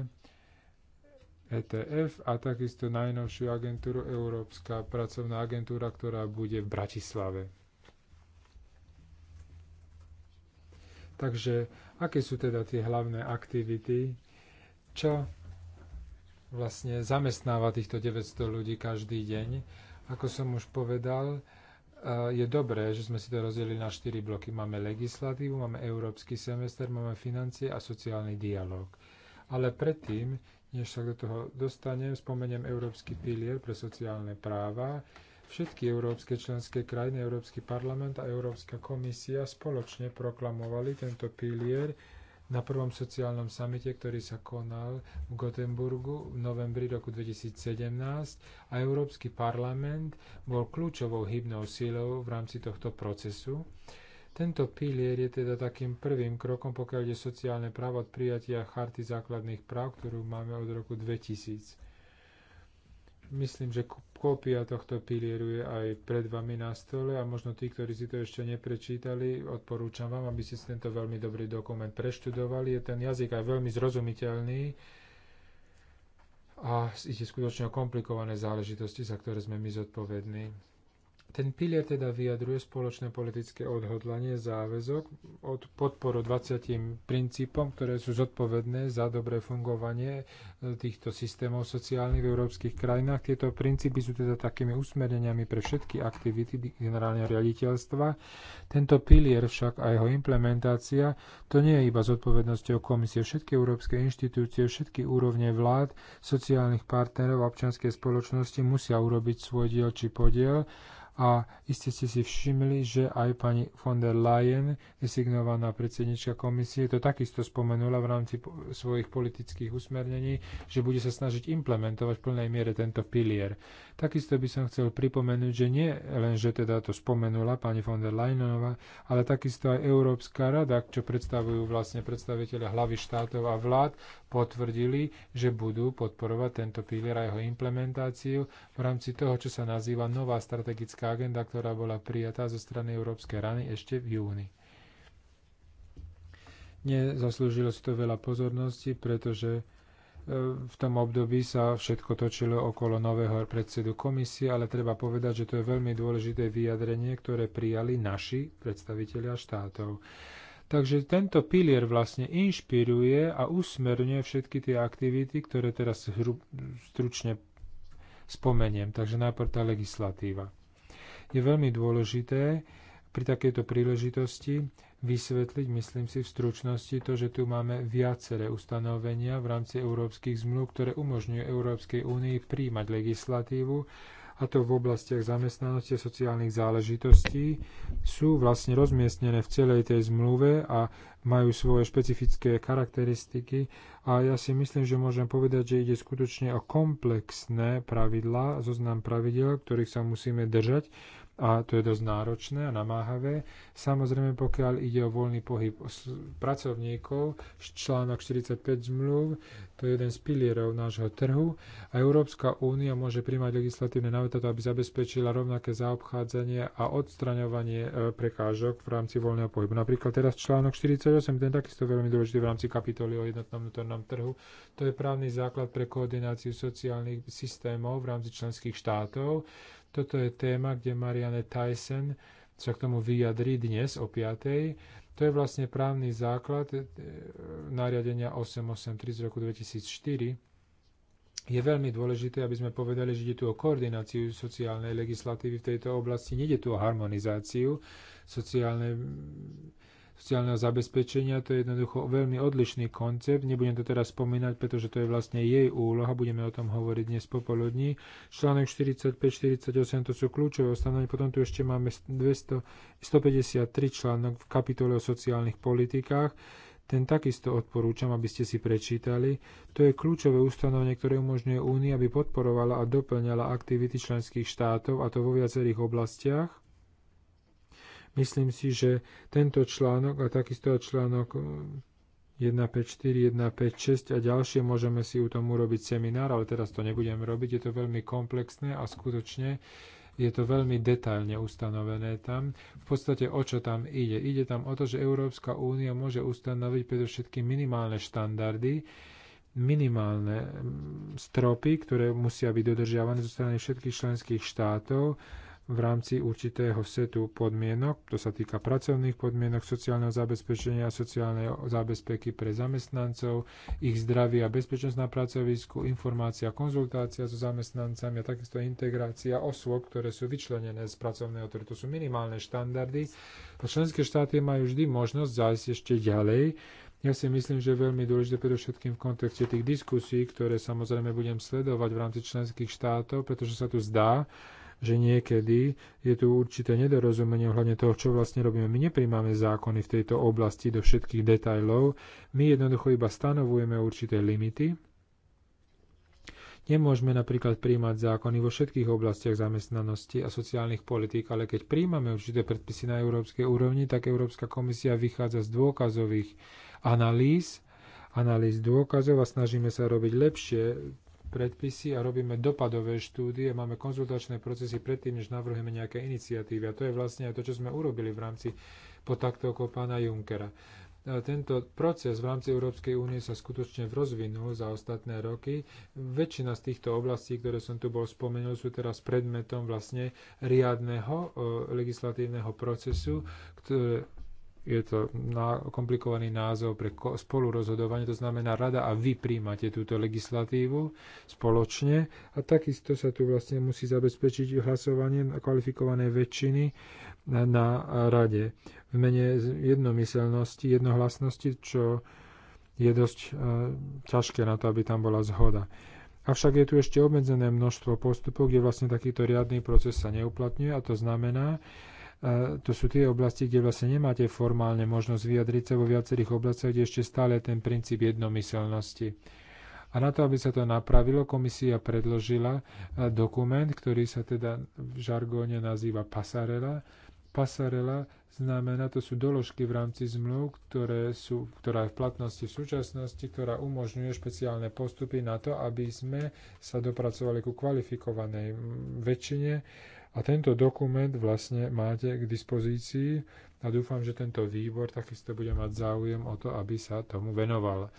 ETF a takisto najnovšiu agentúru Európska pracovná agentúra, ktorá bude v Bratislave. Takže aké sú teda tie hlavné aktivity? Čo vlastne zamestnáva týchto 900 ľudí každý deň? Ako som už povedal, je dobré, že sme si to rozdelili na štyri bloky. Máme legislatívu, máme európsky semester, máme financie a sociálny dialog. Ale predtým, než sa do toho dostanem, spomeniem Európsky pilier pre sociálne práva. Všetky európske členské krajiny, Európsky parlament a Európska komisia spoločne proklamovali tento pilier na prvom sociálnom samite, ktorý sa konal v Gotemburgu v novembri roku 2017 a Európsky parlament bol kľúčovou hybnou síľou v rámci tohto procesu. Tento pilier je teda takým prvým krokom, pokiaľ ide sociálne právo od prijatia Charty základných práv, ktorú máme od roku 2000. Myslím, že Kópia tohto pilieru je aj pred vami na stole a možno tí, ktorí si to ešte neprečítali, odporúčam vám, aby ste tento veľmi dobrý dokument preštudovali. Je ten jazyk aj veľmi zrozumiteľný a ide skutočne o komplikované záležitosti, za ktoré sme my zodpovední. Ten pilier teda vyjadruje spoločné politické odhodlanie, záväzok od podporu 20 princípom, ktoré sú zodpovedné za dobré fungovanie e, týchto systémov sociálnych v európskych krajinách. Tieto princípy sú teda takými usmerneniami pre všetky aktivity generálneho riaditeľstva. Tento pilier však a jeho implementácia to nie je iba zodpovednosťou komisie. Všetky európske inštitúcie, všetky úrovne vlád, sociálnych partnerov a občianskej spoločnosti musia urobiť svoj diel či podiel a iste ste si všimli, že aj pani von der Leyen, designovaná predsednička komisie, to takisto spomenula v rámci po svojich politických usmernení, že bude sa snažiť implementovať v plnej miere tento pilier. Takisto by som chcel pripomenúť, že nie len, že teda to spomenula pani von der Leyenová, ale takisto aj Európska rada, čo predstavujú vlastne predstaviteľe hlavy štátov a vlád, potvrdili, že budú podporovať tento pilier a jeho implementáciu v rámci toho, čo sa nazýva nová strategická politická agenda, ktorá bola prijatá zo strany Európskej rany ešte v júni. Nezaslúžilo si to veľa pozornosti, pretože e, v tom období sa všetko točilo okolo nového predsedu komisie, ale treba povedať, že to je veľmi dôležité vyjadrenie, ktoré prijali naši predstavitelia štátov. Takže tento pilier vlastne inšpiruje a usmerňuje všetky tie aktivity, ktoré teraz stručne spomeniem. Takže najprv tá legislatíva je veľmi dôležité pri takejto príležitosti vysvetliť, myslím si, v stručnosti to, že tu máme viaceré ustanovenia v rámci európskych zmluv, ktoré umožňujú Európskej únii príjmať legislatívu, a to v oblastiach zamestnanosti a sociálnych záležitostí, sú vlastne rozmiestnené v celej tej zmluve a majú svoje špecifické charakteristiky. A ja si myslím, že môžem povedať, že ide skutočne o komplexné pravidlá, zoznam pravidel, ktorých sa musíme držať a to je dosť náročné a namáhavé. Samozrejme, pokiaľ ide o voľný pohyb pracovníkov, článok 45 zmluv, to je jeden z pilierov nášho trhu a Európska únia môže príjmať legislatívne návrhy, aby zabezpečila rovnaké zaobchádzanie a odstraňovanie e, prekážok v rámci voľného pohybu. Napríklad teraz článok 48, ten takisto veľmi dôležitý v rámci kapitoly o jednotnom vnútornom trhu, to je právny základ pre koordináciu sociálnych systémov v rámci členských štátov. Toto je téma, kde Marianne Tyson sa k tomu vyjadrí dnes o 5. To je vlastne právny základ e, nariadenia 883 z roku 2004. Je veľmi dôležité, aby sme povedali, že ide tu o koordináciu sociálnej legislatívy v tejto oblasti, nejde tu o harmonizáciu sociálnej sociálneho zabezpečenia. To je jednoducho veľmi odlišný koncept. Nebudem to teraz spomínať, pretože to je vlastne jej úloha. Budeme o tom hovoriť dnes popoludní. Článok 45-48 to sú kľúčové ustanovenia. Potom tu ešte máme 200, 153 článok v kapitole o sociálnych politikách. Ten takisto odporúčam, aby ste si prečítali. To je kľúčové ustanovenie, ktoré umožňuje Únia, aby podporovala a doplňala aktivity členských štátov, a to vo viacerých oblastiach Myslím si, že tento článok a takisto článok 154, eh, 156 a ďalšie môžeme si u tom urobiť seminár, ale teraz to nebudem robiť, je to veľmi komplexné a skutočne je to veľmi detailne ustanovené tam. V podstate o čo tam ide? Ide tam o to, že Európska únia môže ustanoviť predovšetkým minimálne štandardy, minimálne mm, stropy, ktoré musia byť dodržiavané zo strany všetkých členských štátov v rámci určitého setu podmienok, to sa týka pracovných podmienok, sociálneho zabezpečenia, sociálnej zabezpeky pre zamestnancov, ich zdravie a bezpečnosť na pracovisku, informácia, konzultácia so zamestnancami a takisto integrácia osôb, ktoré sú vyčlenené z pracovného trhu. To sú minimálne štandardy a členské štáty majú vždy možnosť zájsť ešte ďalej ja si myslím, že je veľmi dôležité predovšetkým v kontexte tých diskusí, ktoré samozrejme budem sledovať v rámci členských štátov, pretože sa tu zdá, že niekedy je tu určité nedorozumenie ohľadne toho, čo vlastne robíme. My nepríjmame zákony v tejto oblasti do všetkých detajlov, my jednoducho iba stanovujeme určité limity. Nemôžeme napríklad príjmať zákony vo všetkých oblastiach zamestnanosti a sociálnych politík, ale keď príjmame určité predpisy na európskej úrovni, tak Európska komisia vychádza z dôkazových analýz analýz dôkazov a snažíme sa robiť lepšie predpisy a robíme dopadové štúdie, máme konzultačné procesy predtým, než navrhujeme nejaké iniciatívy. A to je vlastne aj to, čo sme urobili v rámci potaktovkou pána Junkera. tento proces v rámci Európskej únie sa skutočne rozvinul za ostatné roky. Väčšina z týchto oblastí, ktoré som tu bol spomenul, sú teraz predmetom vlastne riadneho e, legislatívneho procesu, ktoré je to komplikovaný názov pre spolurozhodovanie, to znamená rada a vy príjmate túto legislatívu spoločne a takisto sa tu vlastne musí zabezpečiť hlasovanie kvalifikovanej väčšiny na, na rade. V mene jednomyselnosti, jednohlasnosti, čo je dosť e, ťažké na to, aby tam bola zhoda. Avšak je tu ešte obmedzené množstvo postupov, kde vlastne takýto riadny proces sa neuplatňuje a to znamená, to sú tie oblasti, kde vlastne nemáte formálne možnosť vyjadriť sa vo viacerých oblastiach, kde ešte stále ten princíp jednomyselnosti. A na to, aby sa to napravilo, komisia predložila e, dokument, ktorý sa teda v žargóne nazýva pasarela. Pasarela znamená, to sú doložky v rámci zmluv, ktoré sú, ktorá je v platnosti v súčasnosti, ktorá umožňuje špeciálne postupy na to, aby sme sa dopracovali ku kvalifikovanej väčšine a tento dokument vlastne máte k dispozícii a dúfam, že tento výbor takisto bude mať záujem o to, aby sa tomu venoval.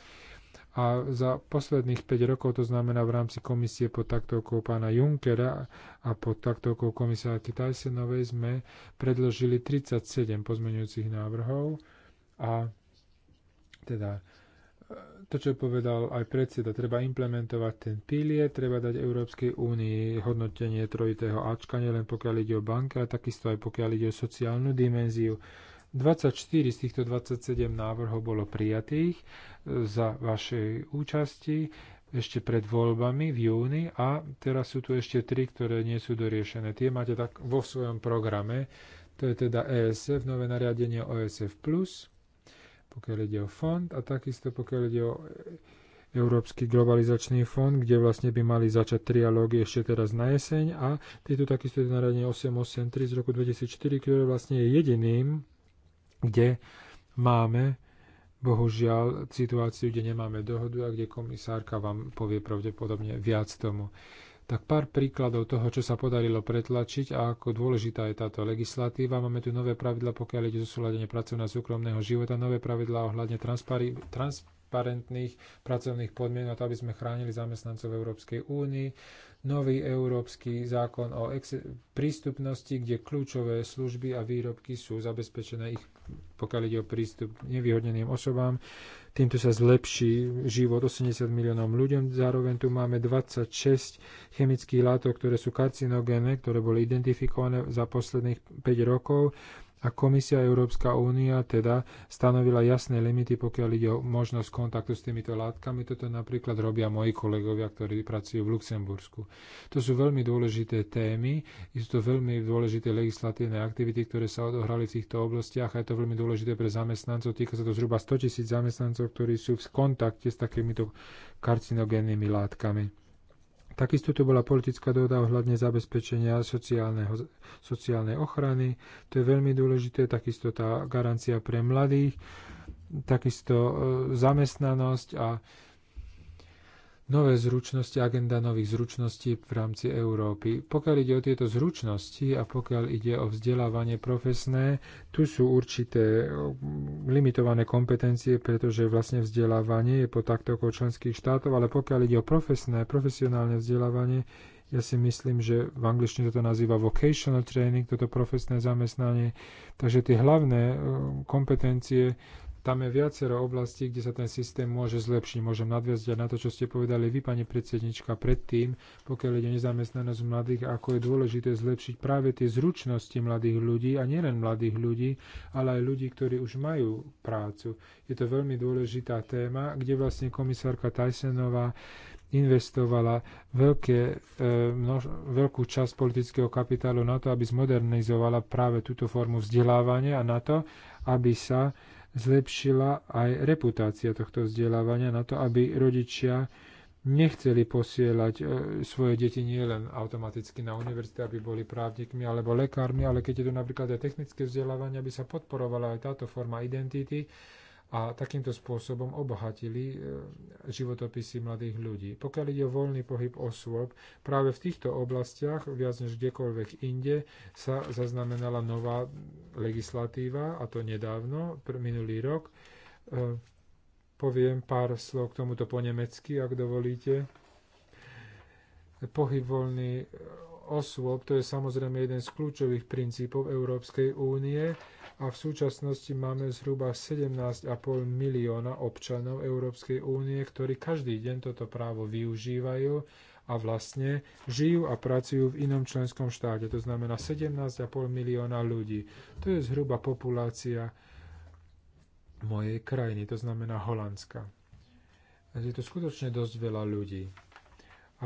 A za posledných 5 rokov, to znamená v rámci komisie pod taktovkou pána Junckera a pod taktovkou komisárky Tysonovej sme predložili 37 pozmeňujúcich návrhov a teda to, čo povedal aj predseda, treba implementovať ten pilier, treba dať Európskej únii hodnotenie trojitého Ačka, nielen pokiaľ ide o banky, ale takisto aj pokiaľ ide o sociálnu dimenziu. 24 z týchto 27 návrhov bolo prijatých e, za vašej účasti ešte pred voľbami v júni a teraz sú tu ešte tri, ktoré nie sú doriešené. Tie máte tak vo svojom programe. To je teda ESF, nové nariadenie OSF+, pokiaľ ide o fond a takisto pokiaľ ide o Európsky globalizačný fond, kde vlastne by mali začať trialógy ešte teraz na jeseň a tieto takisto je naradenie 883 z roku 2004, ktoré vlastne je jediným, kde máme bohužiaľ situáciu, kde nemáme dohodu a kde komisárka vám povie pravdepodobne viac tomu tak pár príkladov toho, čo sa podarilo pretlačiť a ako dôležitá je táto legislatíva. Máme tu nové pravidla, pokiaľ ide o súladenie pracovného a súkromného života, nové pravidla ohľadne transparentnosti trans- transparentných pracovných podmienok, aby sme chránili zamestnancov Európskej únii. Nový európsky zákon o prístupnosti, kde kľúčové služby a výrobky sú zabezpečené ich, pokiaľ ide o prístup nevyhodneným osobám. Týmto sa zlepší život 80 miliónom ľuďom. Zároveň tu máme 26 chemických látok, ktoré sú karcinogénne, ktoré boli identifikované za posledných 5 rokov a Komisia Európska únia teda stanovila jasné limity, pokiaľ ide o možnosť kontaktu s týmito látkami. Toto napríklad robia moji kolegovia, ktorí pracujú v Luxembursku. To sú veľmi dôležité témy, sú to veľmi dôležité legislatívne aktivity, ktoré sa odohrali v týchto oblastiach a je to veľmi dôležité pre zamestnancov. Týka sa to zhruba 100 tisíc zamestnancov, ktorí sú v kontakte s takýmito karcinogénnymi látkami. Takisto tu bola politická dohoda ohľadne zabezpečenia sociálnej ochrany. To je veľmi dôležité. Takisto tá garancia pre mladých, takisto e, zamestnanosť a nové zručnosti, agenda nových zručností v rámci Európy. Pokiaľ ide o tieto zručnosti a pokiaľ ide o vzdelávanie profesné, tu sú určité mm, limitované kompetencie, pretože vlastne vzdelávanie je pod taktokou členských štátov, ale pokiaľ ide o profesné, profesionálne vzdelávanie, ja si myslím, že v angličtine to nazýva vocational training, toto profesné zamestnanie. Takže tie hlavné mm, kompetencie tam je viacero oblastí, kde sa ten systém môže zlepšiť. Môžem nadviazať na to, čo ste povedali vy, pani predsednička, predtým, pokiaľ ide nezamestnanosť mladých, ako je dôležité zlepšiť práve tie zručnosti mladých ľudí, a nielen mladých ľudí, ale aj ľudí, ktorí už majú prácu. Je to veľmi dôležitá téma, kde vlastne komisárka Tysonová investovala veľké, e, množ, veľkú časť politického kapitálu na to, aby zmodernizovala práve túto formu vzdelávania a na to, aby sa zlepšila aj reputácia tohto vzdelávania na to, aby rodičia nechceli posielať e, svoje deti nielen automaticky na univerzity, aby boli právnikmi alebo lekármi, ale keď je to napríklad aj technické vzdelávanie, aby sa podporovala aj táto forma identity, a takýmto spôsobom obohatili e, životopisy mladých ľudí. Pokiaľ ide o voľný pohyb osôb, práve v týchto oblastiach, viac než kdekoľvek inde, sa zaznamenala nová legislatíva, a to nedávno, minulý rok. E, poviem pár slov k tomuto po nemecky, ak dovolíte. Pohyb voľný e, osôb, to je samozrejme jeden z kľúčových princípov Európskej únie, a v súčasnosti máme zhruba 17,5 milióna občanov Európskej únie, ktorí každý deň toto právo využívajú a vlastne žijú a pracujú v inom členskom štáte. To znamená 17,5 milióna ľudí. To je zhruba populácia mojej krajiny, to znamená Holandska. Je to skutočne dosť veľa ľudí.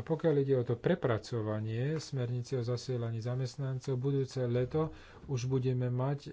A pokiaľ ide o to prepracovanie smernice o zasielaní zamestnancov, budúce leto už budeme mať e,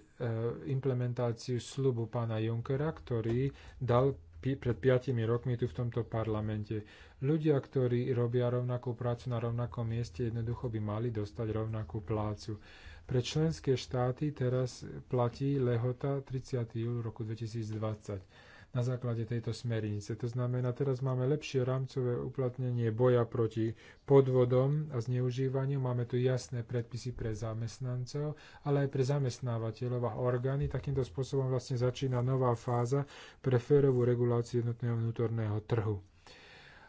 implementáciu slubu pána Junckera, ktorý dal pred 5 rokmi tu v tomto parlamente. Ľudia, ktorí robia rovnakú prácu na rovnakom mieste, jednoducho by mali dostať rovnakú plácu. Pre členské štáty teraz platí lehota 30. júl roku 2020 na základe tejto smernice. To znamená, teraz máme lepšie rámcové uplatnenie boja proti podvodom a zneužívaniu. Máme tu jasné predpisy pre zamestnancov, ale aj pre zamestnávateľov a orgány. Takýmto spôsobom vlastne začína nová fáza pre férovú reguláciu jednotného vnútorného trhu.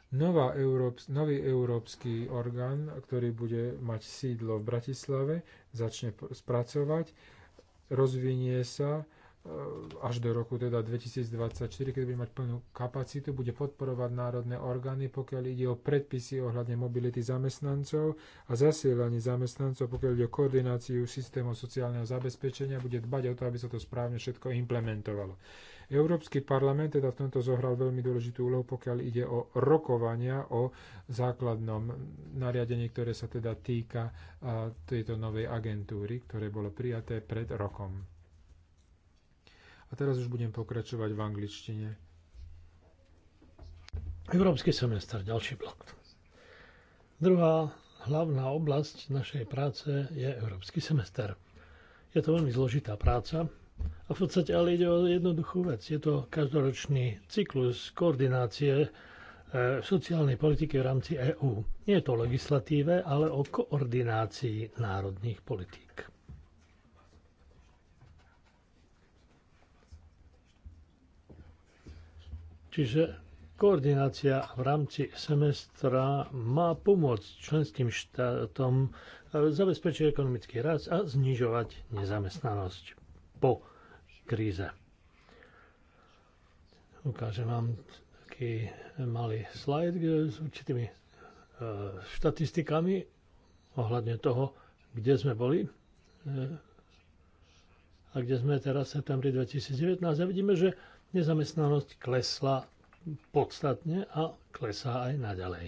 Nová Európs- nový európsky orgán, ktorý bude mať sídlo v Bratislave, začne spracovať, rozvinie sa E, až do roku teda 2024, keď bude mať plnú kapacitu, bude podporovať národné orgány, pokiaľ ide o predpisy ohľadne mobility zamestnancov a zasielanie zamestnancov, pokiaľ ide o koordináciu systémov sociálneho zabezpečenia, bude dbať o to, aby sa to správne všetko implementovalo. Európsky parlament teda v tomto zohral veľmi dôležitú úlohu, pokiaľ ide o rokovania o základnom nariadení, ktoré sa teda týka tejto novej agentúry, ktoré bolo prijaté pred rokom. A teraz už budem pokračovať v angličtine. Európsky semestr, ďalší blok. Druhá hlavná oblasť našej práce je Európsky semester. Je to veľmi zložitá práca a v podstate ale ide o jednoduchú vec. Je to každoročný cyklus koordinácie e, sociálnej politiky v rámci EÚ. Nie je to o legislatíve, ale o koordinácii národných politík. Čiže koordinácia v rámci semestra má pomôcť členským štátom e, zabezpečiť ekonomický rast a znižovať nezamestnanosť po kríze. Ukážem vám taký malý slajd s určitými e, štatistikami ohľadne toho, kde sme boli e, a kde sme teraz v septembri 2019 a vidíme, že nezamestnanosť klesla podstatne a klesá aj naďalej.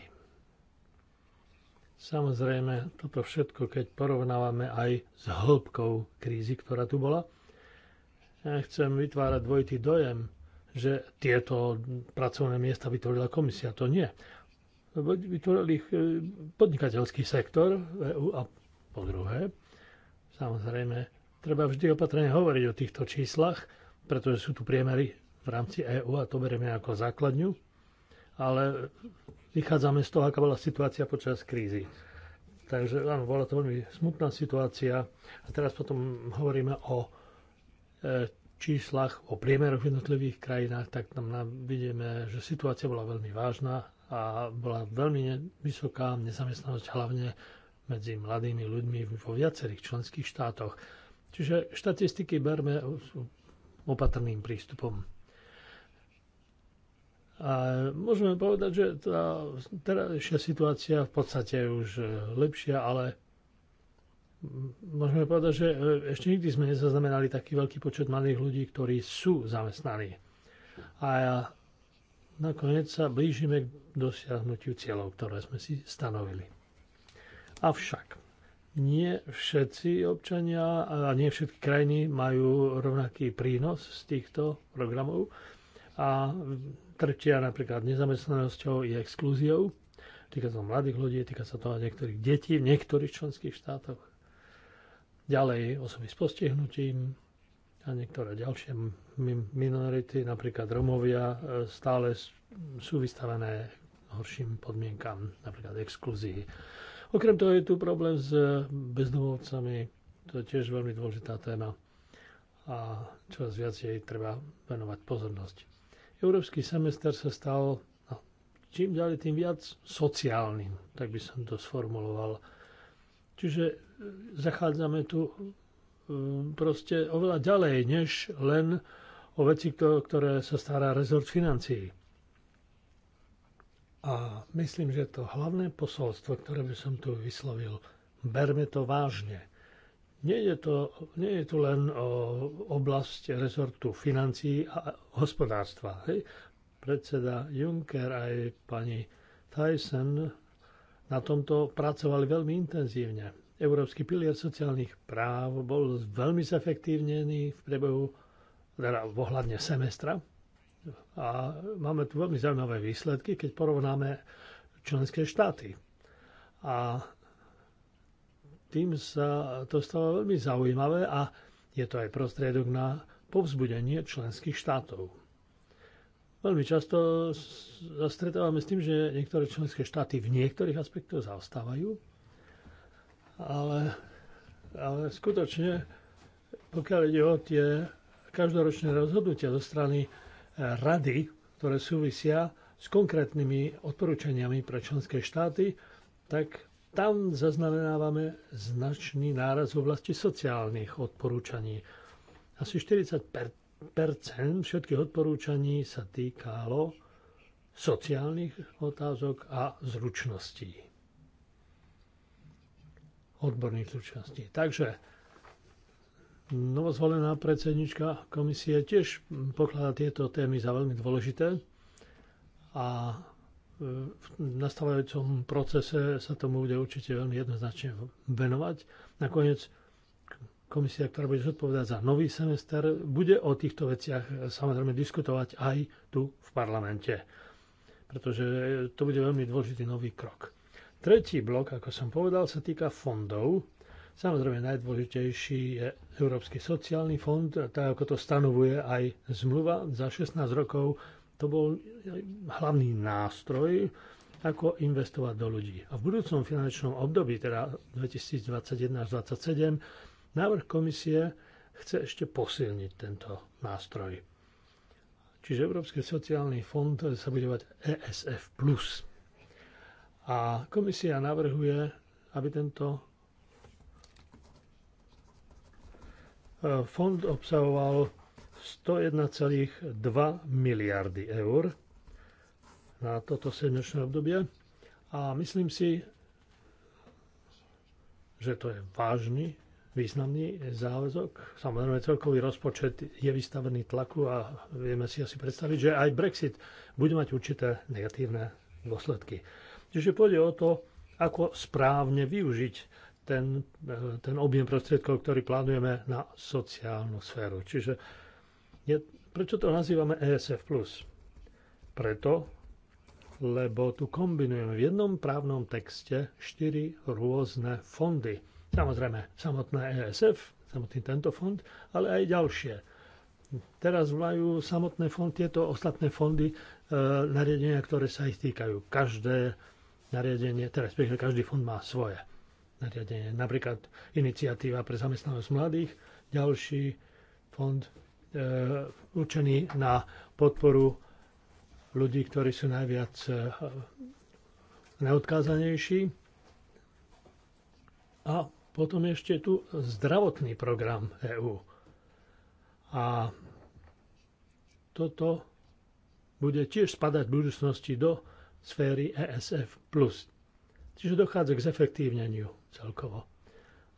Samozrejme, toto všetko, keď porovnávame aj s hĺbkou krízy, ktorá tu bola, ja chcem vytvárať dvojitý dojem, že tieto pracovné miesta vytvorila komisia. To nie. Vytvoril ich e, podnikateľský sektor EU a po druhé, samozrejme, treba vždy opatrne hovoriť o týchto číslach, pretože sú tu priemery rámci EÚ a to berieme ako základňu, ale vychádzame z toho, aká bola situácia počas krízy. Takže áno, bola to veľmi smutná situácia a teraz potom hovoríme o e, číslach, o priemeroch v jednotlivých krajinách, tak tam vidíme, že situácia bola veľmi vážna a bola veľmi vysoká nezamestnanosť hlavne medzi mladými ľuďmi vo viacerých členských štátoch. Čiže štatistiky berme opatrným prístupom. A môžeme povedať, že tá terajšia situácia v podstate je už e, lepšia, ale môžeme povedať, že e, ešte nikdy sme nezaznamenali taký veľký počet mladých ľudí, ktorí sú zamestnaní. A nakoniec sa blížime k dosiahnutiu cieľov, ktoré sme si stanovili. Avšak nie všetci občania a nie všetky krajiny majú rovnaký prínos z týchto programov a trčia napríklad nezamestnanosťou i exklúziou. Týka sa mladých ľudí, týka sa to aj niektorých detí v niektorých členských štátoch. Ďalej osoby s postihnutím a niektoré ďalšie minority, napríklad Romovia, e, stále sú vystavené horším podmienkam, napríklad exkluzii. Okrem toho je tu problém s bezdomovcami, to je tiež veľmi dôležitá téma a čoraz viac jej treba venovať pozornosť. Európsky semester sa stal no, čím ďalej tým viac sociálnym, tak by som to sformuloval. Čiže e, zachádzame tu e, proste oveľa ďalej, než len o veci, ktoré sa stará rezort financií. A myslím, že to hlavné posolstvo, ktoré by som tu vyslovil, berme to vážne. Nie je, to, nie je tu len o oblasť rezortu financií a hospodárstva. Hej? Predseda Juncker aj pani Tyson na tomto pracovali veľmi intenzívne. Európsky pilier sociálnych práv bol veľmi zefektívnený v priebehu, teda ohľadne semestra. A máme tu veľmi zaujímavé výsledky, keď porovnáme členské štáty. A tým sa to stalo veľmi zaujímavé a je to aj prostriedok na povzbudenie členských štátov. Veľmi často zastretávame s tým, že niektoré členské štáty v niektorých aspektoch zaostávajú, ale, ale skutočne, pokiaľ ide o tie každoročné rozhodnutia zo strany e, rady, ktoré súvisia s konkrétnymi odporúčaniami pre členské štáty, tak tam zaznamenávame značný náraz v oblasti sociálnych odporúčaní. Asi 40 všetkých odporúčaní sa týkalo sociálnych otázok a zručností. Odborných zručností. Takže novozvolená predsednička komisie tiež pokladá tieto témy za veľmi dôležité a v nastávajúcom procese sa tomu bude určite veľmi jednoznačne venovať. Nakoniec komisia, ktorá bude zodpovedať za nový semester, bude o týchto veciach samozrejme diskutovať aj tu v parlamente, pretože to bude veľmi dôležitý nový krok. Tretí blok, ako som povedal, sa týka fondov. Samozrejme najdôležitejší je Európsky sociálny fond, tak ako to stanovuje aj zmluva za 16 rokov to bol hlavný nástroj, ako investovať do ľudí. A v budúcom finančnom období, teda 2021 až 2027, návrh komisie chce ešte posilniť tento nástroj. Čiže Európsky sociálny fond sa bude mať ESF+. A komisia navrhuje, aby tento eh, fond obsahoval 101,2 miliardy eur na toto sedmročné obdobie a myslím si, že to je vážny, významný záväzok. Samozrejme, celkový rozpočet je vystavený tlaku a vieme si asi predstaviť, že aj Brexit bude mať určité negatívne dôsledky. Čiže pôjde o to, ako správne využiť ten, eh, ten objem prostriedkov, ktorý plánujeme na sociálnu sféru. Čiže je, prečo to nazývame ESF+. Preto, lebo tu kombinujeme v jednom právnom texte štyri rôzne fondy. Samozrejme, samotné ESF, samotný tento fond, ale aj ďalšie. Teraz majú samotné fond, tieto ostatné fondy e, nariadenia, ktoré sa ich týkajú. Každé nariadenie, teraz teda spíš, každý fond má svoje nariadenie. Napríklad iniciatíva pre zamestnanosť mladých, ďalší fond E, určený na podporu ľudí, ktorí sú najviac e, neodkázanejší. A potom ešte tu zdravotný program EÚ. A toto bude tiež spadať v budúcnosti do sféry ESF+. Čiže dochádza k zefektívneniu celkovo.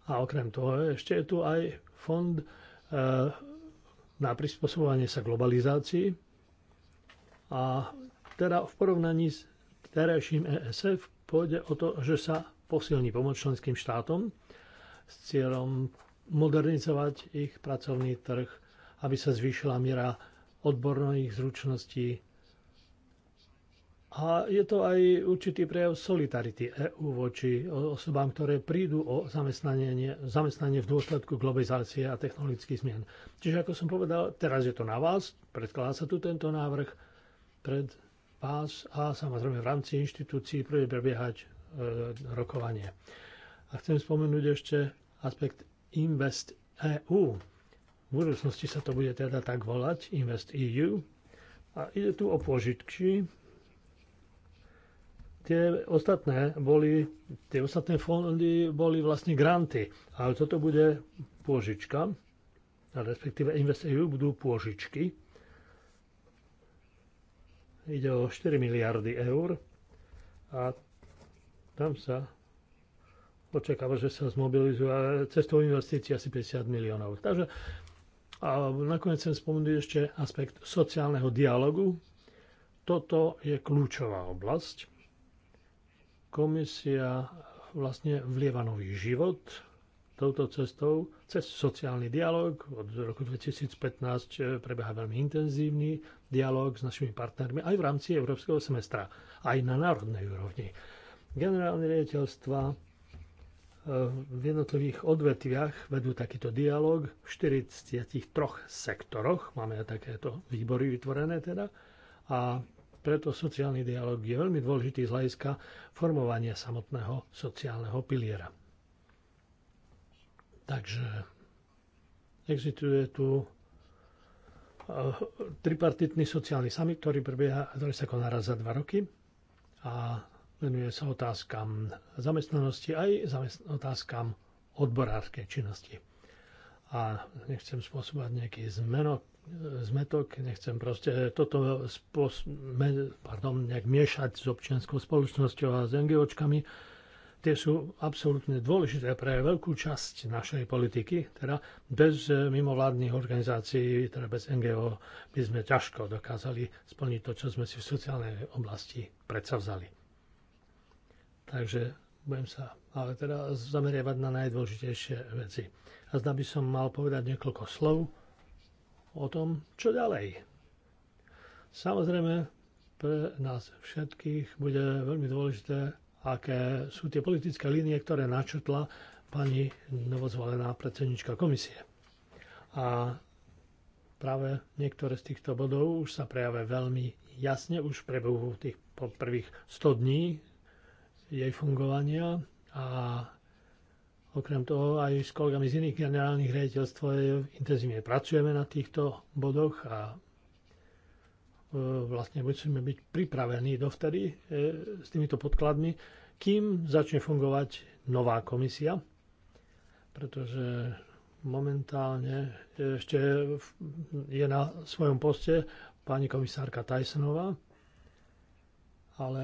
A okrem toho ešte je tu aj fond e, na prispôsobovanie sa globalizácii a teda v porovnaní s terajším ESF pôjde o to, že sa posilní pomoc členským štátom s cieľom modernizovať ich pracovný trh, aby sa zvýšila miera odborných zručností a je to aj určitý prejav solidarity EÚ voči osobám, ktoré prídu o zamestnanie, zamestnanie v dôsledku globalizácie a technologických zmien. Čiže ako som povedal, teraz je to na vás, predkladá sa tu tento návrh pred vás a samozrejme v rámci inštitúcií bude prebiehať e, rokovanie. A chcem spomenúť ešte aspekt Invest EU. V budúcnosti sa to bude teda tak volať, Invest EU. A ide tu o požitky, tie ostatné boli, tie ostatné fondy boli vlastne granty, ale toto bude pôžička, respektíve investujú e budú pôžičky. Ide o 4 miliardy eur a tam sa očakáva, že sa zmobilizuje cestou investícií asi 50 miliónov. Takže a nakoniec chcem spomenúť ešte aspekt sociálneho dialogu. Toto je kľúčová oblasť komisia vlastne vlieva nový život touto cestou cez sociálny dialog. Od roku 2015 eh, prebieha veľmi intenzívny dialog s našimi partnermi aj v rámci Európskeho semestra, aj na národnej úrovni. Generálne riaditeľstva eh, v jednotlivých odvetviach vedú takýto dialog v 43 sektoroch. Máme takéto výbory vytvorené teda. A preto sociálny dialog je veľmi dôležitý z hľadiska formovania samotného sociálneho piliera. Takže existuje tu eh, tripartitný sociálny summit, ktorý, prebieha, ktorý sa koná raz za dva roky a venuje sa otázkam zamestnanosti aj otázkam odborárskej činnosti. A nechcem spôsobať nejaký zmenok zmetok, nechcem proste toto spos- me, pardon, nejak miešať s občianskou spoločnosťou a s NGOčkami. Tie sú absolútne dôležité pre veľkú časť našej politiky. Teda bez mimovládnych organizácií, teda bez NGO, by sme ťažko dokázali splniť to, čo sme si v sociálnej oblasti predsavzali. Takže budem sa ale teda zameriavať na najdôležitejšie veci. A zda by som mal povedať niekoľko slov o tom, čo ďalej. Samozrejme, pre nás všetkých bude veľmi dôležité, aké sú tie politické línie, ktoré načrtla pani novozvolená predsednička komisie. A práve niektoré z týchto bodov už sa prejavia veľmi jasne už v prebehu tých prvých 100 dní jej fungovania a Okrem toho aj s kolegami z iných generálnych riaditeľstv intenzívne pracujeme na týchto bodoch a e, vlastne musíme byť pripravení dovtedy e, s týmito podkladmi, kým začne fungovať nová komisia, pretože momentálne ešte je na svojom poste pani komisárka Tysonová, ale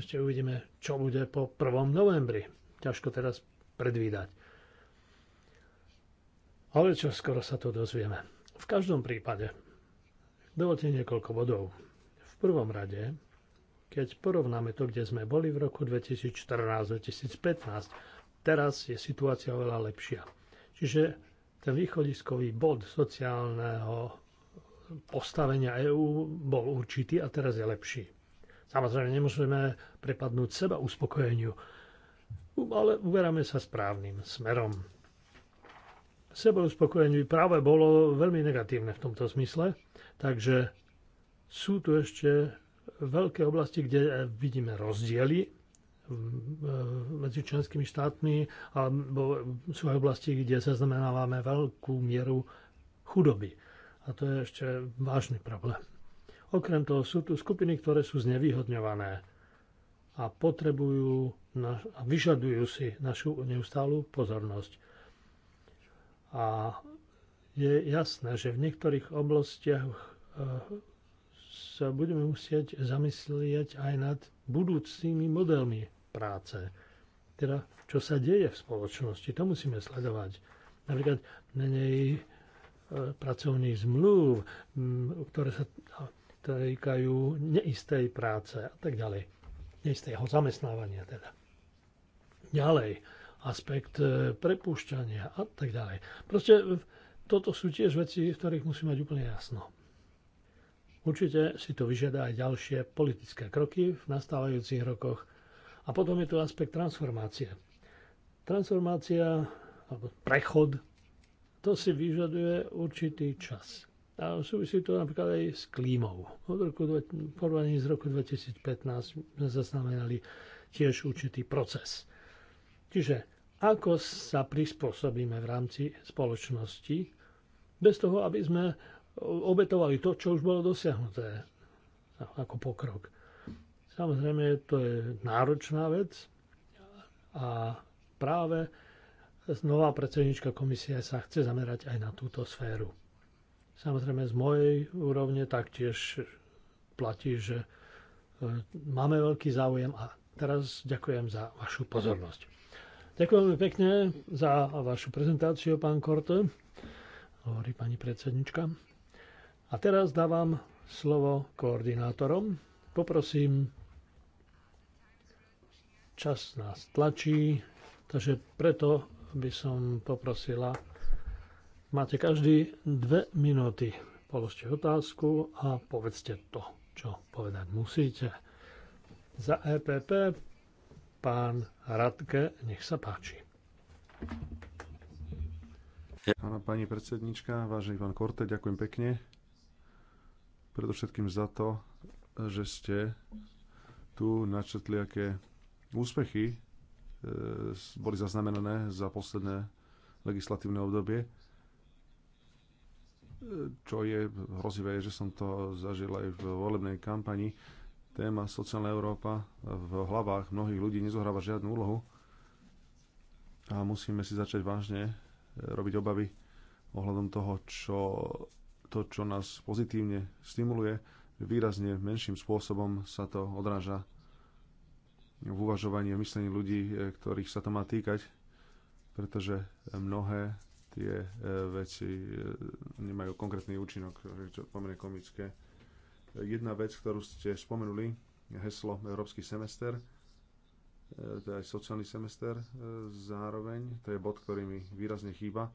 ešte uvidíme, čo bude po 1. novembri. Ťažko teraz predvídať. Ale čo skoro sa to dozvieme. V každom prípade, dovolte niekoľko bodov. V prvom rade, keď porovnáme to, kde sme boli v roku 2014-2015, teraz je situácia oveľa lepšia. Čiže ten východiskový bod sociálneho postavenia EÚ bol určitý a teraz je lepší. Samozrejme, nemôžeme prepadnúť seba uspokojeniu, ale uberáme sa správnym smerom. Sebou uspokojení práve bolo veľmi negatívne v tomto smysle, takže sú tu ešte veľké oblasti, kde vidíme rozdiely medzi členskými štátmi a sú aj oblasti, kde zaznamenávame veľkú mieru chudoby. A to je ešte vážny problém. Okrem toho sú tu skupiny, ktoré sú znevýhodňované a potrebujú naš, a vyžadujú si našu neustálu pozornosť. A je jasné, že v niektorých oblastiach eh, sa budeme musieť zamyslieť aj nad budúcimi modelmi práce. Teda, čo sa deje v spoločnosti, to musíme sledovať. Napríklad menej eh, pracovných zmluv, mm, ktoré sa týkajú neistej práce a tak ďalej neistého zamestnávania teda. Ďalej, aspekt e, prepúšťania a tak ďalej. Proste toto sú tiež veci, v ktorých musí mať úplne jasno. Určite si to vyžiada aj ďalšie politické kroky v nastávajúcich rokoch. A potom je tu aspekt transformácie. Transformácia alebo prechod, to si vyžaduje určitý čas. A súvisí to napríklad aj s klímou. Od roku, porovnaní z roku 2015 sme zaznamenali tiež určitý proces. Čiže ako sa prispôsobíme v rámci spoločnosti, bez toho, aby sme obetovali to, čo už bolo dosiahnuté ako pokrok. Samozrejme, to je náročná vec a práve nová predsednička komisie sa chce zamerať aj na túto sféru. Samozrejme z mojej úrovne taktiež platí, že e, máme veľký záujem a teraz ďakujem za vašu pozornosť. Ďakujem pekne za vašu prezentáciu, pán Korte, hovorí pani predsednička. A teraz dávam slovo koordinátorom. Poprosím, čas nás tlačí, takže preto by som poprosila Máte každý dve minúty. Položte otázku a povedzte to, čo povedať musíte. Za EPP pán Radke, nech sa páči. Áno, pani predsednička, vážený pán Korte, ďakujem pekne. Predovšetkým za to, že ste tu načetli, aké úspechy e, boli zaznamenané za posledné legislatívne obdobie čo je hrozivé, že som to zažil aj v volebnej kampani. Téma sociálna Európa v hlavách mnohých ľudí nezohráva žiadnu úlohu a musíme si začať vážne eh, robiť obavy ohľadom toho, čo, to, čo nás pozitívne stimuluje. Výrazne menším spôsobom sa to odráža v uvažovaní a myslení ľudí, eh, ktorých sa to má týkať, pretože mnohé tie e, veci e, nemajú konkrétny účinok, čo je pomerne komické. Jedna vec, ktorú ste spomenuli, heslo Európsky semester, e, to je aj sociálny semester zároveň, to je bod, ktorý mi výrazne chýba,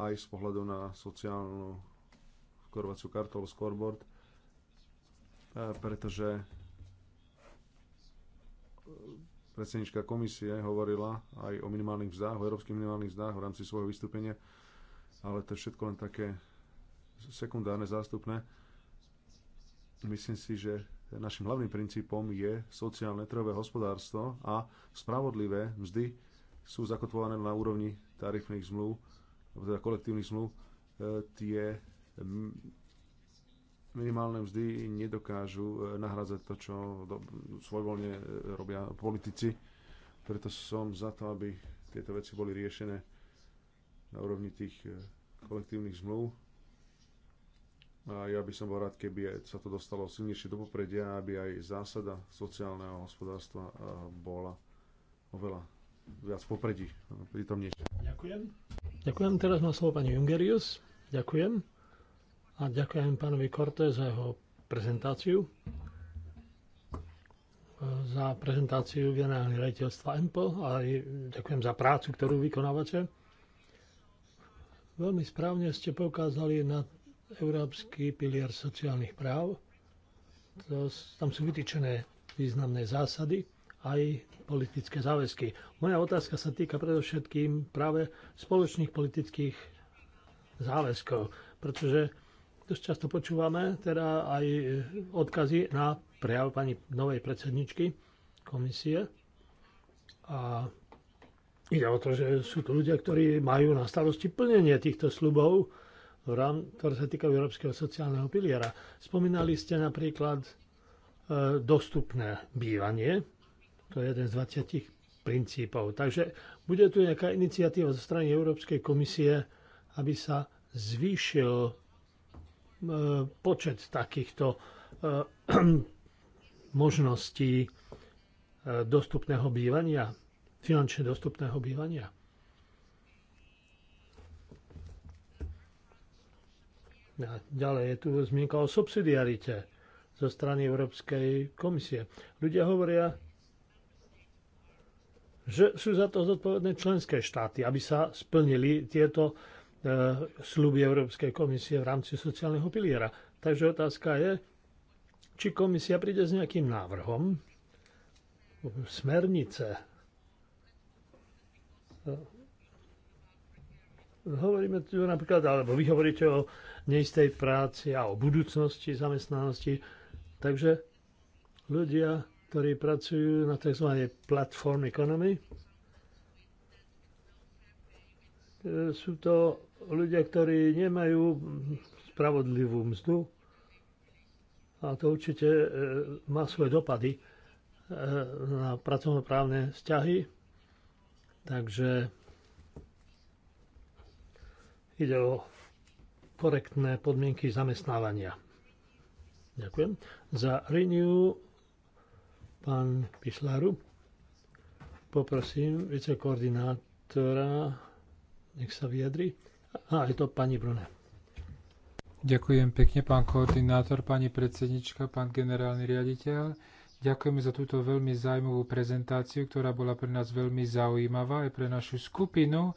aj z pohľadu na sociálnu skorovaciu kartu alebo scoreboard, pretože predsednička komisie hovorila aj o minimálnych vzdách, o európskych minimálnych vzdách v rámci svojho vystúpenia, ale to je všetko len také sekundárne, zástupné. Myslím si, že našim hlavným princípom je sociálne trhové hospodárstvo a spravodlivé mzdy sú zakotvované na úrovni tarifných zmluv, teda kolektívnych zmluv. E, tie minimálne mzdy nedokážu e, nahradzať to, čo svojvoľne e, robia politici. Preto som za to, aby tieto veci boli riešené na úrovni tých e, kolektívnych zmluv. A ja by som bol rád, keby sa to dostalo silnejšie do popredia, aby aj zásada sociálneho hospodárstva bola oveľa viac v popredí, Ďakujem. Ďakujem. Teraz má slovo pani Jungerius. Ďakujem a ďakujem pánovi Korte za jeho prezentáciu za prezentáciu generálneho rejiteľstva EMPO a aj ďakujem za prácu, ktorú vykonávate. Veľmi správne ste poukázali na Európsky pilier sociálnych práv. To, tam sú vytýčené významné zásady aj politické záväzky. Moja otázka sa týka predovšetkým práve spoločných politických záväzkov, pretože dosť často počúvame teda aj eh, odkazy na prejav pani novej predsedničky komisie. A ide o to, že sú tu ľudia, ktorí majú na starosti plnenie týchto slubov, ktoré sa týkajú Európskeho sociálneho piliera. Spomínali ste napríklad eh, dostupné bývanie, to je jeden z 20 princípov. Takže bude tu nejaká iniciatíva zo strany Európskej komisie, aby sa zvýšil E, počet takýchto e, možností e, dostupného bývania, finančne dostupného bývania? A ďalej je tu zmienka o subsidiarite zo strany Európskej komisie. Ľudia hovoria, že sú za to zodpovedné členské štáty, aby sa splnili tieto E, sluby Európskej komisie v rámci sociálneho piliera. Takže otázka je, či komisia príde s nejakým návrhom smernice. E, hovoríme tu napríklad, alebo vy hovoríte o neistej práci a o budúcnosti zamestnanosti. Takže ľudia, ktorí pracujú na tzv. platform economy, sú to ľudia, ktorí nemajú spravodlivú mzdu a to určite e, má svoje dopady e, na pracovnoprávne vzťahy. Takže ide o korektné podmienky zamestnávania. Ďakujem. Za Renew pán Pišlaru poprosím vicekoordinátora nech sa vyjadri. A je to pani Brune. Ďakujem pekne, pán koordinátor, pani predsednička, pán generálny riaditeľ. Ďakujeme za túto veľmi zaujímavú prezentáciu, ktorá bola pre nás veľmi zaujímavá aj pre našu skupinu.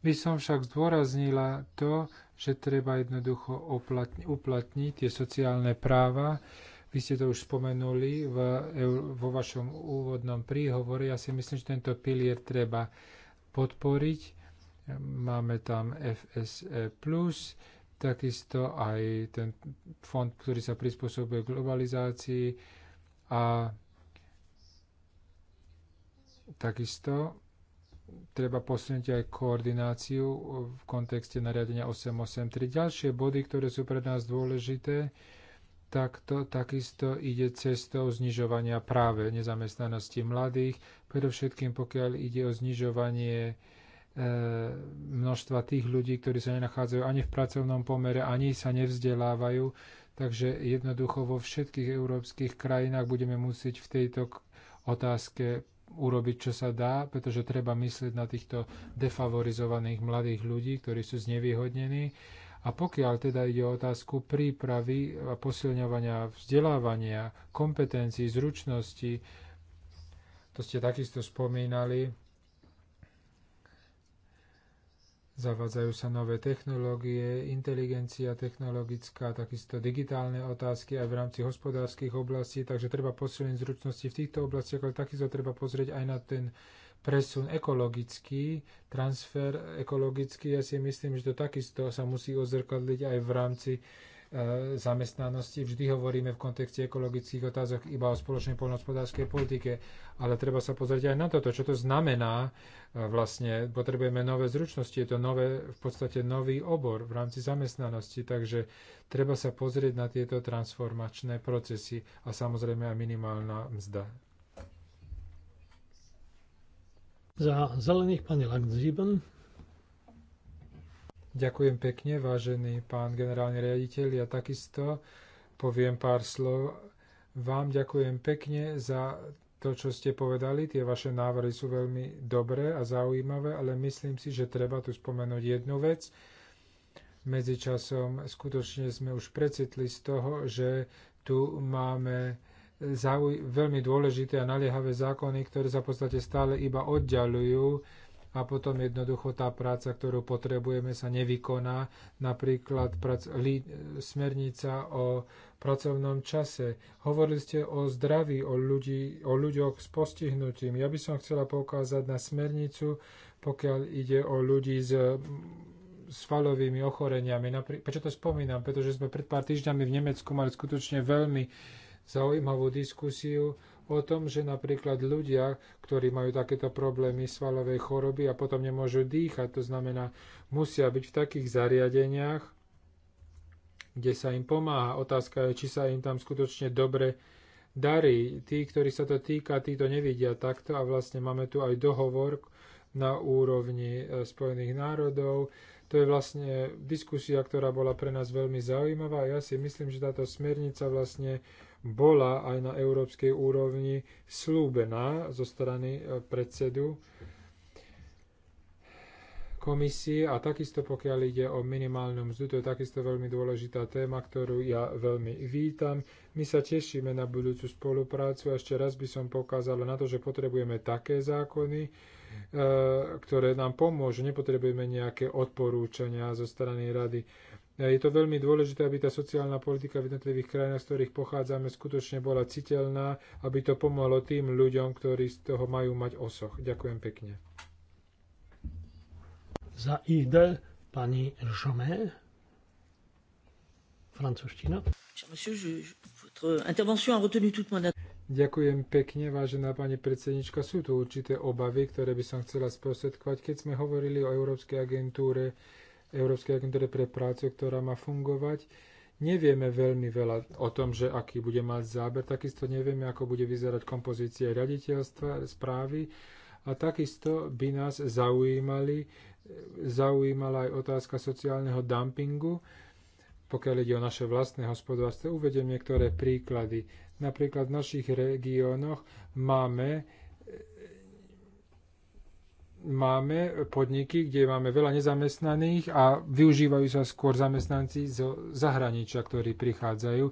By som však zdôraznila to, že treba jednoducho uplatni, uplatniť tie sociálne práva. Vy ste to už spomenuli v, vo vašom úvodnom príhovore. Ja si myslím, že tento pilier treba podporiť Máme tam FSE+, takisto aj ten fond, ktorý sa prispôsobuje globalizácii a takisto treba posunúť aj koordináciu v kontexte nariadenia 883. Ďalšie body, ktoré sú pre nás dôležité, tak to takisto ide cestou znižovania práve nezamestnanosti mladých, predovšetkým pokiaľ ide o znižovanie E, množstva tých ľudí, ktorí sa nenachádzajú ani v pracovnom pomere, ani sa nevzdelávajú. Takže jednoducho vo všetkých európskych krajinách budeme musieť v tejto otázke urobiť, čo sa dá, pretože treba myslieť na týchto defavorizovaných mladých ľudí, ktorí sú znevýhodnení. A pokiaľ teda ide o otázku prípravy a posilňovania vzdelávania, kompetencií, zručnosti, to ste takisto spomínali, Zavádzajú sa nové technológie, inteligencia technologická, takisto digitálne otázky aj v rámci hospodárskych oblastí, takže treba posilniť zručnosti v týchto oblastiach, ale takisto treba pozrieť aj na ten presun ekologický, transfer ekologický. Ja si myslím, že to takisto sa musí ozrkadliť aj v rámci uh, E, zamestnanosti. Vždy hovoríme v kontexte ekologických otázok iba o spoločnej poľnohospodárskej politike, ale treba sa pozrieť aj na toto, čo to znamená. E, vlastne potrebujeme nové zručnosti, je to nové, v podstate nový obor v rámci zamestnanosti, takže treba sa pozrieť na tieto transformačné procesy a samozrejme aj minimálna mzda. Za zelených pani Langzíben. Ďakujem pekne, vážený pán generálny riaditeľ. Ja takisto poviem pár slov. Vám ďakujem pekne za to, čo ste povedali. Tie vaše návrhy sú veľmi dobré a zaujímavé, ale myslím si, že treba tu spomenúť jednu vec. Medzičasom skutočne sme už precitli z toho, že tu máme veľmi dôležité a naliehavé zákony, ktoré sa v podstate stále iba oddialujú a potom jednoducho tá práca, ktorú potrebujeme, sa nevykoná. Napríklad prac, li, smernica o pracovnom čase. Hovorili ste o zdraví, o, ľudí, o ľuďoch s postihnutím. Ja by som chcela poukázať na smernicu, pokiaľ ide o ľudí s svalovými falovými ochoreniami. Naprí- prečo to spomínam? Pretože sme pred pár týždňami v Nemecku mali skutočne veľmi zaujímavú diskusiu o tom, že napríklad ľudia, ktorí majú takéto problémy svalovej choroby a potom nemôžu dýchať, to znamená, musia byť v takých zariadeniach, kde sa im pomáha. Otázka je, či sa im tam skutočne dobre darí. Tí, ktorí sa to týka, tí to nevidia takto a vlastne máme tu aj dohovor na úrovni e, Spojených národov. To je vlastne diskusia, ktorá bola pre nás veľmi zaujímavá. Ja si myslím, že táto smernica vlastne bola aj na európskej úrovni slúbená zo strany e, predsedu komisie a takisto pokiaľ ide o minimálnu mzdu, to je takisto veľmi dôležitá téma, ktorú ja veľmi vítam. My sa tešíme na budúcu spoluprácu a ešte raz by som pokázal na to, že potrebujeme také zákony, e, ktoré nám pomôžu. Nepotrebujeme nejaké odporúčania zo strany rady. Je to veľmi dôležité, aby tá sociálna politika v jednotlivých krajinách, z ktorých pochádzame, skutočne bola citeľná, aby to pomohlo tým ľuďom, ktorí z toho majú mať osoch. Ďakujem pekne. Za ID pani Jomé. Francúzština. Ďakujem pekne, vážená pani predsednička. Sú tu určité obavy, ktoré by som chcela sprostredkovať. Keď sme hovorili o Európskej agentúre Európskej agentúre pre prácu, ktorá má fungovať. Nevieme veľmi veľa o tom, že aký bude mať záber, takisto nevieme, ako bude vyzerať kompozícia riaditeľstva, správy a takisto by nás zaujímali, zaujímala aj otázka sociálneho dumpingu, pokiaľ ide o naše vlastné hospodárstvo. Uvediem niektoré príklady. Napríklad v našich regiónoch máme máme podniky, kde máme veľa nezamestnaných a využívajú sa skôr zamestnanci zo zahraničia, ktorí prichádzajú.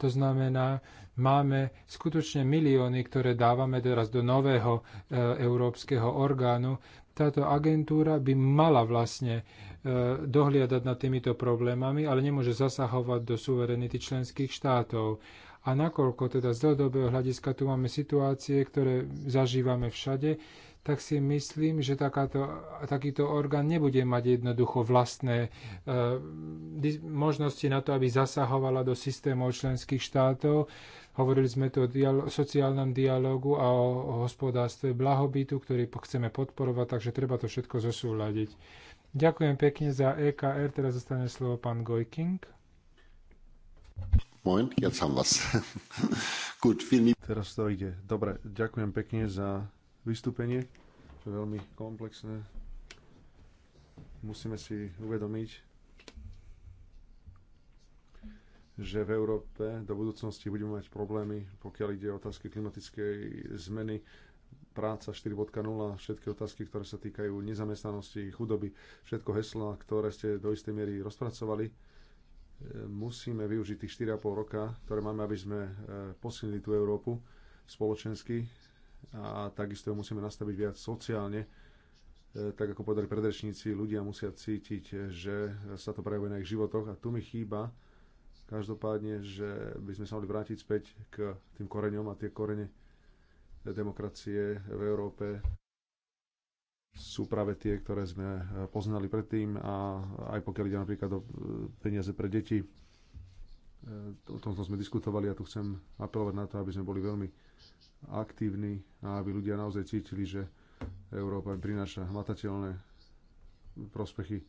To znamená, máme skutočne milióny, ktoré dávame teraz do nového e, európskeho orgánu. Táto agentúra by mala vlastne e, dohliadať nad týmito problémami, ale nemôže zasahovať do suverenity členských štátov. A nakoľko teda z dlhodobého hľadiska tu máme situácie, ktoré zažívame všade, tak si myslím, že takáto, takýto orgán nebude mať jednoducho vlastné e, možnosti na to, aby zasahovala do systémov členských štátov. Hovorili sme tu o dialo- sociálnom dialogu a o, o hospodárstve blahobytu, ktorý chceme podporovať, takže treba to všetko zosúľadiť. Ďakujem pekne za EKR. Teraz zostane slovo pán Gojking. Moin, jetzt haben wir's. Gut, vielen Teraz to ide. Dobre, ďakujem pekne za vystúpenie, čo je veľmi komplexné. Musíme si uvedomiť, že v Európe do budúcnosti budeme mať problémy, pokiaľ ide o otázky klimatickej zmeny, práca 4.0, všetky otázky, ktoré sa týkajú nezamestnanosti, chudoby, všetko hesla, ktoré ste do istej miery rozpracovali. Musíme využiť tých 4,5 roka, ktoré máme, aby sme eh, posilnili tú Európu spoločensky, a takisto ju musíme nastaviť viac sociálne. E, tak ako povedali predrečníci, ľudia musia cítiť, že sa to prejavuje na ich životoch a tu mi chýba každopádne, že by sme sa mali vrátiť späť k tým koreňom a tie korene demokracie v Európe sú práve tie, ktoré sme poznali predtým a aj pokiaľ ide napríklad o peniaze pre deti, E, o tom sme diskutovali a tu chcem apelovať na to, aby sme boli veľmi aktívni a aby ľudia naozaj cítili, že Európa im prináša hmatateľné prospechy,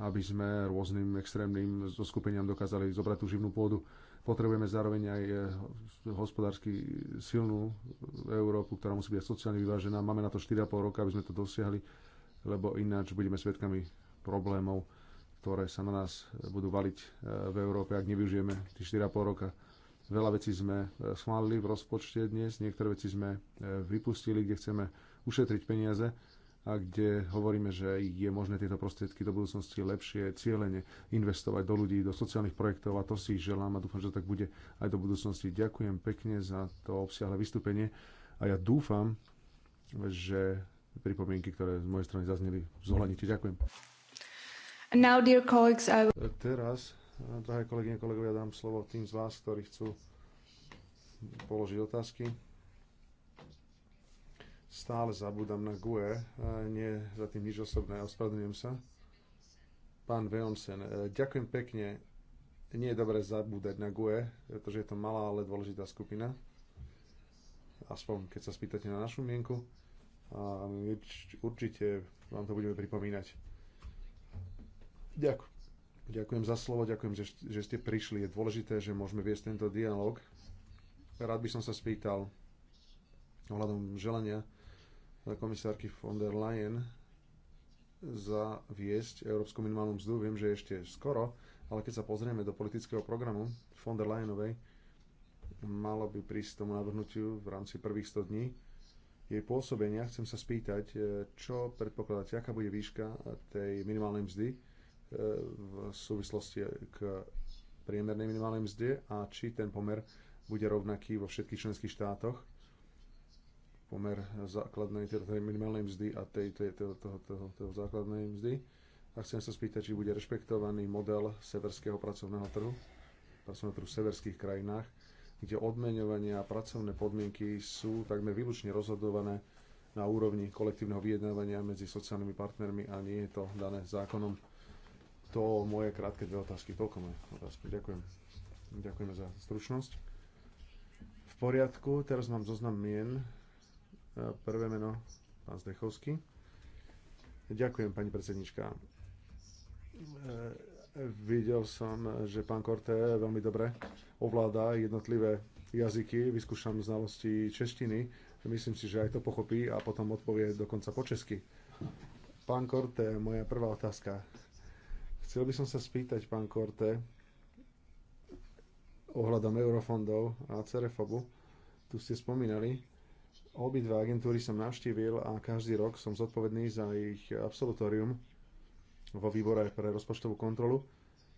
aby sme rôznym extrémnym zoskupeniam dokázali zobrať tú živnú pôdu. Potrebujeme zároveň aj e, hospodársky silnú Európu, ktorá musí byť sociálne vyvážená. Máme na to 4,5 roka, aby sme to dosiahli, lebo ináč budeme svedkami problémov ktoré sa na nás budú valiť e, v Európe, ak nevyužijeme tých 4,5 roka. Veľa vecí sme e, schválili v rozpočte dnes, niektoré veci sme e, vypustili, kde chceme ušetriť peniaze a kde hovoríme, že je možné tieto prostriedky do budúcnosti lepšie cieľene investovať do ľudí, do sociálnych projektov a to si želám a dúfam, že to tak bude aj do budúcnosti. Ďakujem pekne za to obsiahle vystúpenie a ja dúfam, že pripomienky, ktoré z mojej strany zazneli, zohľadnite. Ďakujem. Now, dear colleagues, I... Teraz, drahé kolegyne, kolegovia, dám slovo tým z vás, ktorí chcú položiť otázky. Stále zabúdam na GUE, nie za tým nič osobné, ospravedlňujem sa. Pán Veonsen, e, ďakujem pekne. Nie je dobré zabúdať na GUE, pretože je to malá, ale dôležitá skupina. Aspoň keď sa spýtate na našu mienku. A určite vám to budeme pripomínať Ďakujem. Ďakujem za slovo, ďakujem, že, že ste prišli. Je dôležité, že môžeme viesť tento dialog. Rád by som sa spýtal ohľadom želania komisárky von der Leyen zaviesť Európsku minimálnu mzdu. Viem, že ešte skoro, ale keď sa pozrieme do politického programu von der Leyenovej, malo by prísť tomu navrhnutiu v rámci prvých 100 dní jej pôsobenia. Chcem sa spýtať, čo predpokladáte, aká bude výška tej minimálnej mzdy v súvislosti k priemernej minimálnej mzde a či ten pomer bude rovnaký vo všetkých členských štátoch pomer základnej teda tej minimálnej mzdy a tej, tej, toho, toho, toho, toho základnej mzdy. A chcem sa spýtať, či bude rešpektovaný model severského pracovného trhu, pracovného trhu v severských krajinách, kde odmeňovanie a pracovné podmienky sú takmer výlučne rozhodované na úrovni kolektívneho vyjednávania medzi sociálnymi partnermi a nie je to dané zákonom to moje krátke dve otázky. Toľko moje otázky. Ďakujem. Ďakujeme za stručnosť. V poriadku, teraz mám zoznam mien. E, prvé meno, pán Zdechovský. Ďakujem, pani predsednička. E, videl som, že pán Korte veľmi dobre ovláda jednotlivé jazyky, vyskúšam znalosti češtiny, myslím si, že aj to pochopí a potom odpovie dokonca po česky. Pán Korte, moja prvá otázka. Chcel by som sa spýtať, pán Korte, ohľadom eurofondov a CRFOBu, tu ste spomínali, obidva agentúry som navštívil a každý rok som zodpovedný za ich absolutórium vo výbore pre rozpočtovú kontrolu.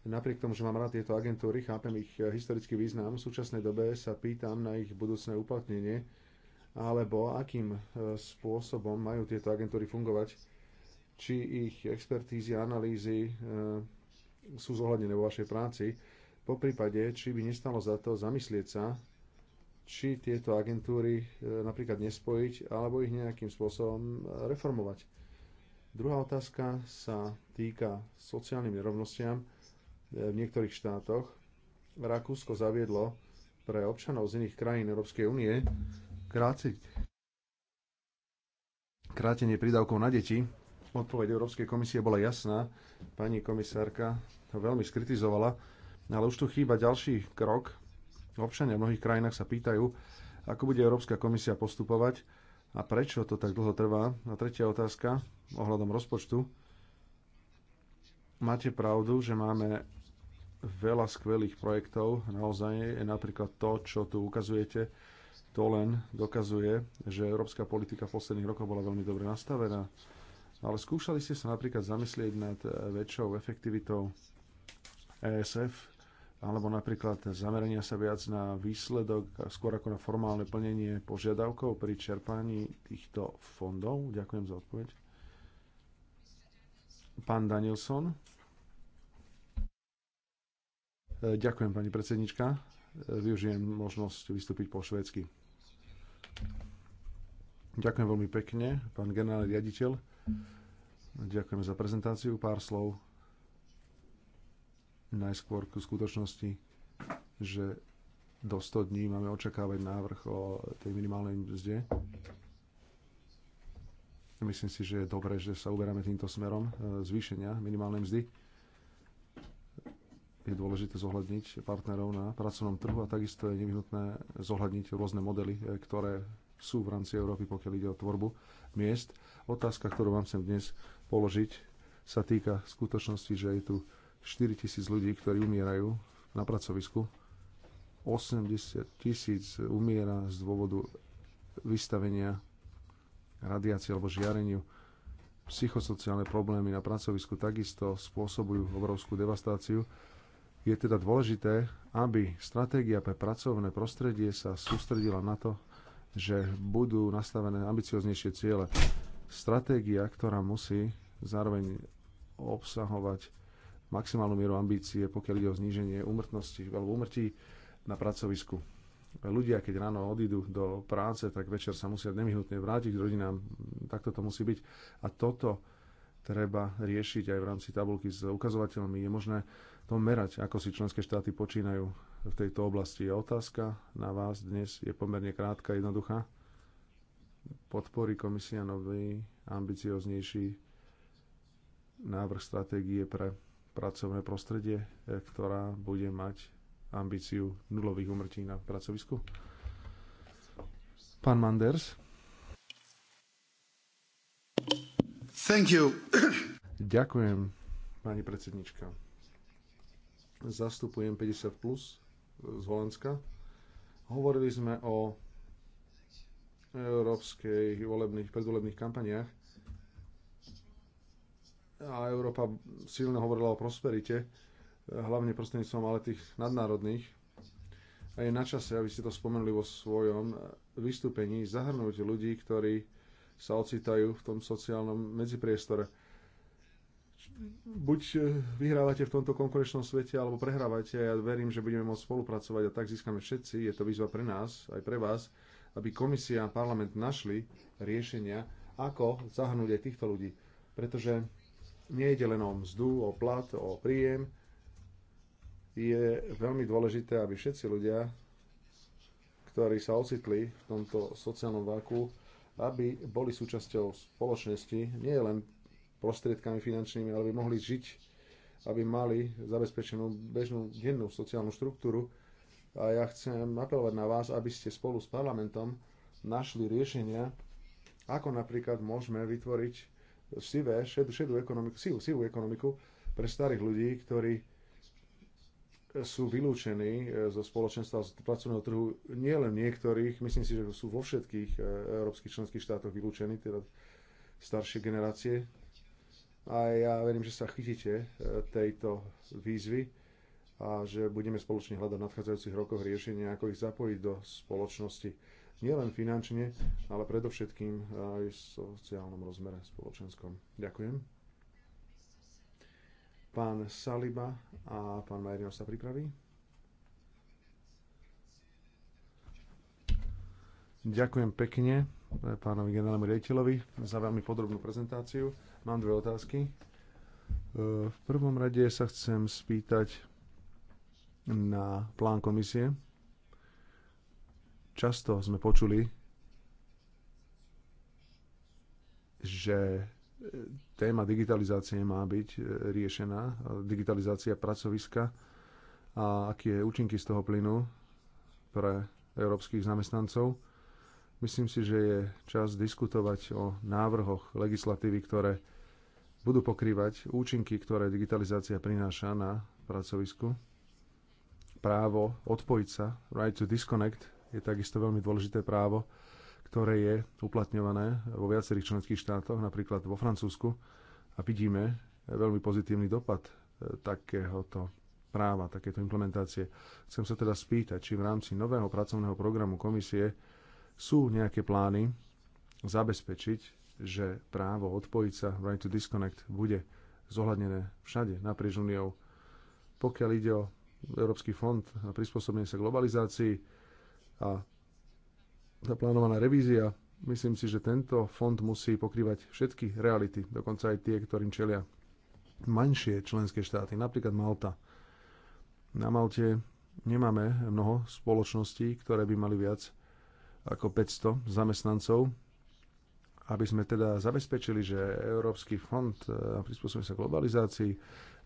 Napriek tomu, že mám rád tieto agentúry, chápem ich historický význam, v súčasnej dobe sa pýtam na ich budúcné uplatnenie, alebo akým e, spôsobom majú tieto agentúry fungovať či ich expertízy a analýzy e, sú zohľadnené vo vašej práci. Po prípade, či by nestalo za to zamyslieť sa, či tieto agentúry e, napríklad nespojiť alebo ich nejakým spôsobom e, reformovať. Druhá otázka sa týka sociálnym nerovnostiam v niektorých štátoch. Rakúsko zaviedlo pre občanov z iných krajín Európskej únie krátiť krátenie prídavkov na deti Odpoveď Európskej komisie bola jasná. Pani komisárka to veľmi skritizovala, ale už tu chýba ďalší krok. Občania v mnohých krajinách sa pýtajú, ako bude Európska komisia postupovať a prečo to tak dlho trvá. A tretia otázka ohľadom rozpočtu. Máte pravdu, že máme veľa skvelých projektov. Naozaj je napríklad to, čo tu ukazujete, to len dokazuje, že európska politika v posledných rokoch bola veľmi dobre nastavená. Ale skúšali ste sa napríklad zamyslieť nad eh, väčšou efektivitou ESF, alebo napríklad zamerania sa viac na výsledok, skôr ako na formálne plnenie požiadavkov pri čerpaní týchto fondov? Ďakujem za odpoveď. Pán Danielson. Eh, ďakujem, pani predsednička. Eh, využijem možnosť vystúpiť po švédsky. Ďakujem veľmi pekne, pán generálny riaditeľ. Ďakujeme za prezentáciu. Pár slov najskôr ku skutočnosti, že do 100 dní máme očakávať návrh o tej minimálnej mzde. Myslím si, že je dobré, že sa uberáme týmto smerom e, zvýšenia minimálnej mzdy. Je dôležité zohľadniť partnerov na pracovnom trhu a takisto je nevyhnutné zohľadniť rôzne modely, e, ktoré sú v rámci Európy, pokiaľ ide o tvorbu miest. Otázka, ktorú vám chcem dnes položiť, sa týka skutočnosti, že je tu 4 tisíc ľudí, ktorí umierajú na pracovisku. 80 tisíc umiera z dôvodu vystavenia radiácie alebo žiareniu. Psychosociálne problémy na pracovisku takisto spôsobujú obrovskú devastáciu. Je teda dôležité, aby stratégia pre pracovné prostredie sa sústredila na to, že budú nastavené ambicioznejšie ciele. Stratégia, ktorá musí zároveň obsahovať maximálnu mieru ambície, pokiaľ ide o zníženie umrtnosti alebo umrtí na pracovisku. Ľudia, keď ráno odídu do práce, tak večer sa musia nevyhnutne vrátiť k rodinám. Takto to musí byť. A toto treba riešiť aj v rámci tabulky s ukazovateľmi. Je možné tom merať, ako si členské štáty počínajú v tejto oblasti. je otázka na vás dnes je pomerne krátka, jednoduchá. Podporí komisia nový, ambicioznejší návrh stratégie pre pracovné prostredie, e, ktorá bude mať ambíciu nulových umrtí na pracovisku? Pán Manders. Thank you. Ďakujem, pani predsednička zastupujem 50 plus e, z Holandska. Hovorili sme o európskej volebných, predvolebných kampaniách a Európa silno hovorila o prosperite, e, hlavne prostredníctvom ale tých nadnárodných. A je na čase, aby ste to spomenuli vo svojom e, vystúpení, zahrnúť ľudí, ktorí sa ocitajú v tom sociálnom medzipriestore buď e, vyhrávate v tomto konkurenčnom svete, alebo prehrávate. Ja verím, že budeme môcť spolupracovať a tak získame všetci. Je to výzva pre nás, aj pre vás, aby komisia a parlament našli riešenia, ako zahrnúť aj týchto ľudí. Pretože nie je len o mzdu, o plat, o príjem. Je veľmi dôležité, aby všetci ľudia, ktorí sa ocitli v tomto sociálnom váku, aby boli súčasťou spoločnosti, nie len prostriedkami finančnými, ale aby mohli žiť, aby mali zabezpečenú bežnú dennú sociálnu štruktúru. A ja chcem apelovať na vás, aby ste spolu s parlamentom našli riešenia, ako napríklad môžeme vytvoriť sivé, šedú, šedú ekonomiku, sivú, sivú ekonomiku pre starých ľudí, ktorí sú vylúčení e, zo spoločenstva z pracovného trhu nielen niektorých, myslím si, že sú vo všetkých e, európskych členských štátoch vylúčení, teda staršie generácie a ja verím, že sa chytíte e, tejto výzvy a že budeme spoločne hľadať v nadchádzajúcich rokoch riešenie, ako ich zapojiť do spoločnosti. Nielen finančne, ale predovšetkým aj v sociálnom rozmere spoločenskom. Ďakujem. Pán Saliba a pán Majerino sa pripraví. Ďakujem pekne pánovi generálnemu riaditeľovi za veľmi podrobnú prezentáciu. Mám dve otázky. E, v prvom rade sa chcem spýtať na plán komisie. Často sme počuli, že e, téma digitalizácie má byť e, riešená, digitalizácia pracoviska a aké účinky z toho plynu pre európskych zamestnancov. Myslím si, že je čas diskutovať o návrhoch legislatívy, ktoré budú pokrývať účinky, ktoré digitalizácia prináša na pracovisku. Právo odpojiť sa, right to disconnect, je takisto veľmi dôležité právo, ktoré je uplatňované vo viacerých členských štátoch, napríklad vo Francúzsku. A vidíme veľmi pozitívny dopad e, takéhoto práva, takéto implementácie. Chcem sa teda spýtať, či v rámci nového pracovného programu komisie sú nejaké plány zabezpečiť že právo odpojiť sa, right to disconnect, bude zohľadnené všade naprieč úniou. Pokiaľ ide o Európsky fond na prispôsobenie sa globalizácii a zaplánovaná revízia, myslím si, že tento fond musí pokrývať všetky reality, dokonca aj tie, ktorým čelia manšie členské štáty, napríklad Malta. Na Malte nemáme mnoho spoločností, ktoré by mali viac ako 500 zamestnancov, aby sme teda zabezpečili, že Európsky fond e, a prispôsobenie sa globalizácii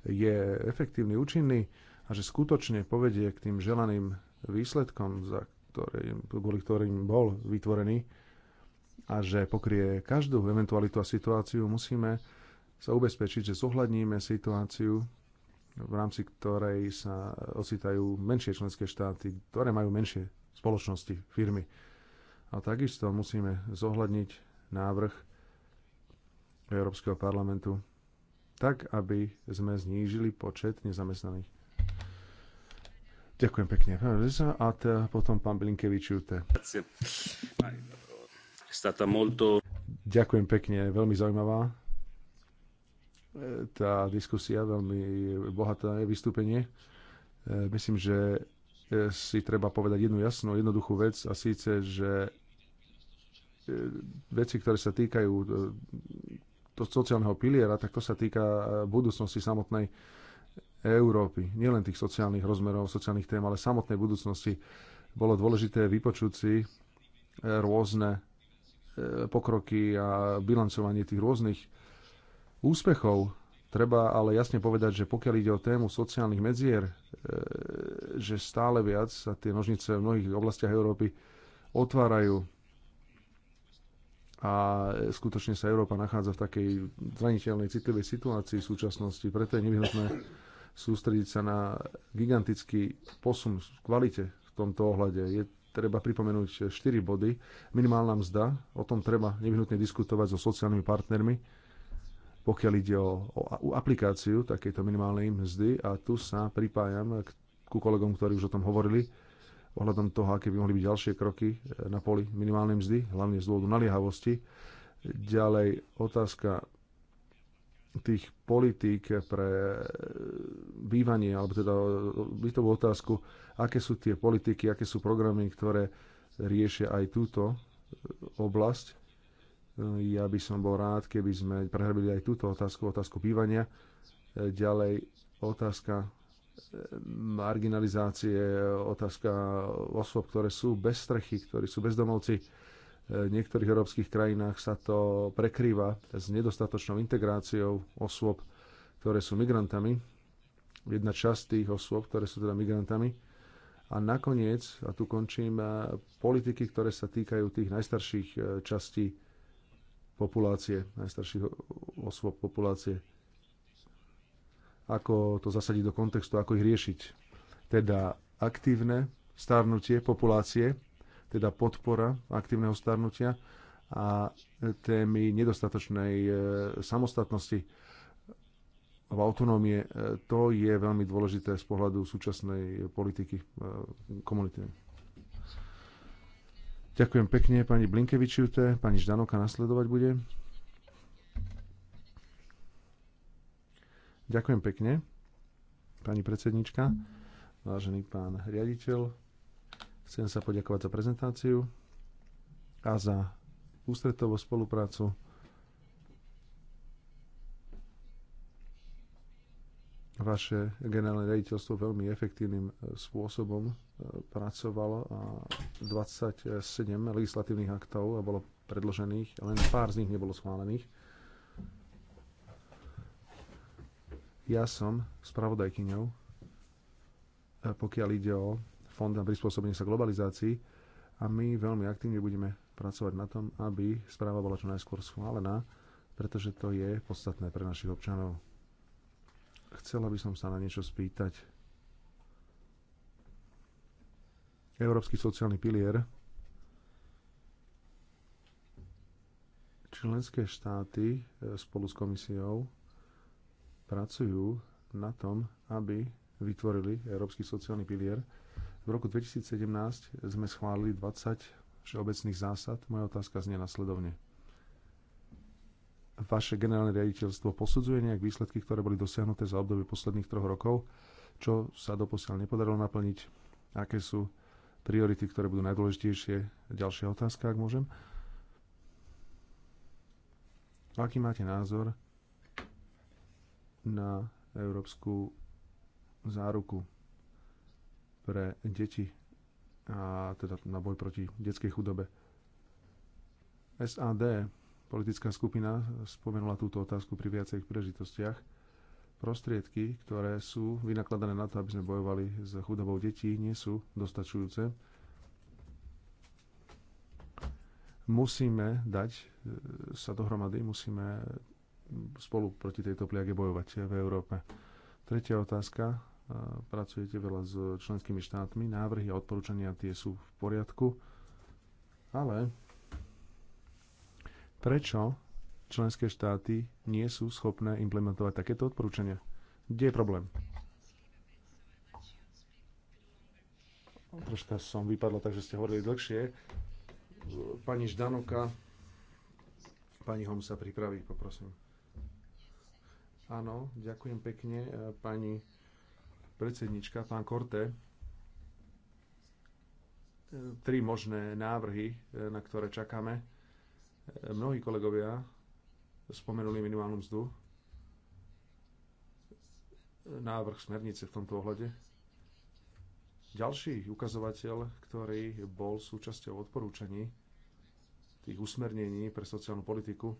je efektívny, účinný a že skutočne povedie k tým želaným výsledkom, za ktorým, kvôli ktorým bol vytvorený a že pokrie každú eventualitu a situáciu, musíme sa ubezpečiť, že zohľadníme situáciu, v rámci ktorej sa ocitajú menšie členské štáty, ktoré majú menšie spoločnosti, firmy. A takisto musíme zohľadniť návrh Európskeho parlamentu tak, aby sme znížili počet nezamestnaných. Ďakujem pekne. A potom pán Blinkevič Ďakujem pekne, veľmi zaujímavá e, tá diskusia, veľmi bohaté vystúpenie. E, myslím, že e, si treba povedať jednu jasnú, jednoduchú vec a síce, že E, veci, ktoré sa týkajú e, to sociálneho piliera, tak to sa týka e, budúcnosti samotnej Európy. Nielen tých sociálnych rozmerov, sociálnych tém, ale samotnej budúcnosti. Bolo dôležité vypočuť si rôzne pokroky a bilancovanie tých rôznych úspechov. Treba ale jasne povedať, že pokiaľ ide o tému sociálnych medzier, že stále viac sa tie nožnice v mnohých oblastiach Európy otvárajú a skutočne sa Európa nachádza v takej zraniteľnej citlivej situácii v súčasnosti. Preto je nevyhnutné sústrediť sa na gigantický posun v kvalite v tomto ohľade. Je treba pripomenúť 4 body. Minimálna mzda, o tom treba nevyhnutne diskutovať so sociálnymi partnermi, pokiaľ ide o, o aplikáciu takejto minimálnej mzdy. A tu sa pripájam k, ku kolegom, ktorí už o tom hovorili ohľadom toho, aké by mohli byť ďalšie kroky e, na poli minimálnej mzdy, hlavne z dôvodu naliehavosti. Ďalej otázka tých politík pre e, bývanie, alebo teda e, bytovú otázku, aké sú tie politiky, aké sú programy, ktoré riešia aj túto oblasť. Ja by som bol rád, keby sme prehrabili aj túto otázku, otázku bývania. Ďalej otázka marginalizácie, otázka osôb, ktoré sú bez strechy, ktorí sú bezdomovci. V niektorých európskych krajinách sa to prekrýva s nedostatočnou integráciou osôb, ktoré sú migrantami. Jedna časť tých osôb, ktoré sú teda migrantami. A nakoniec, a tu končím, politiky, ktoré sa týkajú tých najstarších eh, častí populácie, najstarších osôb populácie ako to zasadiť do kontextu, ako ich riešiť. Teda aktívne starnutie populácie, teda podpora aktívneho starnutia a témy nedostatočnej e, samostatnosti v autonómie, e, to je veľmi dôležité z pohľadu súčasnej politiky e, komunity. Ďakujem pekne pani Blinkevičiute, pani Ždanoka nasledovať bude. Ďakujem pekne, pani predsednička, vážený pán riaditeľ. Chcem sa poďakovať za prezentáciu a za ústretovú spoluprácu. Vaše generálne riaditeľstvo veľmi efektívnym e, spôsobom e, pracovalo a 27 legislatívnych aktov bolo predložených, len pár z nich nebolo schválených Ja som spravodajkyňou, e, pokiaľ ide o Fond na prispôsobenie sa globalizácii a my veľmi aktívne budeme pracovať na tom, aby správa bola čo najskôr schválená, pretože to je podstatné pre našich občanov. Chcela by som sa na niečo spýtať. Európsky sociálny pilier členské štáty e, spolu s komisiou pracujú na tom, aby vytvorili Európsky sociálny pilier. V roku 2017 sme schválili 20 všeobecných zásad. Moja otázka znie nasledovne. Vaše generálne riaditeľstvo posudzuje nejak výsledky, ktoré boli dosiahnuté za obdobie posledných troch rokov, čo sa doposiaľ nepodarilo naplniť, aké sú priority, ktoré budú najdôležitejšie. Ďalšia otázka, ak môžem. Aký máte názor na európsku záruku pre deti a teda na boj proti detskej chudobe. SAD, politická skupina, spomenula túto otázku pri viacerých príležitostiach. Prostriedky, ktoré sú vynakladané na to, aby sme bojovali s chudobou detí, nie sú dostačujúce. Musíme dať e, sa dohromady, musíme spolu proti tejto pliage bojovať v Európe. Tretia otázka. Pracujete veľa s členskými štátmi, návrhy a odporúčania tie sú v poriadku, ale prečo členské štáty nie sú schopné implementovať takéto odporúčania? Kde je problém? Troška som vypadla, takže ste hovorili dlhšie. Pani Ždanoka, pani Hom sa pripraví, poprosím. Áno, ďakujem pekne, e, pani predsednička, pán Korte. E, tri možné návrhy, e, na ktoré čakáme. Mnohí kolegovia spomenuli minimálnu mzdu. Návrh smernice v tomto ohľade. Ďalší ukazovateľ, ktorý bol súčasťou odporúčaní, tých usmernení pre sociálnu politiku,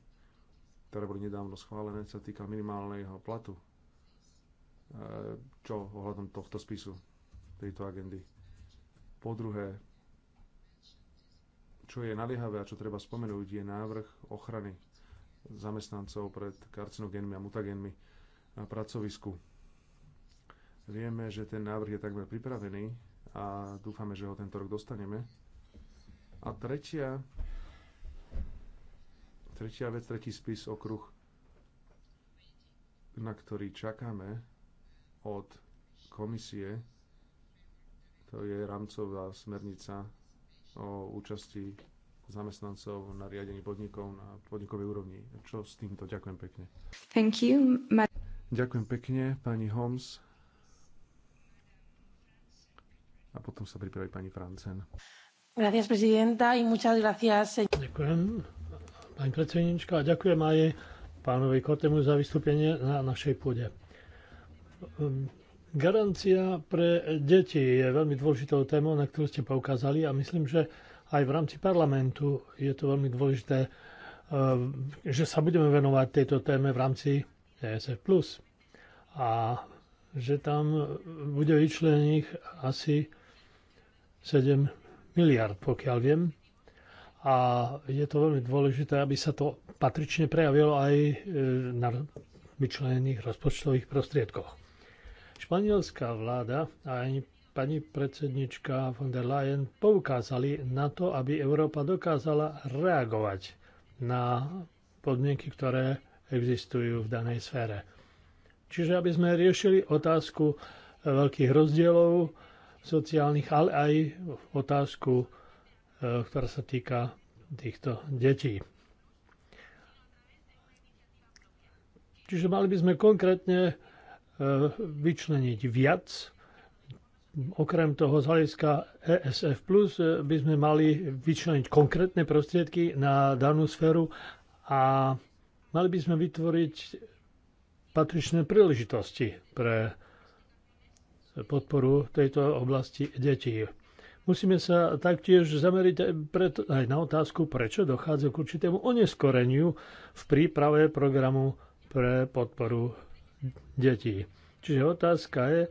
ktoré boli nedávno schválené, sa týka minimálneho platu. E, čo ohľadom tohto spisu, tejto agendy. Po druhé, čo je naliehavé a čo treba spomenúť, je návrh ochrany zamestnancov pred karcinogénmi a mutagénmi na pracovisku. Vieme, že ten návrh je takmer pripravený a dúfame, že ho tento rok dostaneme. A tretia Tretia vec, tretí spis, okruh, na ktorý čakáme od komisie, to je rámcová smernica o účasti zamestnancov na riadení podnikov na podnikovej úrovni. Čo s týmto? Ďakujem pekne. Thank you. Ma- Ďakujem pekne, pani Holmes. A potom sa pripraví pani Francen. Gracias, presidenta, y muchas gracias. Ďakujem, pani predsednička, a ďakujem aj pánovi Kotemu za vystúpenie na našej pôde. Ehm, garancia pre deti je veľmi dôležitou témou, na ktorú ste poukázali a myslím, že aj v rámci parlamentu je to veľmi dôležité, ehm, že sa budeme venovať tejto téme v rámci ESF+. A že tam bude vyčlených asi 7 miliard, pokiaľ viem a je to veľmi dôležité, aby sa to patrične prejavilo aj e, na vyčlenených rozpočtových prostriedkoch. Španielská vláda a aj pani predsednička von der Leyen poukázali na to, aby Európa dokázala reagovať na podmienky, ktoré existujú v danej sfére. Čiže aby sme riešili otázku e, veľkých rozdielov sociálnych, ale aj otázku Eh, ktorá sa týka týchto detí. Čiže mali by sme konkrétne eh, vyčleniť viac. Okrem toho z hľadiska ESF+, eh, by sme mali vyčleniť konkrétne prostriedky na danú sféru a mali by sme vytvoriť patričné príležitosti pre podporu tejto oblasti detí. Musíme sa taktiež zameriť aj na otázku, prečo dochádza k určitému oneskoreniu v príprave programu pre podporu detí. Čiže otázka je,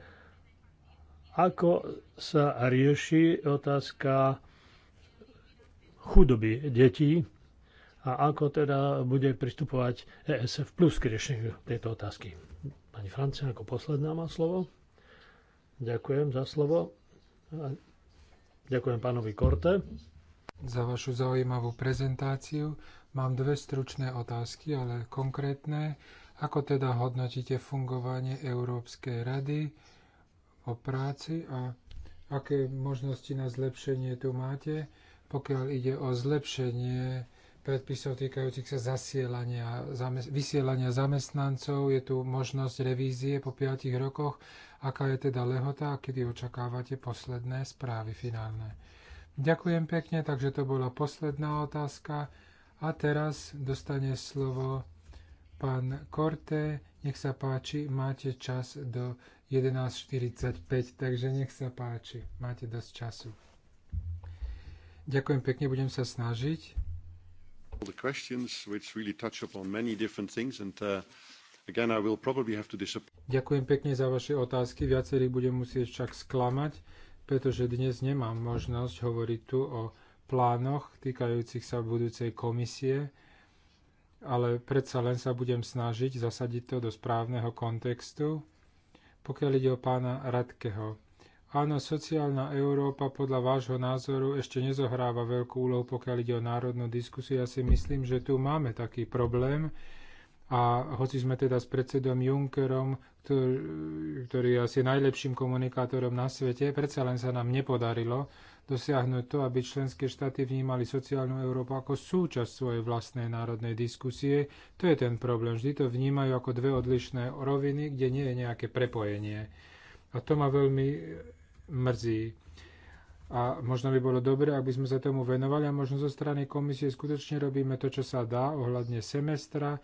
ako sa rieši otázka chudoby detí a ako teda bude pristupovať ESF plus k riešeniu tejto otázky. Pani Francia, ako posledná má slovo. Ďakujem za slovo. Ďakujem pánovi Korte. Za vašu zaujímavú prezentáciu mám dve stručné otázky, ale konkrétne. Ako teda hodnotíte fungovanie Európskej rady o práci a aké možnosti na zlepšenie tu máte, pokiaľ ide o zlepšenie predpisov týkajúcich sa zasielania, zamest- vysielania zamestnancov. Je tu možnosť revízie po 5 rokoch. Aká je teda lehota a kedy očakávate posledné správy finálne? Ďakujem pekne, takže to bola posledná otázka. A teraz dostane slovo pán Korte. Nech sa páči, máte čas do 11.45, takže nech sa páči, máte dosť času. Ďakujem pekne, budem sa snažiť the questions which really touch upon many different things and uh, again I will probably have to disappoint. Ďakujem pekne za vaše otázky. Viacerých budem musieť však sklamať, pretože dnes nemám možnosť hovoriť tu o plánoch týkajúcich sa budúcej komisie, ale predsa len sa budem snažiť zasadiť to do správneho kontextu. Pokiaľ ide o pána Radkeho, Áno, sociálna Európa podľa vášho názoru ešte nezohráva veľkú úlohu, pokiaľ ide o národnú diskusiu. Ja si myslím, že tu máme taký problém. A hoci sme teda s predsedom Junckerom, ktorý, ktorý je asi najlepším komunikátorom na svete, predsa len sa nám nepodarilo dosiahnuť to, aby členské štáty vnímali sociálnu Európu ako súčasť svojej vlastnej národnej diskusie. To je ten problém. Vždy to vnímajú ako dve odlišné roviny, kde nie je nejaké prepojenie. A to ma veľmi mrzí. A možno by bolo dobré, ak by sme sa tomu venovali a možno zo strany komisie skutočne robíme to, čo sa dá ohľadne semestra.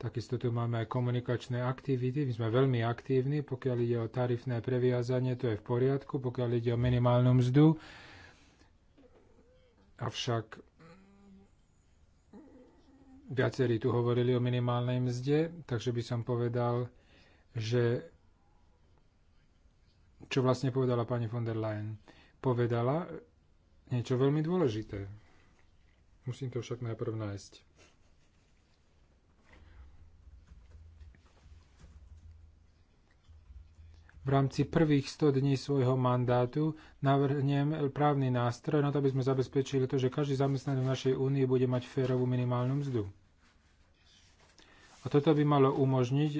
Takisto tu máme aj komunikačné aktivity. My sme veľmi aktívni, pokiaľ ide o tarifné previazanie, to je v poriadku, pokiaľ ide o minimálnu mzdu. Avšak viacerí tu hovorili o minimálnej mzde, takže by som povedal, že čo vlastne povedala pani von der Leyen. Povedala niečo veľmi dôležité. Musím to však najprv nájsť. V rámci prvých 100 dní svojho mandátu navrhnem právny nástroj na to, aby sme zabezpečili to, že každý zamestnaný v našej únii bude mať férovú minimálnu mzdu. A toto by malo umožniť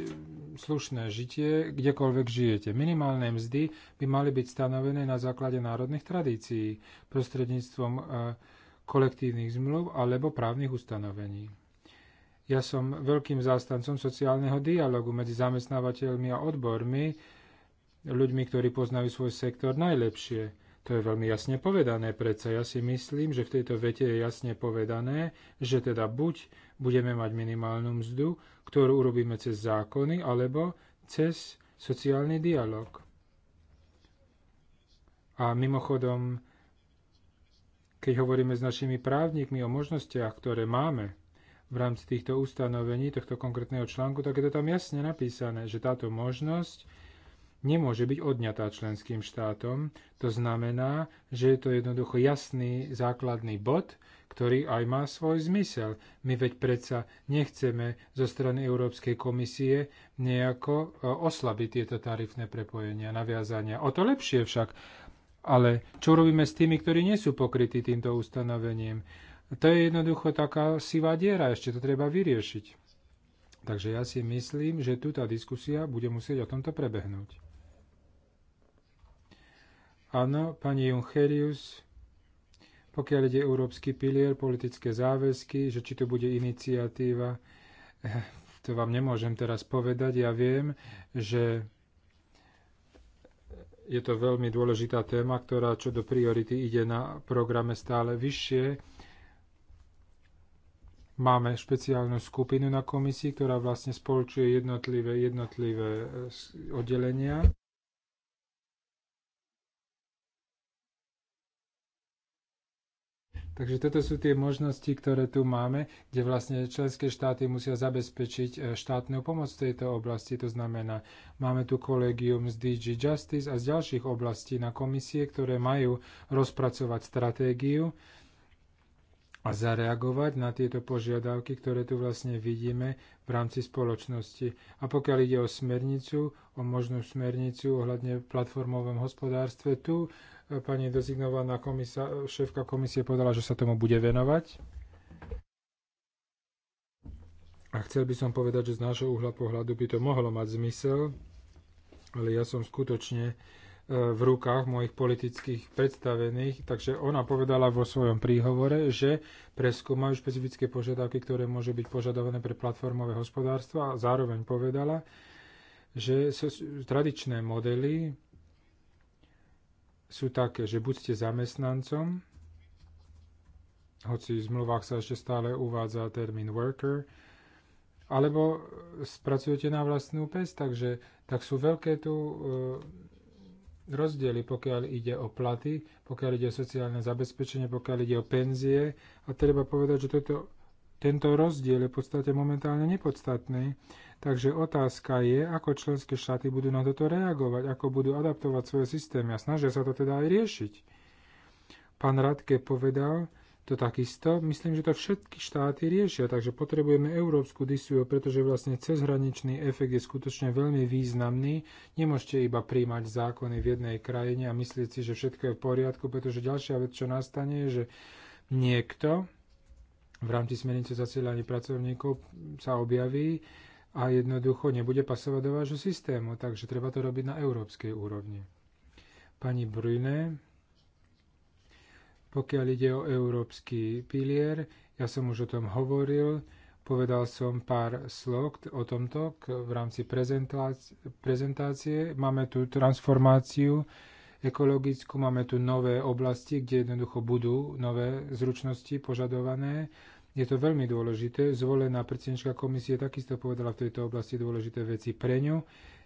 slušné žitie, kdekoľvek žijete. Minimálne mzdy by mali byť stanovené na základe národných tradícií prostredníctvom e, kolektívnych zmluv alebo právnych ustanovení. Ja som veľkým zástancom sociálneho dialogu medzi zamestnávateľmi a odbormi, ľuďmi, ktorí poznajú svoj sektor najlepšie. To je veľmi jasne povedané, predsa ja si myslím, že v tejto vete je jasne povedané, že teda buď budeme mať minimálnu mzdu, ktorú urobíme cez zákony alebo cez sociálny dialog. A mimochodom, keď hovoríme s našimi právnikmi o možnostiach, ktoré máme v rámci týchto ustanovení, tohto konkrétneho článku, tak je to tam jasne napísané, že táto možnosť nemôže byť odňatá členským štátom. To znamená, že je to jednoducho jasný základný bod, ktorý aj má svoj zmysel. My veď predsa nechceme zo strany Európskej komisie nejako e, oslabiť tieto tarifné prepojenia, naviazania. O to lepšie však. Ale čo robíme s tými, ktorí nie sú pokrytí týmto ustanovením? To je jednoducho taká sivá diera, ešte to treba vyriešiť. Takže ja si myslím, že tu tá diskusia bude musieť o tomto prebehnúť. Áno, pani Juncherius, pokiaľ ide európsky pilier, politické záväzky, že či to bude iniciatíva, eh, to vám nemôžem teraz povedať. Ja viem, že je to veľmi dôležitá téma, ktorá čo do priority ide na programe stále vyššie. Máme špeciálnu skupinu na komisii, ktorá vlastne spolčuje jednotlivé, jednotlivé eh, oddelenia. Takže toto sú tie možnosti, ktoré tu máme, kde vlastne členské štáty musia zabezpečiť e, štátnu pomoc v tejto oblasti. To znamená, máme tu kolegium z DG Justice a z ďalších oblastí na komisie, ktoré majú rozpracovať stratégiu a zareagovať na tieto požiadavky, ktoré tu vlastne vidíme v rámci spoločnosti. A pokiaľ ide o smernicu, o možnú smernicu ohľadne platformovom hospodárstve, tu e, pani dezignovaná komisa, šéfka komisie povedala, že sa tomu bude venovať. A chcel by som povedať, že z nášho uhla pohľadu by to mohlo mať zmysel, ale ja som skutočne E, v rukách mojich politických predstavených, takže ona povedala vo svojom príhovore, že preskúmajú špecifické požiadavky, ktoré môžu byť požadované pre platformové hospodárstva a zároveň povedala, že tradičné modely sú také, že buď ste zamestnancom, hoci v zmluvách sa ešte stále uvádza termín worker, alebo spracujete na vlastnú pes, takže tak sú veľké tu e, rozdiely, pokiaľ ide o platy, pokiaľ ide o sociálne zabezpečenie, pokiaľ ide o penzie. A treba povedať, že toto, tento rozdiel je v podstate momentálne nepodstatný. Takže otázka je, ako členské štáty budú na toto reagovať, ako budú adaptovať svoje systémy a snažia sa to teda aj riešiť. Pán Radke povedal, to takisto. Myslím, že to všetky štáty riešia, takže potrebujeme európsku diskusiu, pretože vlastne cezhraničný efekt je skutočne veľmi významný. Nemôžete iba príjmať zákony v jednej krajine a myslieť si, že všetko je v poriadku, pretože ďalšia vec, čo nastane, je, že niekto v rámci smernice zasielania pracovníkov sa objaví a jednoducho nebude pasovať do vášho systému, takže treba to robiť na európskej úrovni. Pani Brune, pokiaľ ide o európsky pilier, ja som už o tom hovoril, povedal som pár slov o tomto v rámci prezentácie. Máme tu transformáciu ekologickú, máme tu nové oblasti, kde jednoducho budú nové zručnosti požadované. Je to veľmi dôležité. Zvolená predsednička komisie takisto povedala v tejto oblasti dôležité veci pre ňu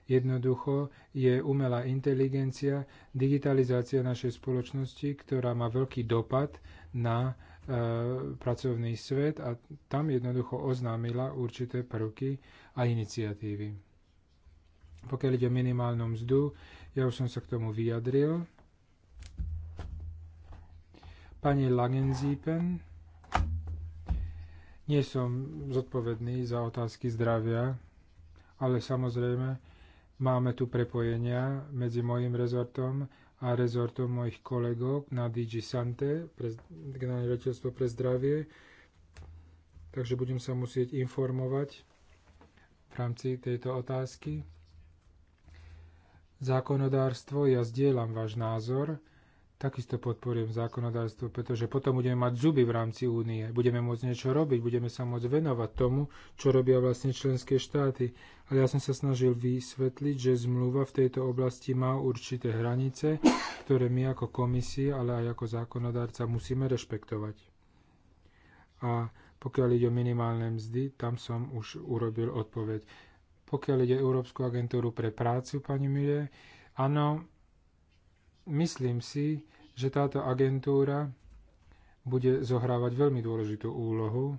Jednoducho je umelá inteligencia, digitalizácia našej spoločnosti, ktorá má veľký dopad na e, pracovný svet a tam jednoducho oznámila určité prvky a iniciatívy. Pokiaľ ide o minimálnu mzdu, ja už som sa k tomu vyjadril. Pani Langenzípen, nie som zodpovedný za otázky zdravia, ale samozrejme, Máme tu prepojenia medzi mojim rezortom a rezortom mojich kolegov na DG Sante, generálne riaditeľstvo pre zdravie, takže budem sa musieť informovať v rámci tejto otázky. Zákonodárstvo, ja zdieľam váš názor, takisto podporujem zákonodárstvo, pretože potom budeme mať zuby v rámci únie, budeme môcť niečo robiť, budeme sa môcť venovať tomu, čo robia vlastne členské štáty. Ale ja som sa snažil vysvetliť, že zmluva v tejto oblasti má určité hranice, ktoré my ako komisie, ale aj ako zákonodárca musíme rešpektovať. A pokiaľ ide o minimálne mzdy, tam som už urobil odpoveď. Pokiaľ ide Európsku agentúru pre prácu, pani Mille, áno, Myslím si, že táto agentúra bude zohrávať veľmi dôležitú úlohu.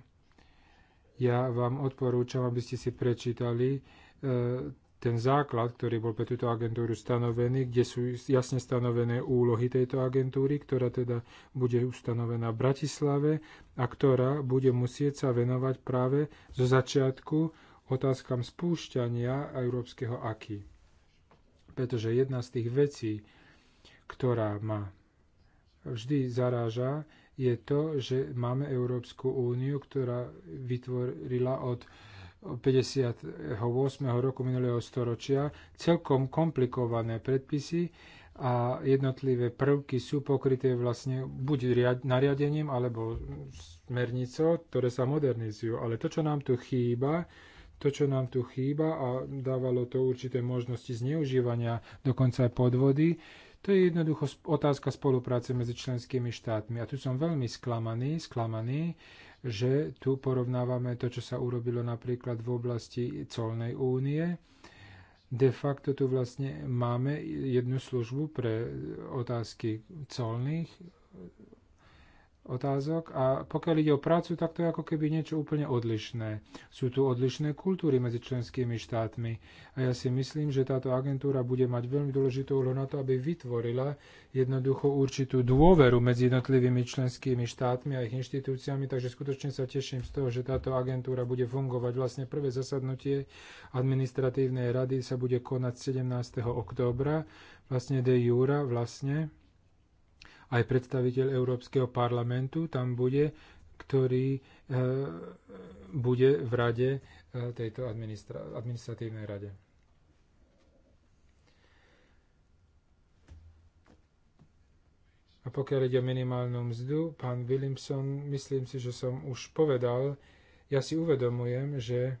Ja vám odporúčam, aby ste si prečítali e, ten základ, ktorý bol pre túto agentúru stanovený, kde sú jasne stanovené úlohy tejto agentúry, ktorá teda bude ustanovená v Bratislave a ktorá bude musieť sa venovať práve zo začiatku otázkam spúšťania európskeho aky. Pretože jedna z tých vecí, ktorá ma vždy zaráža, je to, že máme Európsku úniu, ktorá vytvorila od 58. roku minulého storočia celkom komplikované predpisy a jednotlivé prvky sú pokryté vlastne buď nariadením alebo smernicou, ktoré sa modernizujú. Ale to, čo nám tu chýba, to, čo nám tu chýba a dávalo to určité možnosti zneužívania, dokonca aj podvody, to je jednoducho otázka spolupráce medzi členskými štátmi. A tu som veľmi sklamaný, sklamaný, že tu porovnávame to, čo sa urobilo napríklad v oblasti colnej únie. De facto tu vlastne máme jednu službu pre otázky colných otázok. A pokiaľ ide o prácu, tak to je ako keby niečo úplne odlišné. Sú tu odlišné kultúry medzi členskými štátmi. A ja si myslím, že táto agentúra bude mať veľmi dôležitú úlohu na to, aby vytvorila jednoducho určitú dôveru medzi jednotlivými členskými štátmi a ich inštitúciami. Takže skutočne sa teším z toho, že táto agentúra bude fungovať. Vlastne prvé zasadnutie administratívnej rady sa bude konať 17. októbra, vlastne de jura, vlastne aj predstaviteľ Európskeho parlamentu tam bude, ktorý e, bude v rade e, tejto administra- administratívnej rade. A pokiaľ ide o minimálnu mzdu, pán Williamson, myslím si, že som už povedal, ja si uvedomujem, že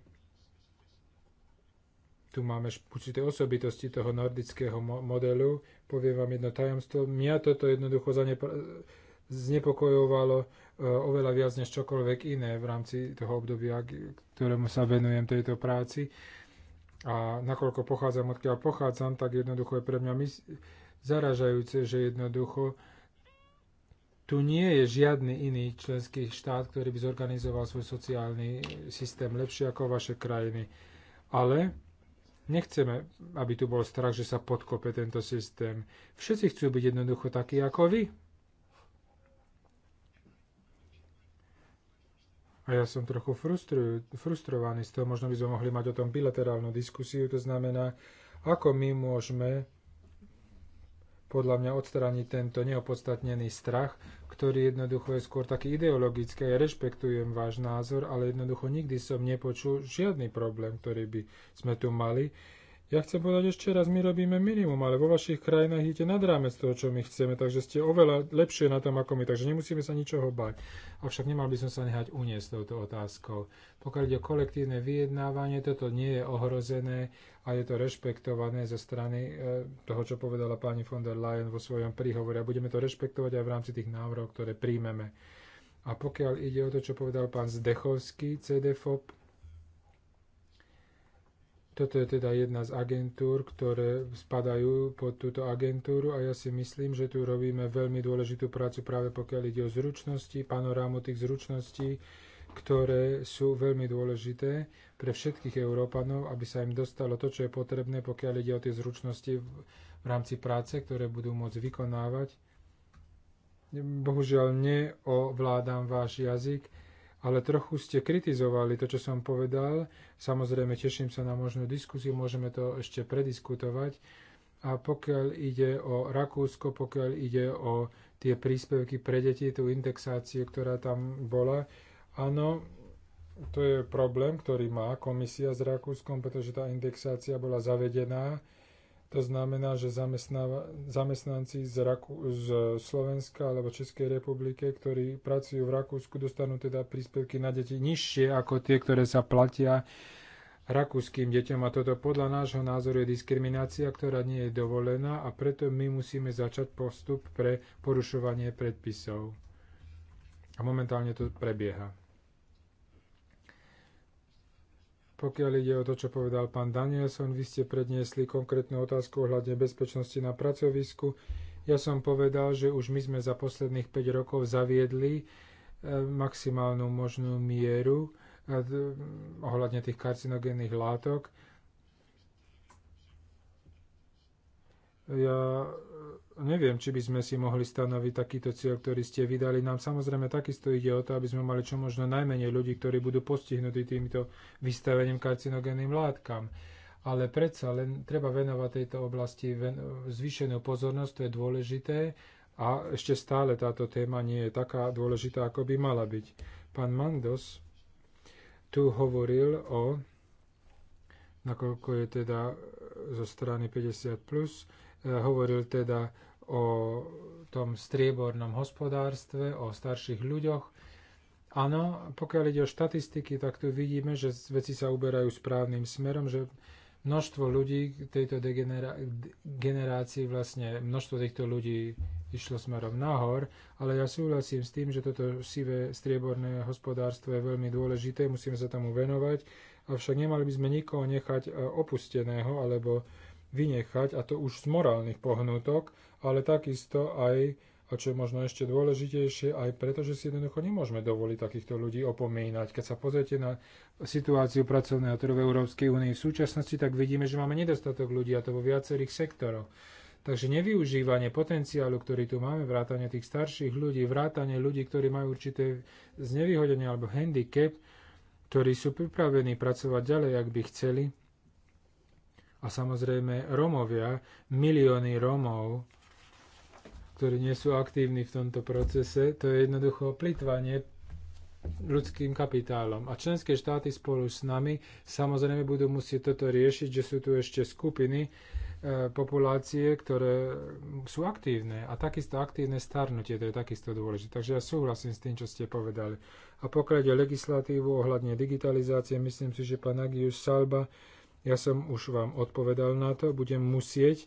tu máme určité osobitosti toho nordického modelu. Poviem vám jedno tajomstvo. Mňa toto jednoducho znepokojovalo e, oveľa viac než čokoľvek iné v rámci toho obdobia, ktorému sa venujem tejto práci. A nakoľko pochádzam, odkiaľ pochádzam, tak jednoducho je pre mňa zaražajúce, že jednoducho tu nie je žiadny iný členský štát, ktorý by zorganizoval svoj sociálny systém lepšie ako vaše krajiny. Ale Nechceme, aby tu bol strach, že sa podkope tento systém. Všetci chcú byť jednoducho takí ako vy. A ja som trochu frustrovaný z toho, možno by sme mohli mať o tom bilaterálnu diskusiu, to znamená, ako my môžeme podľa mňa odstrániť tento neopodstatnený strach, ktorý jednoducho je skôr taký ideologický. Ja rešpektujem váš názor, ale jednoducho nikdy som nepočul žiadny problém, ktorý by sme tu mali. Ja chcem povedať ešte raz, my robíme minimum, ale vo vašich krajinách idete nad rámec toho, čo my chceme, takže ste oveľa lepšie na tom ako my, takže nemusíme sa ničoho bať. Avšak nemal by som sa nehať uniesť touto otázkou. Pokiaľ ide o kolektívne vyjednávanie, toto nie je ohrozené a je to rešpektované zo strany e, toho, čo povedala pani von der Leyen vo svojom príhovore a budeme to rešpektovať aj v rámci tých návrhov, ktoré príjmeme. A pokiaľ ide o to, čo povedal pán Zdechovský, CDFOP, toto je teda jedna z agentúr, ktoré spadajú pod túto agentúru a ja si myslím, že tu robíme veľmi dôležitú prácu práve pokiaľ ide o zručnosti, panorámu tých zručností, ktoré sú veľmi dôležité pre všetkých Európanov, aby sa im dostalo to, čo je potrebné, pokiaľ ide o tie zručnosti v rámci práce, ktoré budú môcť vykonávať. Bohužiaľ neovládam váš jazyk, ale trochu ste kritizovali to, čo som povedal. Samozrejme, teším sa na možnú diskusiu, môžeme to ešte prediskutovať. A pokiaľ ide o Rakúsko, pokiaľ ide o tie príspevky pre deti, tú indexáciu, ktorá tam bola, áno, to je problém, ktorý má komisia s Rakúskom, pretože tá indexácia bola zavedená to znamená, že zamestnanci z, Raku- z Slovenska alebo Českej republiky, ktorí pracujú v Rakúsku, dostanú teda príspevky na deti nižšie ako tie, ktoré sa platia rakúskym deťom. A toto podľa nášho názoru je diskriminácia, ktorá nie je dovolená a preto my musíme začať postup pre porušovanie predpisov. A momentálne to prebieha. Pokiaľ ide o to, čo povedal pán Danielson, vy ste predniesli konkrétnu otázku ohľadne bezpečnosti na pracovisku. Ja som povedal, že už my sme za posledných 5 rokov zaviedli eh, maximálnu možnú mieru eh, ohľadne tých karcinogénnych látok Ja e, neviem, či by sme si mohli stanoviť takýto cieľ, ktorý ste vydali. Nám samozrejme takisto ide o to, aby sme mali čo možno najmenej ľudí, ktorí budú postihnutí týmto vystavením karcinogénnym látkam. Ale predsa len treba venovať tejto oblasti zvýšenú pozornosť, to je dôležité. A ešte stále táto téma nie je taká dôležitá, ako by mala byť. Pán Mandos tu hovoril o, nakoľko je teda zo strany 50+, plus, hovoril teda o tom striebornom hospodárstve, o starších ľuďoch. Áno, pokiaľ ide o štatistiky, tak tu vidíme, že veci sa uberajú správnym smerom, že množstvo ľudí tejto degenera- generácii, vlastne množstvo týchto ľudí išlo smerom nahor, ale ja súhlasím s tým, že toto sivé strieborné hospodárstvo je veľmi dôležité, musíme sa tomu venovať, avšak nemali by sme nikoho nechať e, opusteného alebo vynechať, a to už z morálnych pohnutok, ale takisto aj, a čo je možno ešte dôležitejšie, aj preto, že si jednoducho nemôžeme dovoliť takýchto ľudí opomínať. Keď sa pozriete na situáciu pracovného trhu v Európskej únii v súčasnosti, tak vidíme, že máme nedostatok ľudí, a to vo viacerých sektoroch. Takže nevyužívanie potenciálu, ktorý tu máme, vrátanie tých starších ľudí, vrátanie ľudí, ktorí majú určité znevýhodenie alebo handicap, ktorí sú pripravení pracovať ďalej, ak by chceli, a samozrejme Romovia, milióny Romov, ktorí nie sú aktívni v tomto procese, to je jednoducho plitvanie ľudským kapitálom. A členské štáty spolu s nami samozrejme budú musieť toto riešiť, že sú tu ešte skupiny e, populácie, ktoré sú aktívne a takisto aktívne starnutie, to je takisto dôležité. Takže ja súhlasím s tým, čo ste povedali. A pokiaľ legislatívu ohľadne digitalizácie, myslím si, že pán Agius Salba ja som už vám odpovedal na to, budem musieť e,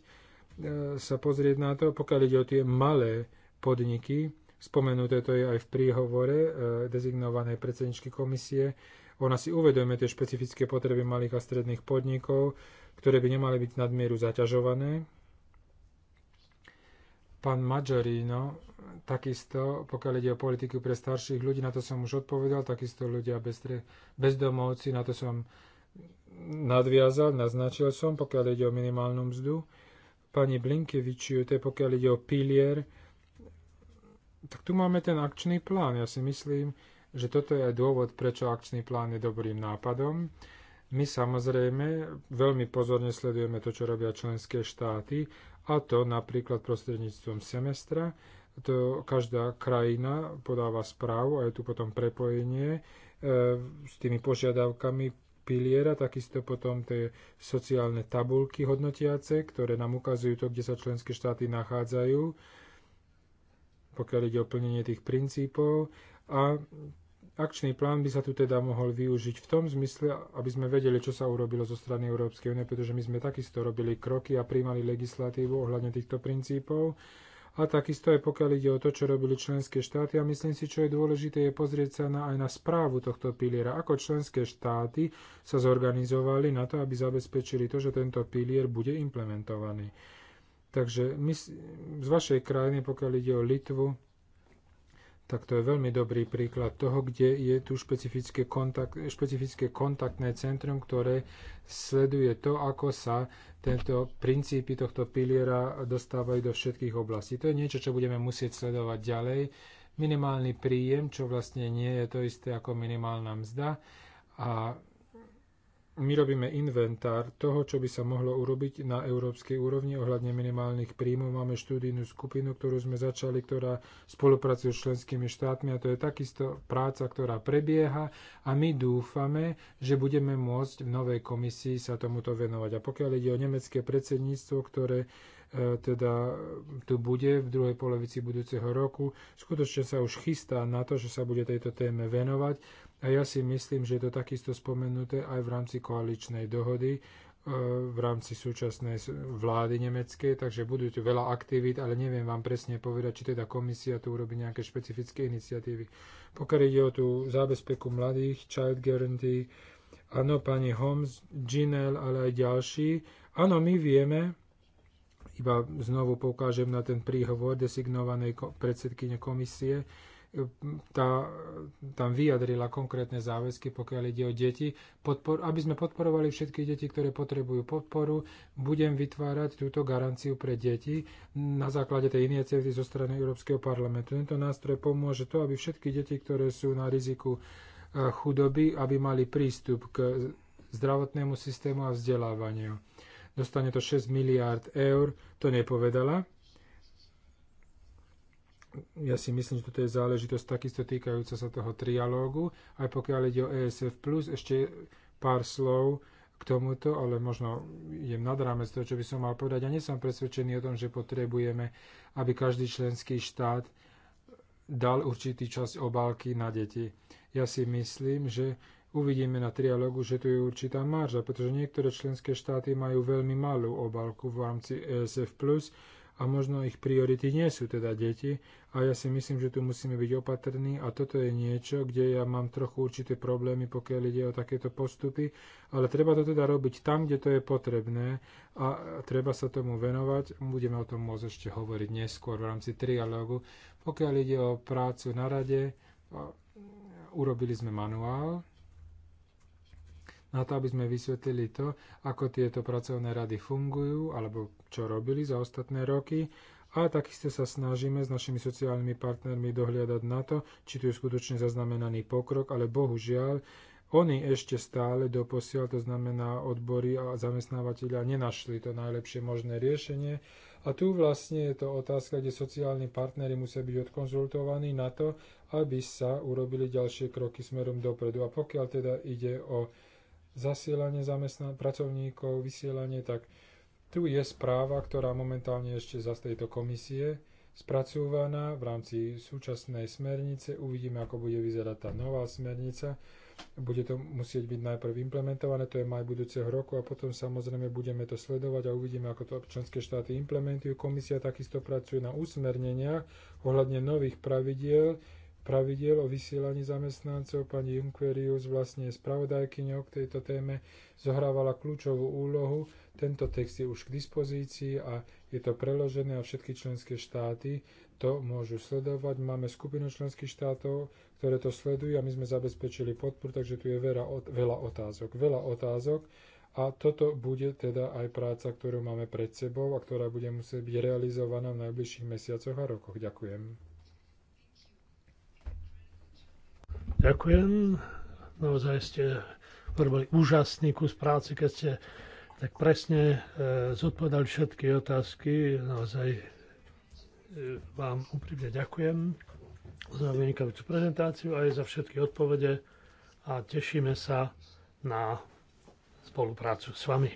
sa pozrieť na to, pokiaľ ide o tie malé podniky, spomenuté to je aj v príhovore e, dezignovanej predsedničky komisie, ona si uvedomuje tie špecifické potreby malých a stredných podnikov, ktoré by nemali byť nadmieru zaťažované. Pán Maggiorino, takisto, pokiaľ ide o politiku pre starších ľudí, na to som už odpovedal, takisto ľudia bez, bezdomovci, na to som nadviazal, naznačil som, pokiaľ ide o minimálnu mzdu, pani to je pokiaľ ide o pilier, tak tu máme ten akčný plán. Ja si myslím, že toto je aj dôvod, prečo akčný plán je dobrým nápadom. My samozrejme veľmi pozorne sledujeme to, čo robia členské štáty, a to napríklad prostredníctvom semestra. To každá krajina podáva správu a je tu potom prepojenie e, s tými požiadavkami piliera, takisto potom tie sociálne tabulky hodnotiace, ktoré nám ukazujú to, kde sa členské štáty nachádzajú, pokiaľ ide o plnenie tých princípov. A akčný plán by sa tu teda mohol využiť v tom zmysle, aby sme vedeli, čo sa urobilo zo strany Európskej únie, pretože my sme takisto robili kroky a príjmali legislatívu ohľadne týchto princípov. A takisto aj pokiaľ ide o to, čo robili členské štáty. A myslím si, čo je dôležité, je pozrieť sa na, aj na správu tohto piliera. Ako členské štáty sa zorganizovali na to, aby zabezpečili to, že tento pilier bude implementovaný. Takže my, z vašej krajiny, pokiaľ ide o Litvu, tak to je veľmi dobrý príklad toho, kde je tu špecifické, kontakt, špecifické kontaktné centrum, ktoré sleduje to, ako sa tento princípy tohto piliera dostávajú do všetkých oblastí. To je niečo, čo budeme musieť sledovať ďalej. Minimálny príjem, čo vlastne nie je to isté ako minimálna mzda. A my robíme inventár toho, čo by sa mohlo urobiť na európskej úrovni ohľadne minimálnych príjmov. Máme štúdijnú skupinu, ktorú sme začali, ktorá spolupracuje s členskými štátmi a to je takisto práca, ktorá prebieha a my dúfame, že budeme môcť v novej komisii sa tomuto venovať. A pokiaľ ide o nemecké predsedníctvo, ktoré e, teda tu bude v druhej polovici budúceho roku. Skutočne sa už chystá na to, že sa bude tejto téme venovať a ja si myslím, že je to takisto spomenuté aj v rámci koaličnej dohody, e, v rámci súčasnej vlády nemeckej, takže budú tu veľa aktivít, ale neviem vám presne povedať, či teda komisia tu urobí nejaké špecifické iniciatívy. Pokiaľ ide o tú zábezpeku mladých, Child Guarantee, áno, pani Holmes, Ginel, ale aj ďalší. Áno, my vieme, iba znovu poukážem na ten príhovor designovanej predsedkyne komisie, tá, tam vyjadrila konkrétne záväzky, pokiaľ ide o deti, podpor, aby sme podporovali všetky deti, ktoré potrebujú podporu. Budem vytvárať túto garanciu pre deti na základe tej iniciatívy zo strany Európskeho parlamentu. Tento nástroj pomôže to, aby všetky deti, ktoré sú na riziku eh, chudoby, aby mali prístup k zdravotnému systému a vzdelávaniu. Dostane to 6 miliárd eur, to nepovedala, ja si myslím, že toto je záležitosť takisto týkajúca sa toho trialógu. Aj pokiaľ ide o ESF+, ešte pár slov k tomuto, ale možno idem nad rámec toho, čo by som mal povedať. Ja nie som presvedčený o tom, že potrebujeme, aby každý členský štát dal určitý časť obálky na deti. Ja si myslím, že uvidíme na trialógu, že tu je určitá marža, pretože niektoré členské štáty majú veľmi malú obálku v rámci ESF+, a možno ich priority nie sú teda deti a ja si myslím, že tu musíme byť opatrní a toto je niečo, kde ja mám trochu určité problémy, pokiaľ ide o takéto postupy, ale treba to teda robiť tam, kde to je potrebné a treba sa tomu venovať. Budeme o tom môcť ešte hovoriť neskôr v rámci trialógu. Pokiaľ ide o prácu na rade, urobili sme manuál, na to, aby sme vysvetlili to, ako tieto pracovné rady fungujú alebo čo robili za ostatné roky a takisto sa snažíme s našimi sociálnymi partnermi dohliadať na to, či tu je skutočne zaznamenaný pokrok, ale bohužiaľ, oni ešte stále doposiaľ, to znamená odbory a zamestnávateľia, nenašli to najlepšie možné riešenie. A tu vlastne je to otázka, kde sociálni partnery musia byť odkonzultovaní na to, aby sa urobili ďalšie kroky smerom dopredu. A pokiaľ teda ide o zasielanie zamestnan- pracovníkov, vysielanie, tak tu je správa, ktorá momentálne ešte za tejto komisie spracúvaná v rámci súčasnej smernice. Uvidíme, ako bude vyzerať tá nová smernica. Bude to musieť byť najprv implementované, to je maj budúceho roku a potom samozrejme budeme to sledovať a uvidíme, ako to občanské štáty implementujú. Komisia takisto pracuje na usmerneniach ohľadne nových pravidiel, pravidiel o vysielaní zamestnancov. Pani Junquerius vlastne je spravodajkyňou k tejto téme, zohrávala kľúčovú úlohu. Tento text je už k dispozícii a je to preložené a všetky členské štáty to môžu sledovať. Máme skupinu členských štátov, ktoré to sledujú a my sme zabezpečili podporu, takže tu je veľa, veľa otázok. Veľa otázok a toto bude teda aj práca, ktorú máme pred sebou a ktorá bude musieť byť realizovaná v najbližších mesiacoch a rokoch. Ďakujem. Ďakujem. Naozaj ste urobili úžasný kus práce, keď ste tak presne e, zodpovedali všetky otázky. Naozaj e, vám úprimne ďakujem za vynikajúcu prezentáciu aj za všetky odpovede a tešíme sa na spoluprácu s vami.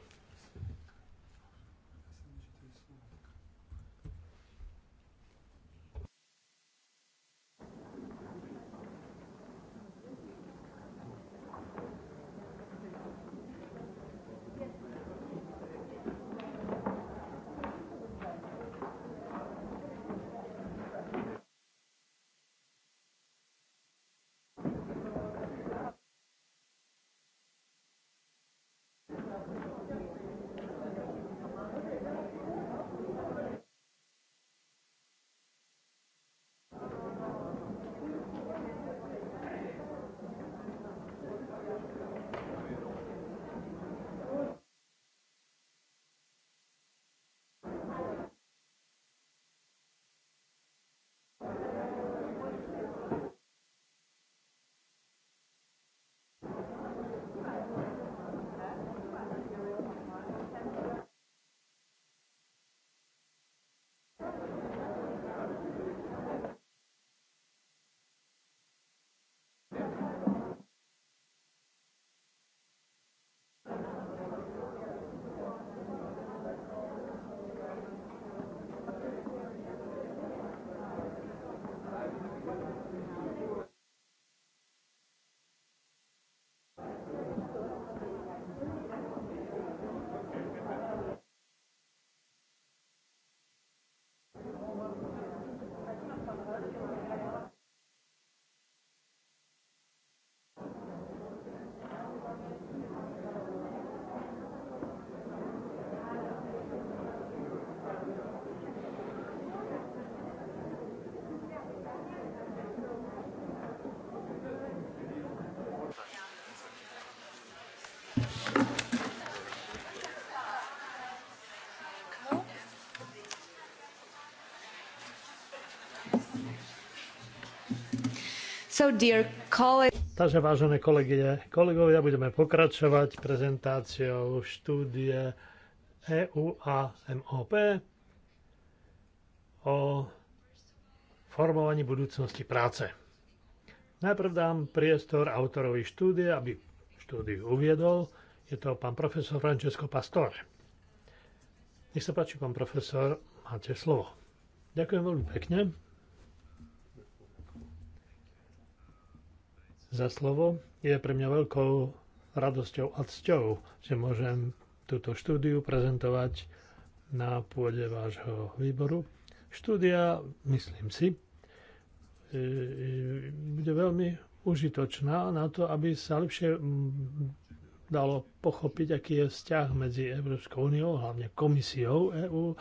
So dear Takže vážené kolegyne, kolegovia, budeme pokračovať prezentáciou štúdie EU a MOP o formovaní budúcnosti práce. Najprv dám priestor autorovi štúdie, aby štúdiu uviedol. Je to pán profesor Francesco Pastore. Nech sa páči, pán profesor, máte slovo. Ďakujem veľmi pekne. za slovo. Je pre mňa veľkou radosťou a cťou, že môžem túto štúdiu prezentovať na pôde vášho výboru. Štúdia, myslím si, e, bude veľmi užitočná na to, aby sa lepšie dalo pochopiť, aký je vzťah medzi Európskou úniou, hlavne komisiou EÚ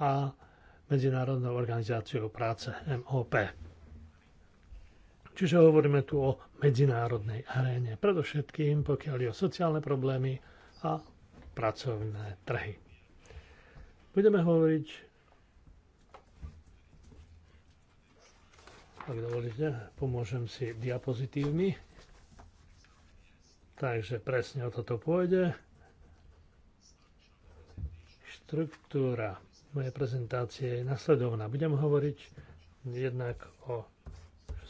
a Medzinárodnou organizáciou práce MOP. Čiže hovoríme tu o medzinárodnej aréne, predovšetkým pokiaľ je o sociálne problémy a pracovné trhy. Budeme hovoriť, ak dovolíte, pomôžem si diapozitívmi. Takže presne o toto pôjde. Štruktúra mojej prezentácie je nasledovná. Budem hovoriť jednak o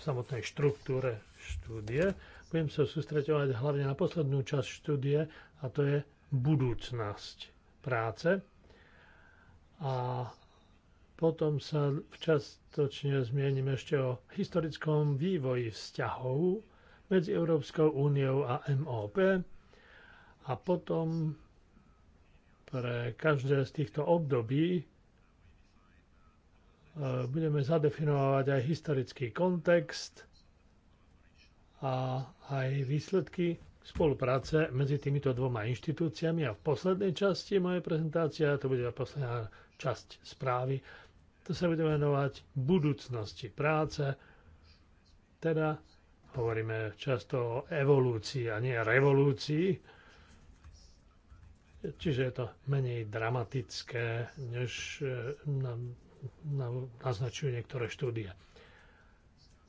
samotnej štruktúre štúdie. Budem sa sústreťovať hlavne na poslednú časť štúdie a to je budúcnosť práce. A potom sa častočne zmienim ešte o historickom vývoji vzťahov medzi Európskou úniou a MOP. A potom pre každé z týchto období E, budeme zadefinovať aj historický kontext a aj výsledky spolupráce medzi týmito dvoma inštitúciami a v poslednej časti mojej prezentácie, to bude posledná časť správy, to sa bude venovať budúcnosti práce, teda hovoríme často o evolúcii a nie revolúcii, čiže je to menej dramatické, než e, nám nám naznačujú niektoré štúdie.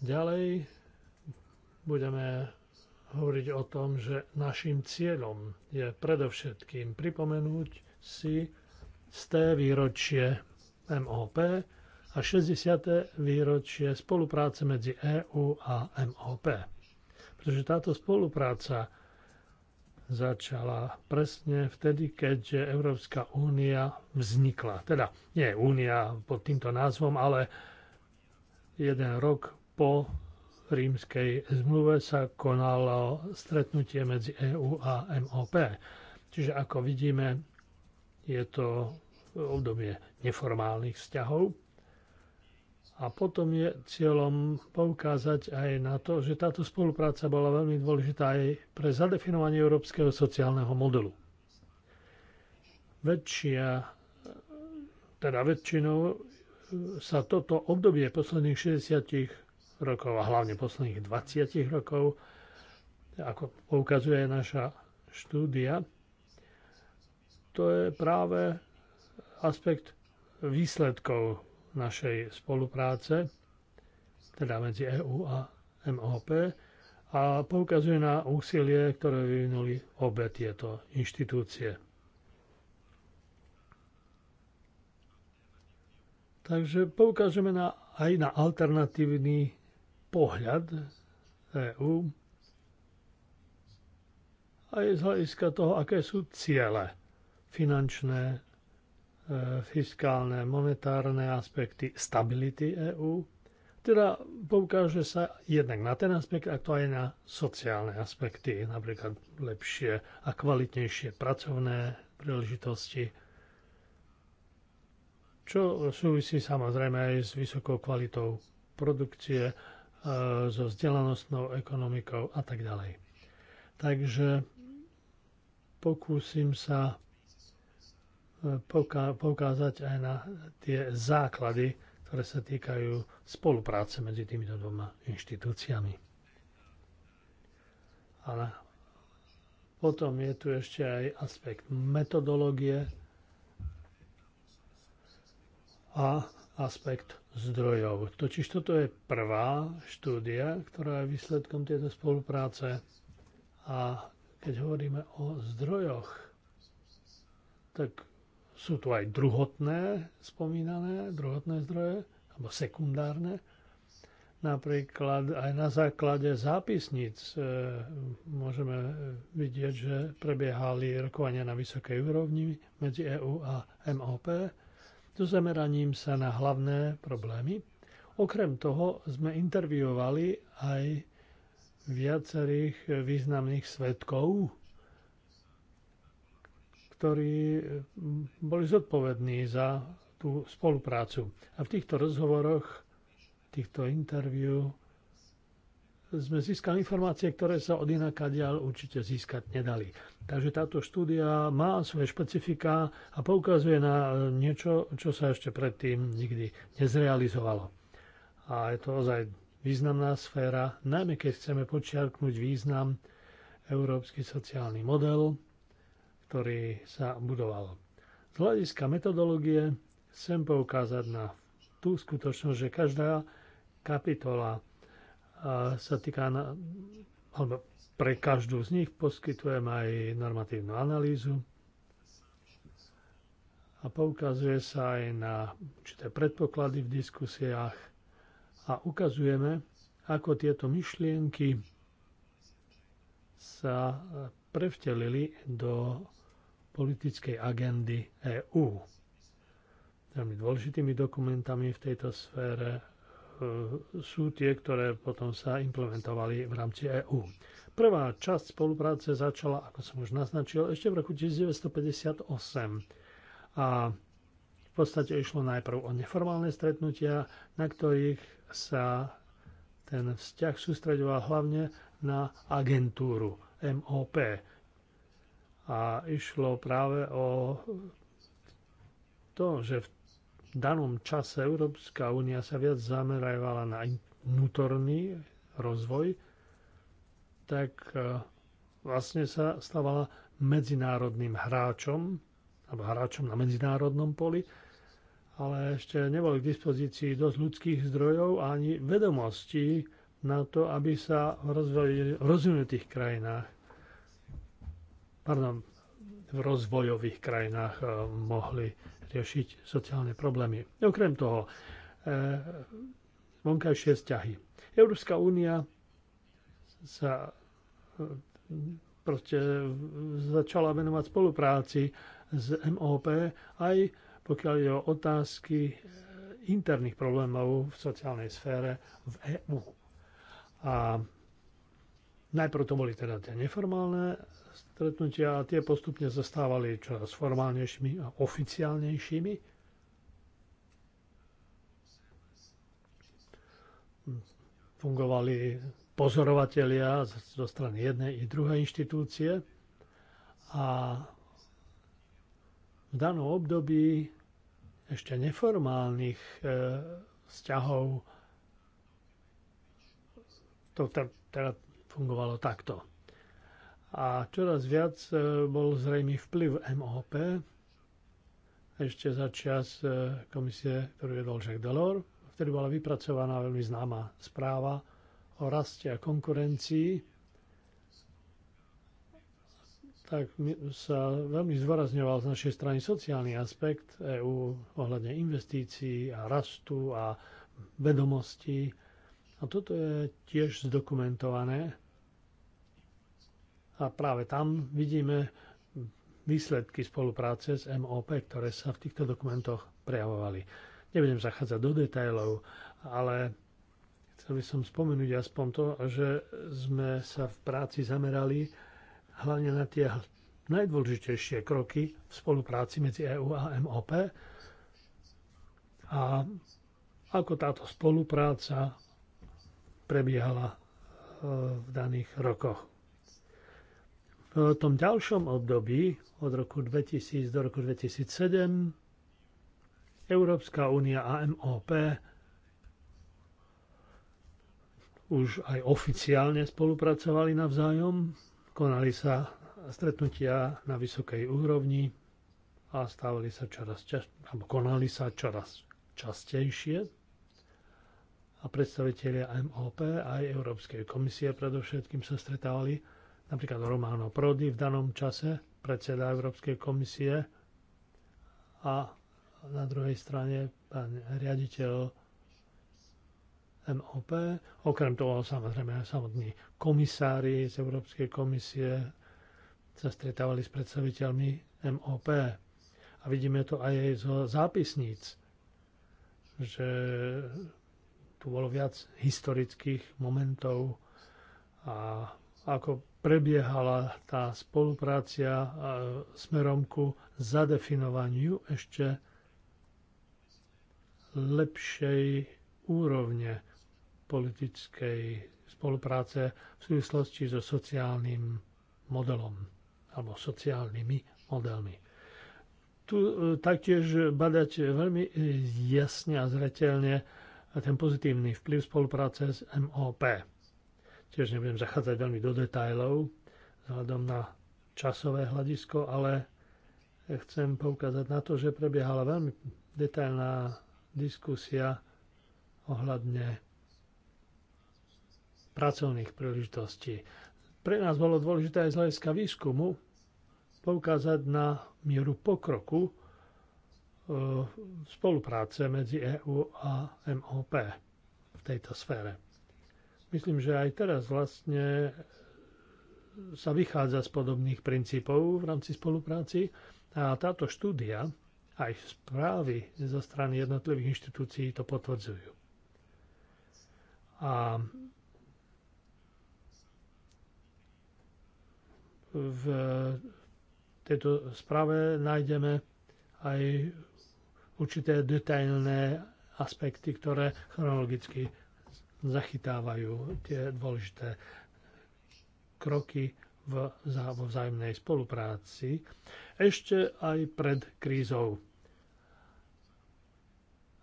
Ďalej budeme hovoriť o tom, že našim cieľom je predovšetkým pripomenúť si z té výročie MOP a 60. výročie spolupráce medzi EU a MOP. Pretože táto spolupráca začala presne vtedy, keď Európska únia vznikla. Teda nie únia pod týmto názvom, ale jeden rok po rímskej zmluve sa konalo stretnutie medzi EÚ a MOP. Čiže ako vidíme, je to obdobie neformálnych vzťahov a potom je cieľom poukázať aj na to, že táto spolupráca bola veľmi dôležitá aj pre zadefinovanie európskeho sociálneho modelu. Väčšia, teda väčšinou sa toto obdobie posledných 60 rokov a hlavne posledných 20 rokov, ako poukazuje naša štúdia, to je práve aspekt výsledkov našej spolupráce, teda medzi EU a MOP, a poukazuje na úsilie, ktoré vyvinuli obe tieto inštitúcie. Takže poukážeme na, aj na alternatívny pohľad EU aj z hľadiska toho, aké sú ciele finančné Eh, fiskálne, monetárne aspekty stability EÚ. Teda poukáže sa jednak na ten aspekt, a to aj na sociálne aspekty, napríklad lepšie a kvalitnejšie pracovné príležitosti, čo súvisí samozrejme aj s vysokou kvalitou produkcie, eh, so vzdelanostnou ekonomikou a tak ďalej. Takže pokúsim sa poukázať aj na tie základy, ktoré sa týkajú spolupráce medzi týmito dvoma inštitúciami. Ale potom je tu ešte aj aspekt metodológie a aspekt zdrojov. Totiž toto je prvá štúdia, ktorá je výsledkom tejto spolupráce. A keď hovoríme o zdrojoch, tak sú tu aj druhotné spomínané, druhotné zdroje, alebo sekundárne. Napríklad aj na základe zápisníc e, môžeme vidieť, že prebiehali rokovania na vysokej úrovni medzi EU a MOP so zameraním sa na hlavné problémy. Okrem toho sme interviovali aj viacerých významných svetkov ktorí boli zodpovední za tú spoluprácu. A v týchto rozhovoroch, týchto interviu sme získali informácie, ktoré sa od inaká ďal určite získať nedali. Takže táto štúdia má svoje špecifika a poukazuje na niečo, čo sa ešte predtým nikdy nezrealizovalo. A je to ozaj významná sféra, najmä keď chceme počiarknúť význam európsky sociálny model ktorý sa budoval. Z hľadiska metodológie chcem poukázať na tú skutočnosť, že každá kapitola sa týka, na, alebo pre každú z nich poskytujem aj normatívnu analýzu a poukazuje sa aj na určité predpoklady v diskusiách a ukazujeme, ako tieto myšlienky sa prevtelili do politickej agendy EÚ. Veľmi dôležitými dokumentami v tejto sfére e, sú tie, ktoré potom sa implementovali v rámci EÚ. Prvá časť spolupráce začala, ako som už naznačil, ešte v roku 1958. A v podstate išlo najprv o neformálne stretnutia, na ktorých sa ten vzťah sústredoval hlavne na agentúru MOP, a išlo práve o to, že v danom čase Európska únia sa viac zamerajovala na vnútorný rozvoj, tak e, vlastne sa stávala medzinárodným hráčom, alebo hráčom na medzinárodnom poli, ale ešte neboli k dispozícii dosť ľudských zdrojov ani vedomostí na to, aby sa v rozvinutých krajinách pardon, v rozvojových krajinách eh, mohli riešiť sociálne problémy. Okrem toho, eh, vonkajšie vzťahy. Európska únia sa eh, proste začala venovať spolupráci s MOP aj pokiaľ je o otázky interných problémov v sociálnej sfére v EÚ. A najprv to boli teda tie neformálne stretnutia a tie postupne sa stávali čoraz formálnejšími a oficiálnejšími. Fungovali pozorovatelia zo strany jednej i druhej inštitúcie a v danom období ešte neformálnych e, vzťahov to teda fungovalo takto a čoraz viac e, bol zrejmý vplyv MOP, ešte za čas e, komisie, ktorú vedol Jacques Delors. Vtedy bola vypracovaná veľmi známa správa o raste a konkurencii. Tak sa veľmi zdôrazňoval z našej strany sociálny aspekt EÚ ohľadne investícií a rastu a vedomostí. A toto je tiež zdokumentované a práve tam vidíme výsledky spolupráce s MOP, ktoré sa v týchto dokumentoch prejavovali. Nebudem zachádzať do detajlov, ale chcel by som spomenúť aspoň to, že sme sa v práci zamerali hlavne na tie najdôležitejšie kroky v spolupráci medzi EÚ a MOP a ako táto spolupráca prebiehala e, v daných rokoch. V tom ďalšom období, od roku 2000 do roku 2007, Európska únia a MOP už aj oficiálne spolupracovali navzájom, konali sa stretnutia na vysokej úrovni a stávali sa čoraz čas, konali sa čoraz častejšie a predstavitelia MOP aj Európskej komisie predovšetkým sa stretávali napríklad Romano Prodi v danom čase, predseda Európskej komisie a na druhej strane pán riaditeľ MOP. Okrem toho samozrejme samotní komisári z Európskej komisie sa stretávali s predstaviteľmi MOP. A vidíme to aj zo zápisníc, že tu bolo viac historických momentov a ako prebiehala tá spoluprácia e, smerom ku zadefinovaniu ešte lepšej úrovne politickej spolupráce v súvislosti so sociálnym modelom alebo sociálnymi modelmi. Tu e, taktiež badať veľmi jasne a zretelne ten pozitívny vplyv spolupráce s MOP. Tiež nebudem zachádzať veľmi do detajlov vzhľadom na časové hľadisko, ale chcem poukázať na to, že prebiehala veľmi detailná diskusia ohľadne pracovných príležitostí. Pre nás bolo dôležité aj z hľadiska výskumu poukázať na mieru pokroku e, spolupráce medzi EU a MOP v tejto sfére. Myslím, že aj teraz vlastne sa vychádza z podobných princípov v rámci spolupráci a táto štúdia aj správy zo strany jednotlivých inštitúcií to potvrdzujú. A v tejto správe nájdeme aj určité detailné aspekty, ktoré chronologicky zachytávajú tie dôležité kroky v, vo vzájomnej spolupráci ešte aj pred krízou.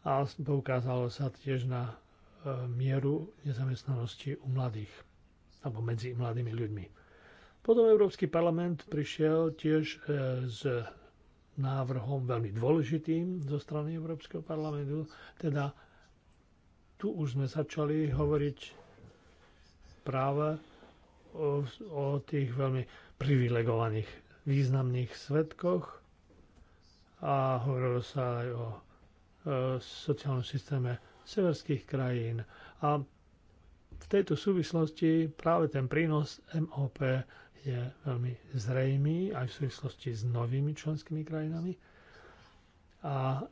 A poukázalo sa tiež na e, mieru nezamestnanosti u mladých alebo medzi mladými ľuďmi. Potom Európsky parlament prišiel tiež e, s návrhom veľmi dôležitým zo strany Európskeho parlamentu, teda tu už sme začali hovoriť práve o, o tých veľmi privilegovaných významných svetkoch a hovorilo sa aj o e, sociálnom systéme severských krajín. A v tejto súvislosti práve ten prínos MOP je veľmi zrejmý aj v súvislosti s novými členskými krajinami. A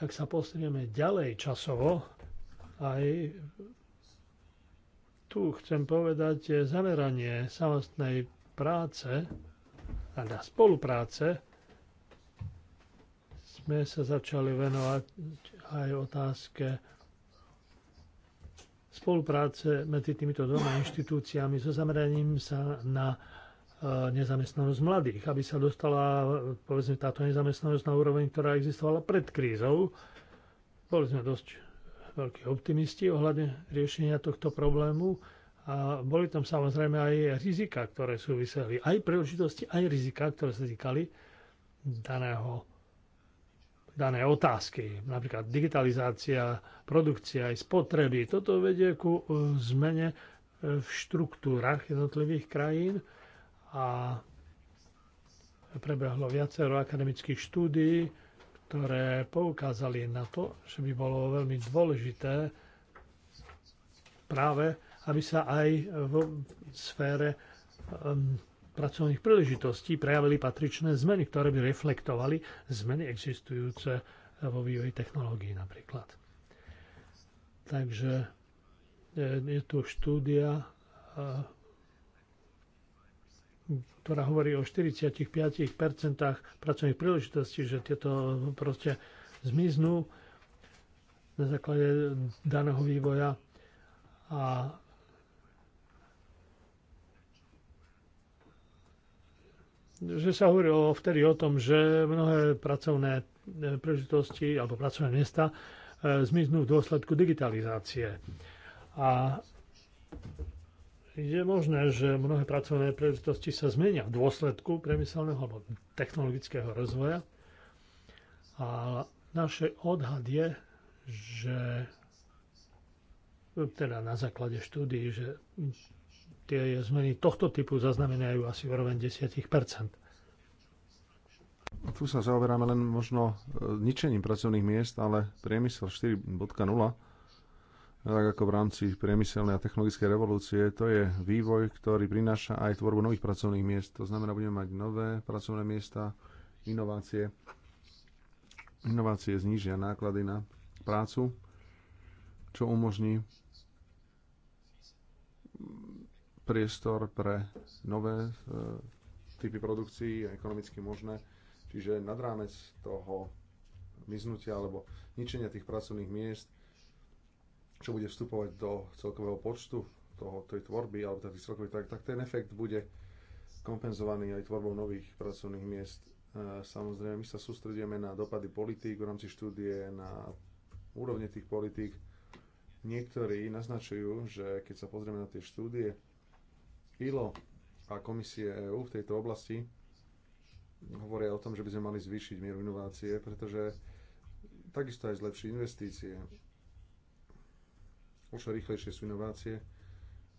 ak sa postrieme ďalej časovo, aj tu chcem povedať zameranie samostnej práce, na spolupráce, sme sa začali venovať aj otázke spolupráce medzi týmito dvoma inštitúciami so zameraním sa na e, nezamestnanosť mladých, aby sa dostala povedzme táto nezamestnanosť na úroveň, ktorá existovala pred krízou. Boli sme dosť veľkí optimisti ohľadne riešenia tohto problému a boli tam samozrejme aj rizika, ktoré súviseli, aj príležitosti, aj rizika, ktoré sa týkali daného, dané otázky. Napríklad digitalizácia, produkcia aj spotreby. Toto vedie ku e, zmene e, v štruktúrach jednotlivých krajín a prebehlo viacero akademických štúdií, ktoré poukázali na to, že by bolo veľmi dôležité práve, aby sa aj v sfére ehm, pracovných príležitostí prejavili patričné zmeny, ktoré by reflektovali zmeny existujúce vo vývoji technológií napríklad. Takže eh, je tu štúdia eh, ktorá hovorí o 45% pracovných príležitostí, že tieto proste zmiznú na základe daného vývoja a že sa hovorilo vtedy o tom, že mnohé pracovné e, príležitosti alebo pracovné miesta e, zmiznú v dôsledku digitalizácie. A je možné, že mnohé pracovné príležitosti sa zmenia v dôsledku priemyselného alebo technologického rozvoja. A náš odhad je, že teda na základe štúdií, že tie zmeny tohto typu zaznamenajú asi úroveň 10 Tu sa zaoberáme len možno e, ničením pracovných miest, ale priemysel 4.0 tak ako v rámci priemyselnej a technologickej revolúcie, to je vývoj, ktorý prináša aj tvorbu nových pracovných miest. To znamená, budeme mať nové pracovné miesta, inovácie. Inovácie znížia náklady na prácu, čo umožní priestor pre nové e, typy produkcií, ekonomicky možné. Čiže nad rámec toho miznutia alebo ničenia tých pracovných miest čo bude vstupovať do celkového počtu toho, tej tvorby, alebo tej teda celkovej, tak, tak ten efekt bude kompenzovaný aj tvorbou nových pracovných miest. E, samozrejme, my sa sústredíme na dopady politík v rámci štúdie, na úrovne tých politík. Niektorí naznačujú, že keď sa pozrieme na tie štúdie, ILO a komisie EÚ v tejto oblasti hovoria o tom, že by sme mali zvýšiť mieru inovácie, pretože takisto aj zlepšiť investície. O čo rýchlejšie sú inovácie,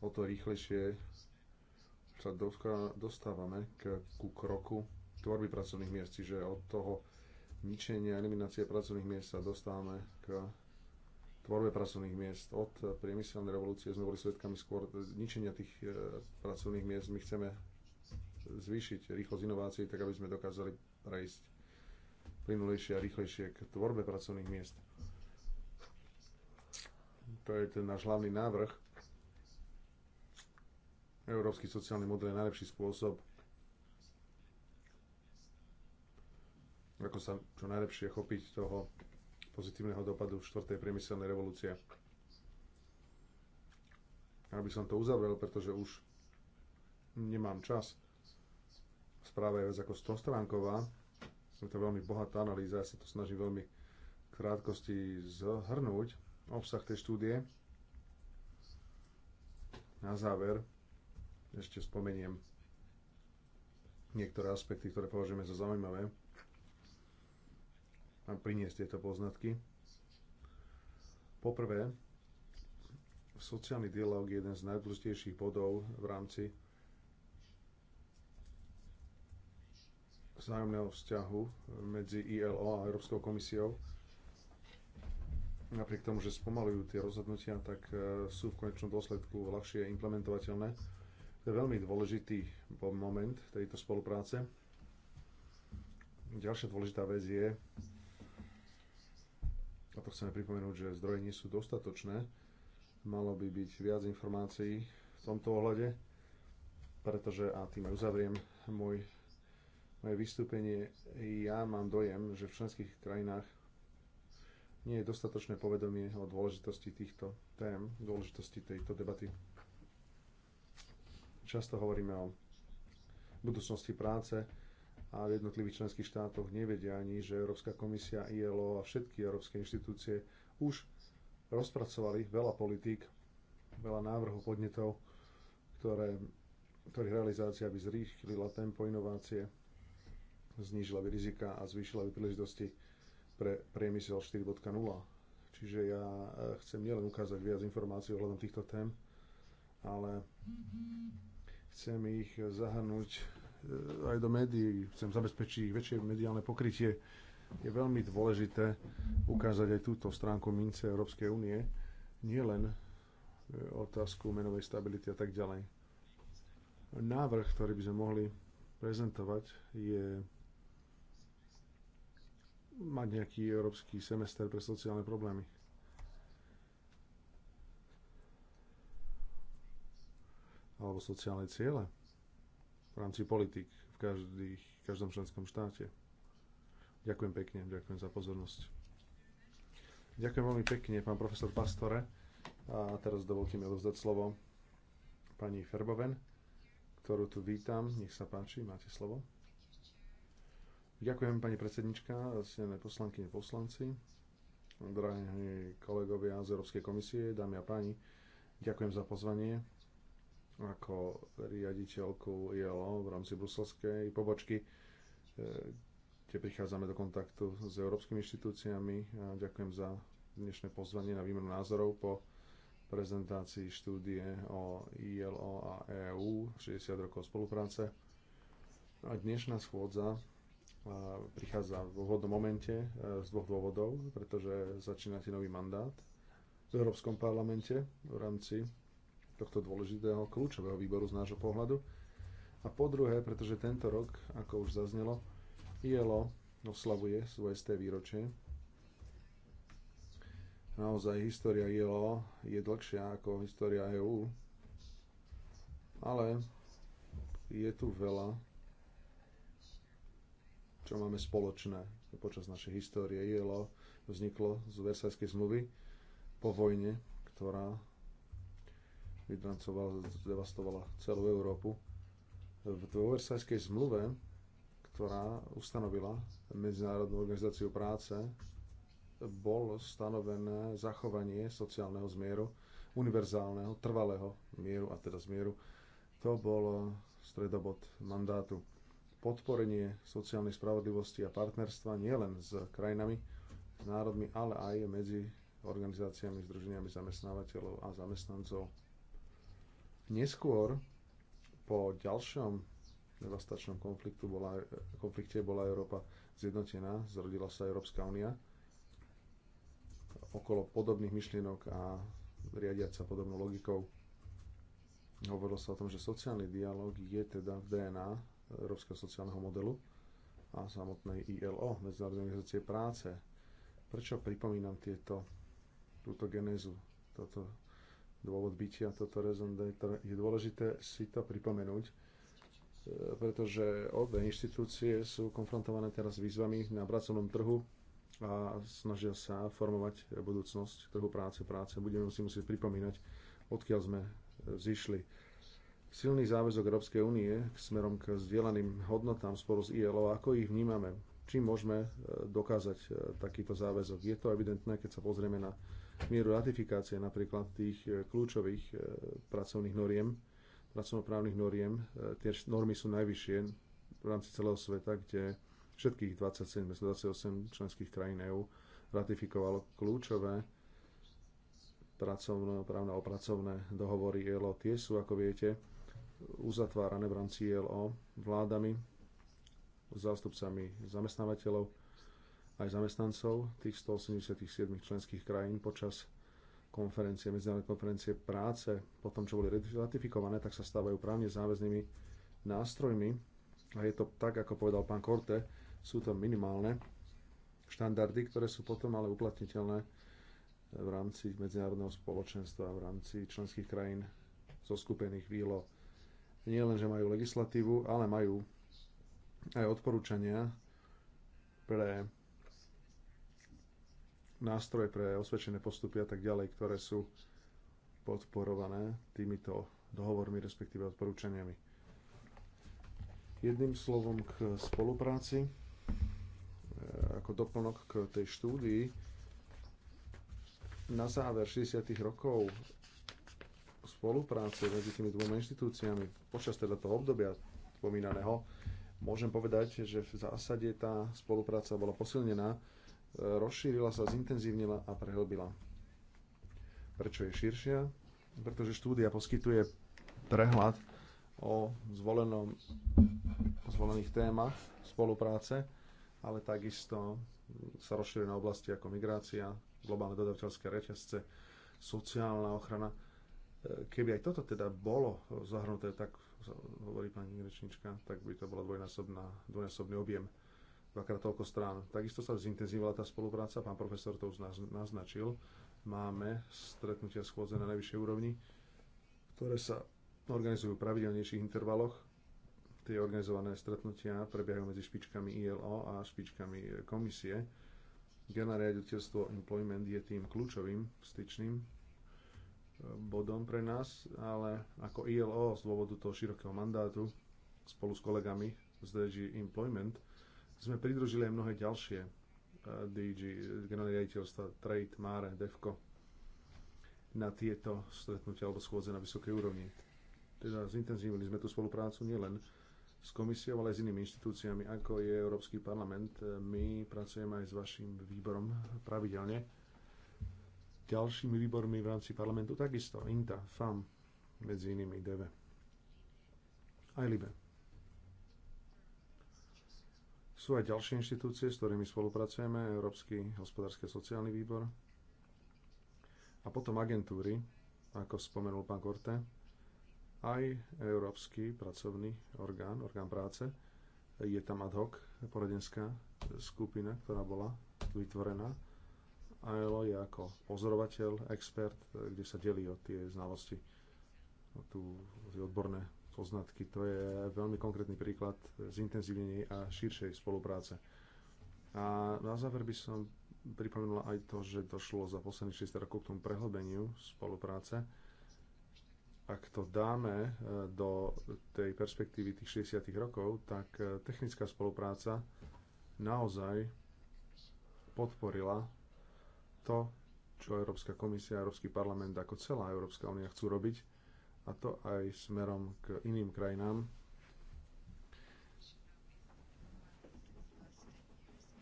o to rýchlejšie sa dostávame k, ku kroku tvorby pracovných miest, čiže od toho ničenia, eliminácie pracovných miest sa dostávame k tvorbe pracovných miest. Od priemyselnej revolúcie sme boli svetkami skôr ničenia tých e, pracovných miest. My chceme zvýšiť rýchlosť inovácií, tak aby sme dokázali prejsť plynulejšie a rýchlejšie k tvorbe pracovných miest to je ten náš hlavný návrh. Európsky sociálny model je najlepší spôsob, ako sa čo najlepšie chopiť toho pozitívneho dopadu 4. priemyselnej revolúcie. Aby som to uzavrel, pretože už nemám čas. Správa je viac ako 100 stránková. Je to veľmi bohatá analýza, ja sa to snažím veľmi krátkosti zhrnúť obsah tej štúdie. Na záver ešte spomeniem niektoré aspekty, ktoré považujeme za zaujímavé a priniesť tieto poznatky. Poprvé, sociálny dialog je jeden z najdôležitejších bodov v rámci vzájomného vzťahu medzi ILO a Európskou komisiou napriek tomu, že spomalujú tie rozhodnutia, tak e, sú v konečnom dôsledku ľahšie implementovateľné. To je veľmi dôležitý moment tejto spolupráce. Ďalšia dôležitá vec je, a to chceme pripomenúť, že zdroje nie sú dostatočné, malo by byť viac informácií v tomto ohľade, pretože, a tým aj uzavriem môj, moje vystúpenie, ja mám dojem, že v členských krajinách nie je dostatočné povedomie o dôležitosti týchto tém, dôležitosti tejto debaty. Často hovoríme o budúcnosti práce a v jednotlivých členských štátoch nevedia ani, že Európska komisia, ILO a všetky európske inštitúcie už rozpracovali veľa politík, veľa návrhov podnetov, ktoré, ktorých realizácia by zrýchlila tempo inovácie, znížila by rizika a zvýšila by príležitosti pre priemysel 4.0. Čiže ja e, chcem nielen ukázať viac informácií ohľadom týchto tém, ale chcem ich zahrnúť e, aj do médií, chcem zabezpečiť ich väčšie mediálne pokrytie. Je veľmi dôležité ukázať aj túto stránku mince Európskej únie, nielen e, otázku menovej stability a tak ďalej. Návrh, ktorý by sme mohli prezentovať, je mať nejaký európsky semester pre sociálne problémy. Alebo sociálne ciele v rámci politik v, v každom členskom štáte. Ďakujem pekne, ďakujem za pozornosť. Ďakujem veľmi pekne, pán profesor Pastore. A teraz dovolte mi odovzdať slovo pani Ferboven, ktorú tu vítam. Nech sa páči, máte slovo. Ďakujem, pani predsednička, ctené poslankyne, poslanci, drahí kolegovia z Európskej komisie, dámy a páni. Ďakujem za pozvanie ako riaditeľku ILO v rámci bruselskej pobočky, e, kde prichádzame do kontaktu s európskymi inštitúciami. A ďakujem za dnešné pozvanie na výmenu názorov po prezentácii štúdie o ILO a EÚ 60 rokov spolupráce. A dnešná schôdza prichádza v vhodnom momente e, z dvoch dôvodov, pretože začínate nový mandát v Európskom parlamente v rámci tohto dôležitého kľúčového výboru z nášho pohľadu. A po druhé, pretože tento rok, ako už zaznelo, ILO oslavuje svoje sté výročie. Naozaj história ILO je dlhšia ako história EÚ, ale je tu veľa čo máme spoločné počas našej histórie. ILO vzniklo z Versajskej zmluvy po vojne, ktorá vydrancovala, devastovala celú Európu. V Versajskej zmluve, ktorá ustanovila Medzinárodnú organizáciu práce, bolo stanovené zachovanie sociálneho zmieru, univerzálneho, trvalého mieru a teda zmieru. To bolo stredobod mandátu podporenie sociálnej spravodlivosti a partnerstva nielen s krajinami, s národmi, ale aj medzi organizáciami, združeniami zamestnávateľov a zamestnancov. Neskôr po ďalšom devastačnom konfliktu bola, konflikte bola Európa zjednotená, zrodila sa Európska únia okolo podobných myšlienok a riadiať sa podobnou logikou. Hovorilo sa o tom, že sociálny dialog je teda v DNA európskeho sociálneho modelu a samotnej ILO, Medzinárodnej organizácie práce. Prečo pripomínam tieto, túto genézu, toto dôvod bytia, toto raison je dôležité si to pripomenúť, e, pretože obe inštitúcie sú konfrontované teraz s výzvami na pracovnom trhu a snažia sa formovať budúcnosť trhu práce, práce. Budeme si musieť pripomínať, odkiaľ sme e, zišli silný záväzok Európskej únie k smerom k zdieľaným hodnotám spolu s ILO, ako ich vnímame, čím môžeme e, dokázať e, takýto záväzok. Je to evidentné, keď sa pozrieme na mieru ratifikácie napríklad tých e, kľúčových pracovných noriem, pracovnoprávnych noriem. Tie normy sú najvyššie v rámci celého sveta, kde všetkých 27, 28 členských krajín EÚ ratifikovalo kľúčové pracovno, právne opracovné dohovory ELO. Tie sú, ako viete, uzatvárané v rámci ILO vládami, zástupcami zamestnávateľov aj zamestnancov tých 187 členských krajín počas konferencie, medzinárodnej konferencie práce, po tom, čo boli ratifikované, tak sa stávajú právne záväznými nástrojmi. A je to tak, ako povedal pán Korte, sú to minimálne štandardy, ktoré sú potom ale uplatniteľné v rámci medzinárodného spoločenstva, v rámci členských krajín zoskupených výlo nie len, že majú legislatívu, ale majú aj odporúčania pre nástroje pre osvedčené postupy a tak ďalej, ktoré sú podporované týmito dohovormi, respektíve odporúčaniami. Jedným slovom k spolupráci, e, ako doplnok k tej štúdii, na záver 60. rokov spolupráce medzi tými dvoma inštitúciami počas teda toho obdobia spomínaného, môžem povedať, že v zásade tá spolupráca bola posilnená, e, rozšírila sa, zintenzívnila a prehlbila. Prečo je širšia? Pretože štúdia poskytuje prehľad o, zvolenom, o zvolených témach spolupráce, ale takisto sa rozšírená oblasti ako migrácia, globálne dodavateľské reťazce, sociálna ochrana Keby aj toto teda bolo zahrnuté, tak hovorí pani rečnička, tak by to bola dvojnásobná, dvojnásobný objem, dvakrát toľko strán. Takisto sa zintenzívala tá spolupráca, pán profesor to už naznačil. Máme stretnutia schôdze na najvyššej úrovni, ktoré sa organizujú v pravidelnejších intervaloch. Tie organizované stretnutia prebiehajú medzi špičkami ILO a špičkami komisie. Generálne riaditeľstvo Employment je tým kľúčovým styčným bodom pre nás, ale ako ILO z dôvodu toho širokého mandátu spolu s kolegami z DG Employment sme pridružili aj mnohé ďalšie e, DG, generálne riaditeľstva Trade, Mare, DEFCO na tieto stretnutia alebo schôdze na vysokej úrovni. Teda zintenzívili sme tú spoluprácu nielen s komisiou, ale aj s inými inštitúciami, ako je Európsky parlament. E, my pracujeme aj s vašim výborom pravidelne ďalšími výbormi v rámci parlamentu takisto. INTA, FAM, medzi inými DV. Aj LIBE. Sú aj ďalšie inštitúcie, s ktorými spolupracujeme, Európsky hospodársky a sociálny výbor. A potom agentúry, ako spomenul pán Korte, aj Európsky pracovný orgán, orgán práce. Je tam ad hoc poradenská skupina, ktorá bola vytvorená ALO je ako pozorovateľ, expert, kde sa delí o tie znalosti, o, tú, odborné poznatky. To je veľmi konkrétny príklad zintenzívnej a širšej spolupráce. A na záver by som pripomenula aj to, že došlo za posledných 6 rokov k tomu prehlbeniu spolupráce. Ak to dáme e, do tej perspektívy tých 60 rokov, tak e, technická spolupráca naozaj podporila to, čo Európska komisia, Európsky parlament ako celá Európska únia chcú robiť a to aj smerom k iným krajinám.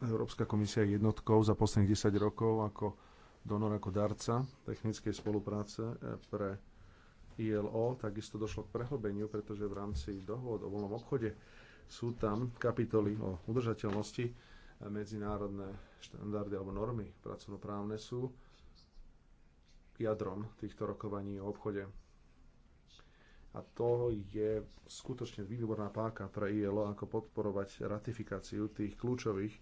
Európska komisia je jednotkou za posledných 10 rokov ako donor, ako darca technickej spolupráce e, pre ILO. Takisto došlo k prehlbeniu, pretože v rámci dohôd o voľnom obchode sú tam kapitoly o udržateľnosti medzinárodné štandardy alebo normy pracovnoprávne sú jadrom týchto rokovaní o obchode. A to je skutočne výborná páka pre ILO, ako podporovať ratifikáciu tých kľúčových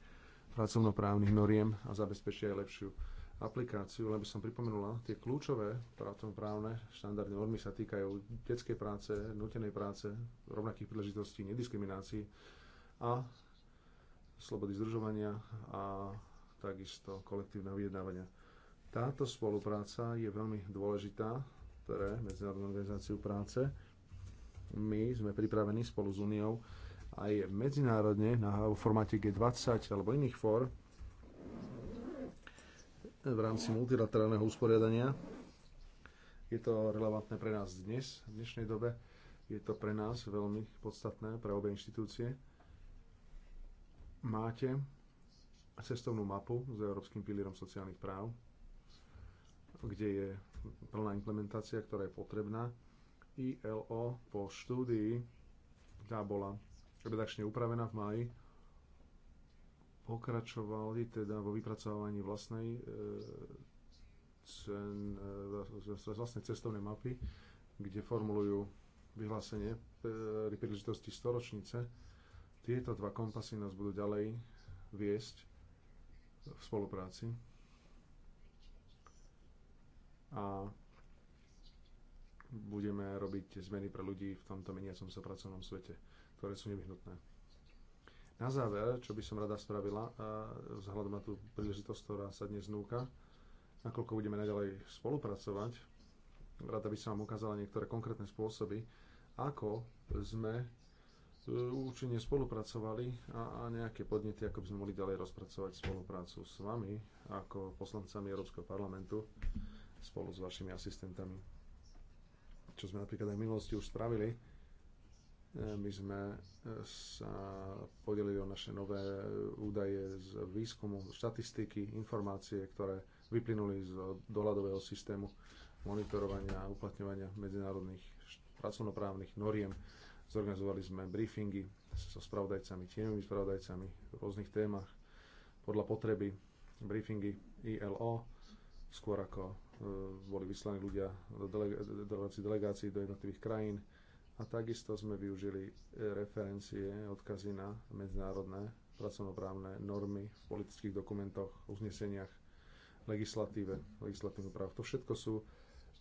pracovnoprávnych noriem a zabezpečiť aj lepšiu aplikáciu, lebo som pripomenula, tie kľúčové pracovnoprávne štandardné normy sa týkajú detskej práce, nutenej práce, rovnakých príležitostí, nediskriminácií a slobody združovania a takisto kolektívne vyjednávania. Táto spolupráca je veľmi dôležitá pre Medzinárodnú organizáciu práce. My sme pripravení spolu s Úniou aj medzinárodne na formáte G20 alebo iných fór v rámci multilaterálneho usporiadania. Je to relevantné pre nás dnes, v dnešnej dobe. Je to pre nás veľmi podstatné, pre obe inštitúcie Máte cestovnú mapu s Európskym pilierom sociálnych práv, kde je plná implementácia, ktorá je potrebná. ILO po štúdii, tá bola redakčne upravená v máji, pokračovali teda vo vypracovaní vlastnej, e, cen, e, vlastnej cestovnej mapy, kde formulujú vyhlásenie e, pri príležitosti storočnice tieto dva kompasy nás budú ďalej viesť v spolupráci. A budeme robiť zmeny pre ľudí v tomto meniacom sa pracovnom svete, ktoré sú nevyhnutné. Na záver, čo by som rada spravila, vzhľadom na tú príležitosť, ktorá sa dnes núka, nakoľko budeme naďalej spolupracovať, rada by som vám ukázala niektoré konkrétne spôsoby, ako sme účinne spolupracovali a, a nejaké podnety, ako by sme mohli ďalej rozpracovať spoluprácu s vami ako poslancami Európskeho parlamentu spolu s vašimi asistentami. Čo sme napríklad aj v minulosti už spravili, e, my sme e, sa podelili o naše nové údaje z výskumu, štatistiky, informácie, ktoré vyplynuli z dohľadového systému monitorovania a uplatňovania medzinárodných pracovnoprávnych noriem Zorganizovali sme briefingy so spravodajcami, tieňovými spravodajcami v rôznych témach podľa potreby briefingy ILO, skôr ako e, boli vyslaní ľudia do rámci delegácií do jednotlivých krajín. A takisto sme využili e, referencie, odkazy na medzinárodné pracovnoprávne normy v politických dokumentoch, uzneseniach, legislatíve, legislatívnych práv. To všetko sú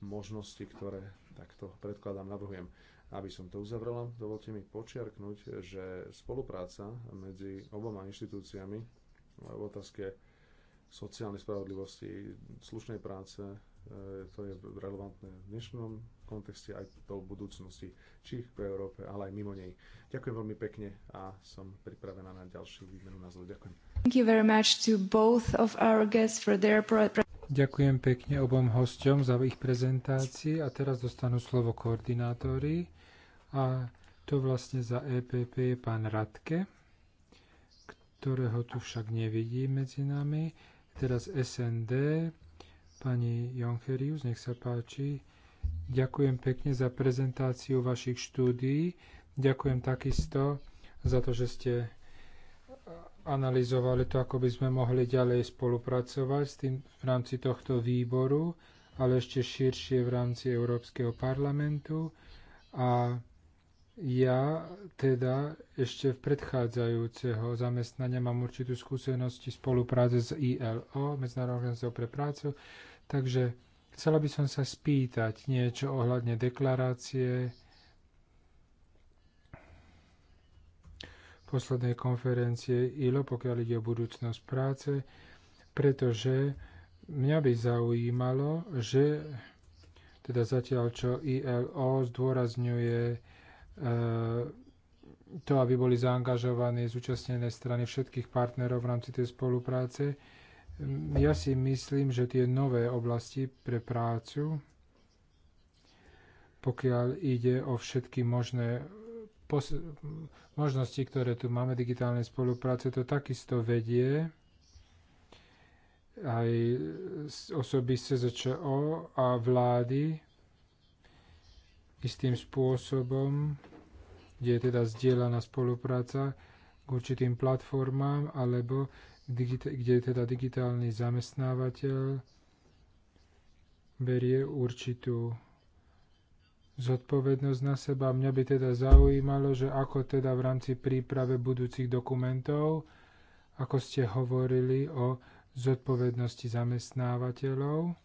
možnosti, ktoré takto predkladám, navrhujem. Aby som to uzavrela, dovolte mi počiarknúť, že spolupráca medzi oboma inštitúciami v otázke sociálnej spravodlivosti, slušnej práce, e, to je relevantné v dnešnom kontexte aj do budúcnosti, či v Európe, ale aj mimo nej. Ďakujem veľmi pekne a som pripravená na ďalšiu výmenu názorov. Ďakujem. Their... Ďakujem pekne obom hosťom za ich prezentácii a teraz dostanú slovo koordinátori. A to vlastne za EPP je pán Radke, ktorého tu však nevidí medzi nami. Teraz SND, pani Jonkerius, nech sa páči. Ďakujem pekne za prezentáciu vašich štúdií. Ďakujem takisto za to, že ste e, analyzovali to, ako by sme mohli ďalej spolupracovať s tým v rámci tohto výboru, ale ešte širšie v rámci Európskeho parlamentu. A ja teda ešte v predchádzajúceho zamestnania mám určitú skúsenosti spolupráce s ILO, Medzinárodnou organizáciou pre prácu, takže chcela by som sa spýtať niečo ohľadne deklarácie poslednej konferencie ILO, pokiaľ ide o budúcnosť práce, pretože mňa by zaujímalo, že teda zatiaľ čo ILO zdôrazňuje E, to, aby boli zaangažované zúčastnené strany všetkých partnerov v rámci tej spolupráce. Mm, ja si myslím, že tie nové oblasti pre prácu, pokiaľ ide o všetky možné možnosti, ktoré tu máme digitálnej spolupráce, to takisto vedie aj osoby SZČO a vlády istým spôsobom, kde je teda zdieľaná spolupráca k určitým platformám, alebo kde je teda digitálny zamestnávateľ berie určitú zodpovednosť na seba. Mňa by teda zaujímalo, že ako teda v rámci príprave budúcich dokumentov, ako ste hovorili o zodpovednosti zamestnávateľov,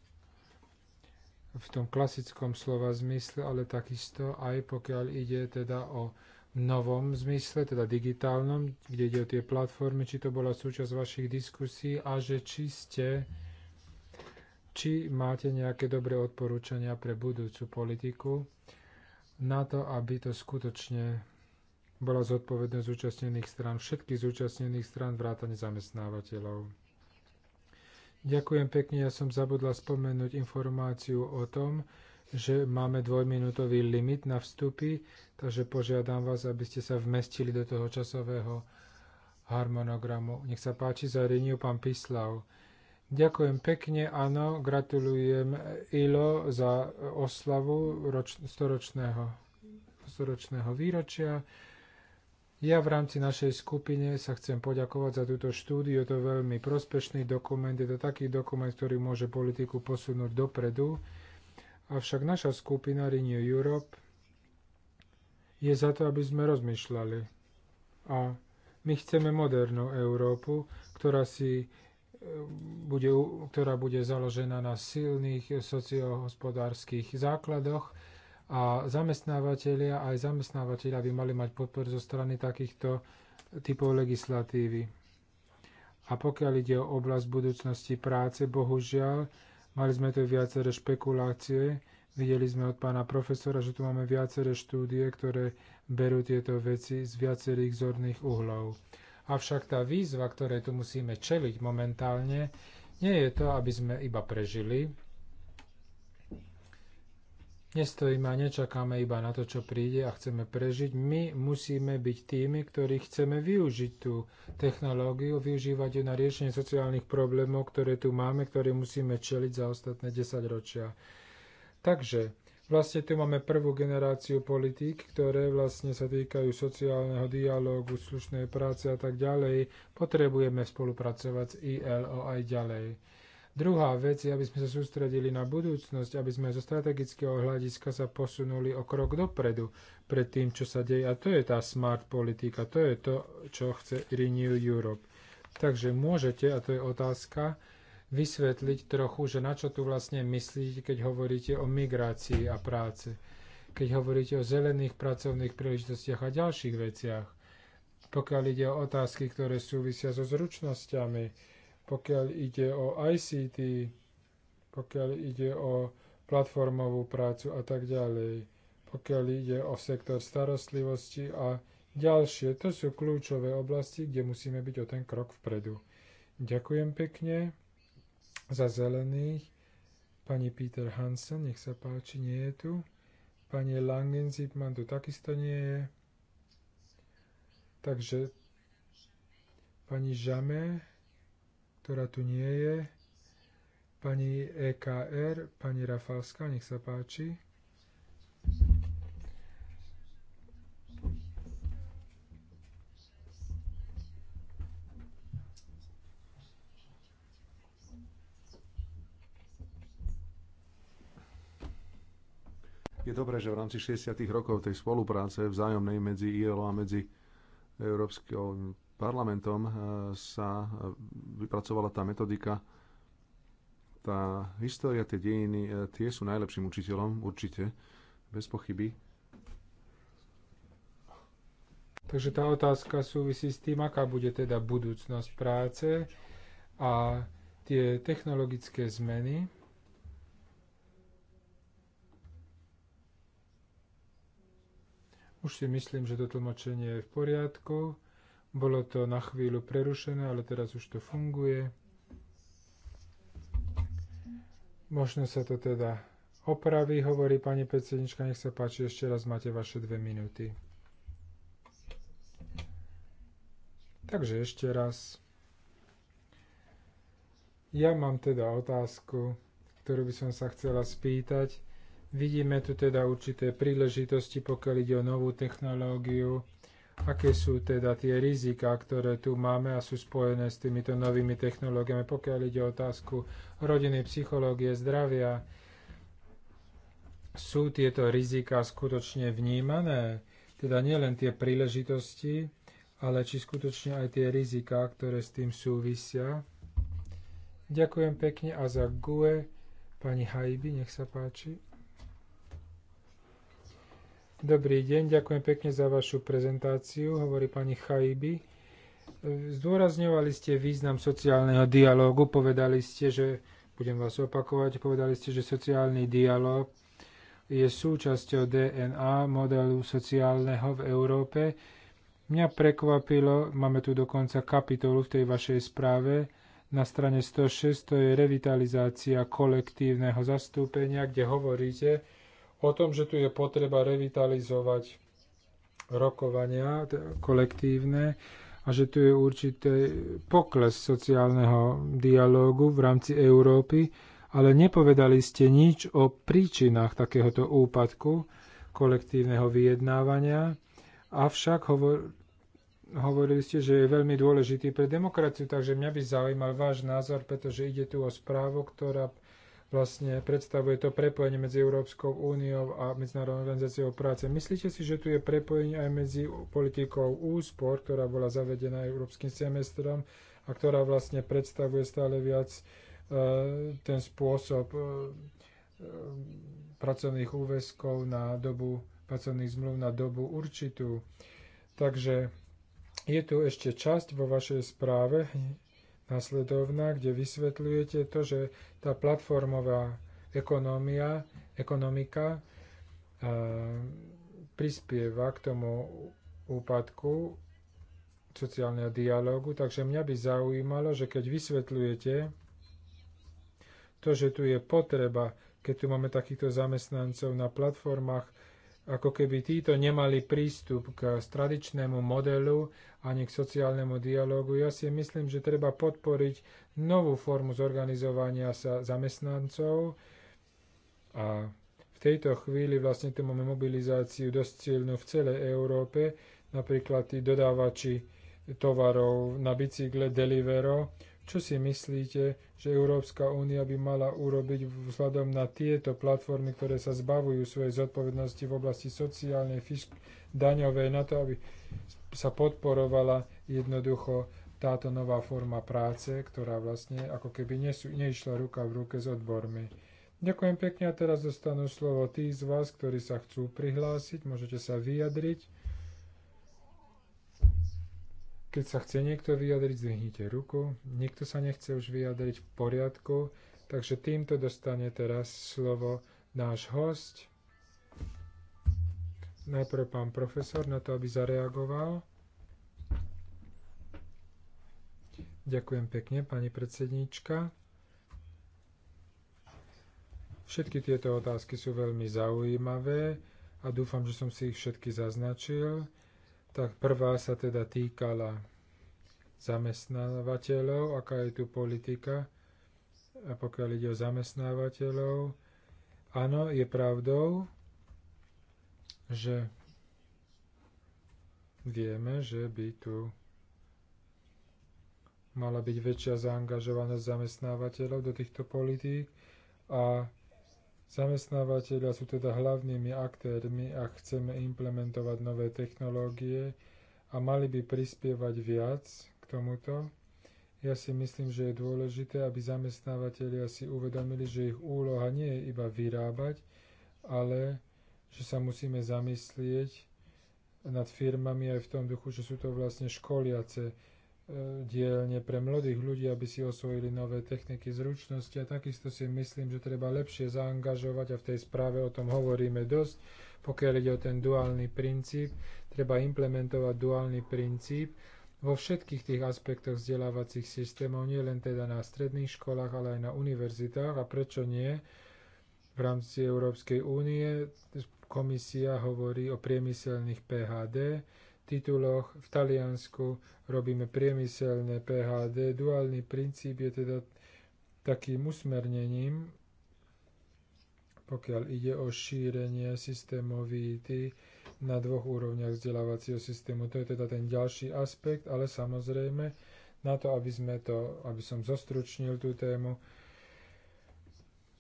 v tom klasickom slova zmysle, ale takisto aj pokiaľ ide teda o novom zmysle, teda digitálnom, kde ide o tie platformy, či to bola súčasť vašich diskusí a že či ste, či máte nejaké dobré odporúčania pre budúcu politiku na to, aby to skutočne bola zodpovednosť zúčastnených strán, všetkých zúčastnených strán vrátane zamestnávateľov. Ďakujem pekne, ja som zabudla spomenúť informáciu o tom, že máme dvojminútový limit na vstupy, takže požiadam vás, aby ste sa vmestili do toho časového harmonogramu. Nech sa páči, za Riniu pán Pislav. Ďakujem pekne, áno, gratulujem ILO za oslavu storočného, storočného výročia. Ja v rámci našej skupine sa chcem poďakovať za túto štúdiu, je to veľmi prospešný dokument, je to taký dokument, ktorý môže politiku posunúť dopredu. Avšak naša skupina Renew Europe je za to, aby sme rozmýšľali. A my chceme modernú Európu, ktorá si e, bude, ktorá bude založená na silných sociohospodárskych základoch, a zamestnávateľia aj zamestnávateľia by mali mať podporu zo strany takýchto typov legislatívy. A pokiaľ ide o oblasť budúcnosti práce, bohužiaľ, mali sme tu viaceré špekulácie, videli sme od pána profesora, že tu máme viaceré štúdie, ktoré berú tieto veci z viacerých zorných uhlov. Avšak tá výzva, ktorej tu musíme čeliť momentálne, nie je to, aby sme iba prežili, Nestojíme a nečakáme iba na to, čo príde a chceme prežiť. My musíme byť tými, ktorí chceme využiť tú technológiu, využívať ju na riešenie sociálnych problémov, ktoré tu máme, ktoré musíme čeliť za ostatné 10 ročia. Takže vlastne tu máme prvú generáciu politík, ktoré vlastne sa týkajú sociálneho dialógu, slušnej práce a tak ďalej. Potrebujeme spolupracovať s ILO aj ďalej. Druhá vec je, aby sme sa sústredili na budúcnosť, aby sme zo strategického hľadiska sa posunuli o krok dopredu pred tým, čo sa deje. A to je tá smart politika, to je to, čo chce Renew Europe. Takže môžete, a to je otázka, vysvetliť trochu, že na čo tu vlastne myslíte, keď hovoríte o migrácii a práce, keď hovoríte o zelených pracovných príležitostiach a ďalších veciach, pokiaľ ide o otázky, ktoré súvisia so zručnosťami, pokiaľ ide o ICT, pokiaľ ide o platformovú prácu a tak ďalej, pokiaľ ide o sektor starostlivosti a ďalšie, to sú kľúčové oblasti, kde musíme byť o ten krok vpredu. Ďakujem pekne za zelených. Pani Peter Hansen, nech sa páči, nie je tu. Pani Langen Langenziepman tu takisto nie je. Takže pani Žame, ktorá tu nie je. Pani EKR, pani Rafalská, nech sa páči. Je dobré, že v rámci 60. rokov tej spolupráce vzájomnej medzi ILO a medzi Európskym parlamentom e, sa e, vypracovala tá metodika, tá história, tie dejiny, e, tie sú najlepším učiteľom, určite, bez pochyby. Takže tá otázka súvisí s tým, aká bude teda budúcnosť práce a tie technologické zmeny. Už si myslím, že to tlmočenie je v poriadku. Bolo to na chvíľu prerušené, ale teraz už to funguje. Možno sa to teda opraví, hovorí pani predsednička. Nech sa páči, ešte raz máte vaše dve minúty. Takže ešte raz. Ja mám teda otázku, ktorú by som sa chcela spýtať. Vidíme tu teda určité príležitosti, pokiaľ ide o novú technológiu, aké sú teda tie rizika, ktoré tu máme a sú spojené s týmito novými technológiami, pokiaľ ide o otázku rodiny, psychológie, zdravia. Sú tieto rizika skutočne vnímané? Teda nielen tie príležitosti, ale či skutočne aj tie rizika, ktoré s tým súvisia. Ďakujem pekne a za GUE pani Hajby, nech sa páči. Dobrý deň, ďakujem pekne za vašu prezentáciu, hovorí pani Chajby. Zdôrazňovali ste význam sociálneho dialógu, povedali ste, že, budem vás opakovať, povedali ste, že sociálny dialóg je súčasťou DNA modelu sociálneho v Európe. Mňa prekvapilo, máme tu dokonca kapitolu v tej vašej správe, na strane 106 to je revitalizácia kolektívneho zastúpenia, kde hovoríte, o tom, že tu je potreba revitalizovať rokovania kolektívne a že tu je určitý pokles sociálneho dialógu v rámci Európy, ale nepovedali ste nič o príčinách takéhoto úpadku kolektívneho vyjednávania, avšak hovor, hovorili ste, že je veľmi dôležitý pre demokraciu, takže mňa by zaujímal váš názor, pretože ide tu o správu, ktorá vlastne predstavuje to prepojenie medzi Európskou úniou a Medzinárodnou organizáciou práce. Myslíte si, že tu je prepojenie aj medzi politikou úspor, ktorá bola zavedená Európskym semestrom a ktorá vlastne predstavuje stále viac e, ten spôsob e, e, pracovných úväzkov na dobu, pracovných zmluv na dobu určitú. Takže je tu ešte časť vo vašej správe, nasledovná, kde vysvetľujete to, že tá platformová ekonomia, ekonomika e, prispieva k tomu úpadku sociálneho dialógu, takže mňa by zaujímalo, že keď vysvetľujete to, že tu je potreba, keď tu máme takýchto zamestnancov na platformách, ako keby títo nemali prístup k tradičnému modelu ani k sociálnemu dialogu. Ja si myslím, že treba podporiť novú formu zorganizovania sa zamestnancov a v tejto chvíli vlastne tu máme mobilizáciu dosť silnú v celej Európe, napríklad tí dodávači tovarov na bicykle Delivero, čo si myslíte, že Európska únia by mala urobiť vzhľadom na tieto platformy, ktoré sa zbavujú svojej zodpovednosti v oblasti sociálnej, fisk- daňovej, na to, aby sa podporovala jednoducho táto nová forma práce, ktorá vlastne ako keby nesu, neišla ruka v ruke s odbormi. Ďakujem pekne a teraz dostanú slovo tí z vás, ktorí sa chcú prihlásiť, môžete sa vyjadriť. Keď sa chce niekto vyjadriť, zvihnite ruku. Nikto sa nechce už vyjadriť v poriadku, takže týmto dostane teraz slovo náš host. Najprv pán profesor na to, aby zareagoval. Ďakujem pekne, pani predsedníčka. Všetky tieto otázky sú veľmi zaujímavé a dúfam, že som si ich všetky zaznačil. Tak prvá sa teda týkala zamestnávateľov, aká je tu politika, a pokiaľ ide o zamestnávateľov. Áno, je pravdou, že vieme, že by tu mala byť väčšia zaangažovanosť zamestnávateľov do týchto politík a Zamestnávateľia sú teda hlavnými aktérmi, ak chceme implementovať nové technológie a mali by prispievať viac k tomuto. Ja si myslím, že je dôležité, aby zamestnávateľia si uvedomili, že ich úloha nie je iba vyrábať, ale že sa musíme zamyslieť nad firmami aj v tom duchu, že sú to vlastne školiace E, dielne pre mladých ľudí, aby si osvojili nové techniky zručnosti a takisto si myslím, že treba lepšie zaangažovať a v tej správe o tom hovoríme dosť, pokiaľ ide o ten duálny princíp, treba implementovať duálny princíp vo všetkých tých aspektoch vzdelávacích systémov, nie len teda na stredných školách, ale aj na univerzitách a prečo nie v rámci Európskej únie komisia hovorí o priemyselných PHD, tituloch v Taliansku robíme priemyselné PHD. Duálny princíp je teda takým usmernením, pokiaľ ide o šírenie systémovity na dvoch úrovniach vzdelávacieho systému. To je teda ten ďalší aspekt, ale samozrejme na to, aby, sme to, aby som zostručnil tú tému,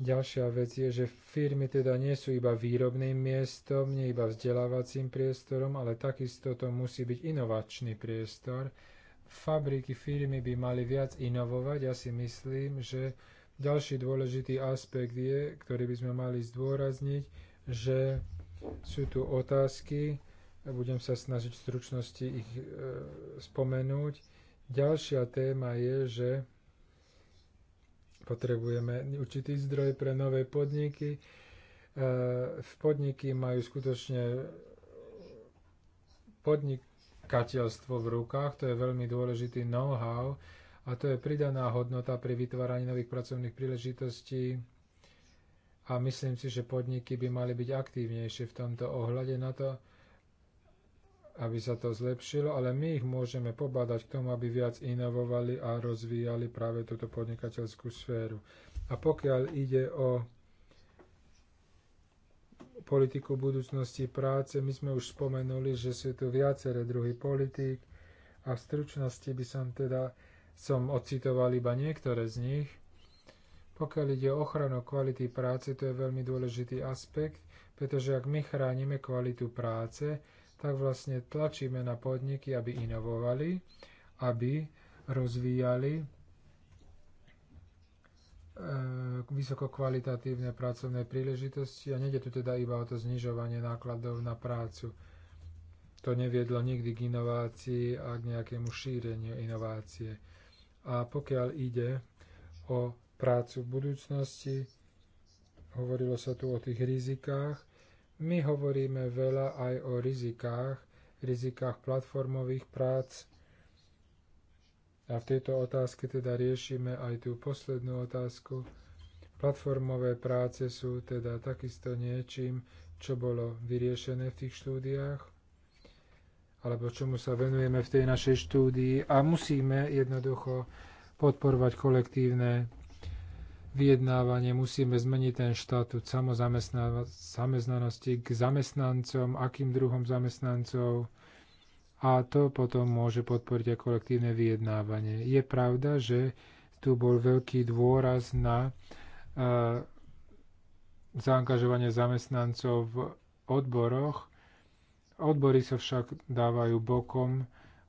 Ďalšia vec je, že firmy teda nie sú iba výrobným miestom, nie iba vzdelávacím priestorom, ale takisto to musí byť inovačný priestor. Fabriky, firmy by mali viac inovovať. Ja si myslím, že ďalší dôležitý aspekt je, ktorý by sme mali zdôrazniť, že sú tu otázky, budem sa snažiť v stručnosti ich e, spomenúť. Ďalšia téma je, že Potrebujeme určitý zdroj pre nové podniky. E, v podniky majú skutočne podnikateľstvo v rukách, to je veľmi dôležitý know-how a to je pridaná hodnota pri vytváraní nových pracovných príležitostí a myslím si, že podniky by mali byť aktívnejšie v tomto ohľade na to, aby sa to zlepšilo, ale my ich môžeme pobádať k tomu, aby viac inovovali a rozvíjali práve túto podnikateľskú sféru. A pokiaľ ide o politiku budúcnosti práce, my sme už spomenuli, že sú tu viaceré druhy politík a v stručnosti by som teda som ocitoval iba niektoré z nich. Pokiaľ ide o ochranu kvality práce, to je veľmi dôležitý aspekt, pretože ak my chránime kvalitu práce, tak vlastne tlačíme na podniky, aby inovovali, aby rozvíjali e, vysokokvalitatívne pracovné príležitosti a nede tu teda iba o to znižovanie nákladov na prácu. To neviedlo nikdy k inovácii a k nejakému šíreniu inovácie. A pokiaľ ide o prácu v budúcnosti, hovorilo sa tu o tých rizikách, my hovoríme veľa aj o rizikách, rizikách platformových prác. A v tejto otázke teda riešime aj tú poslednú otázku. Platformové práce sú teda takisto niečím, čo bolo vyriešené v tých štúdiách, alebo čomu sa venujeme v tej našej štúdii a musíme jednoducho podporovať kolektívne vyjednávanie, musíme zmeniť ten štatút samozamestnanosti k zamestnancom, akým druhom zamestnancov a to potom môže podporiť aj kolektívne vyjednávanie. Je pravda, že tu bol veľký dôraz na uh, zaangažovanie zamestnancov v odboroch. Odbory sa však dávajú bokom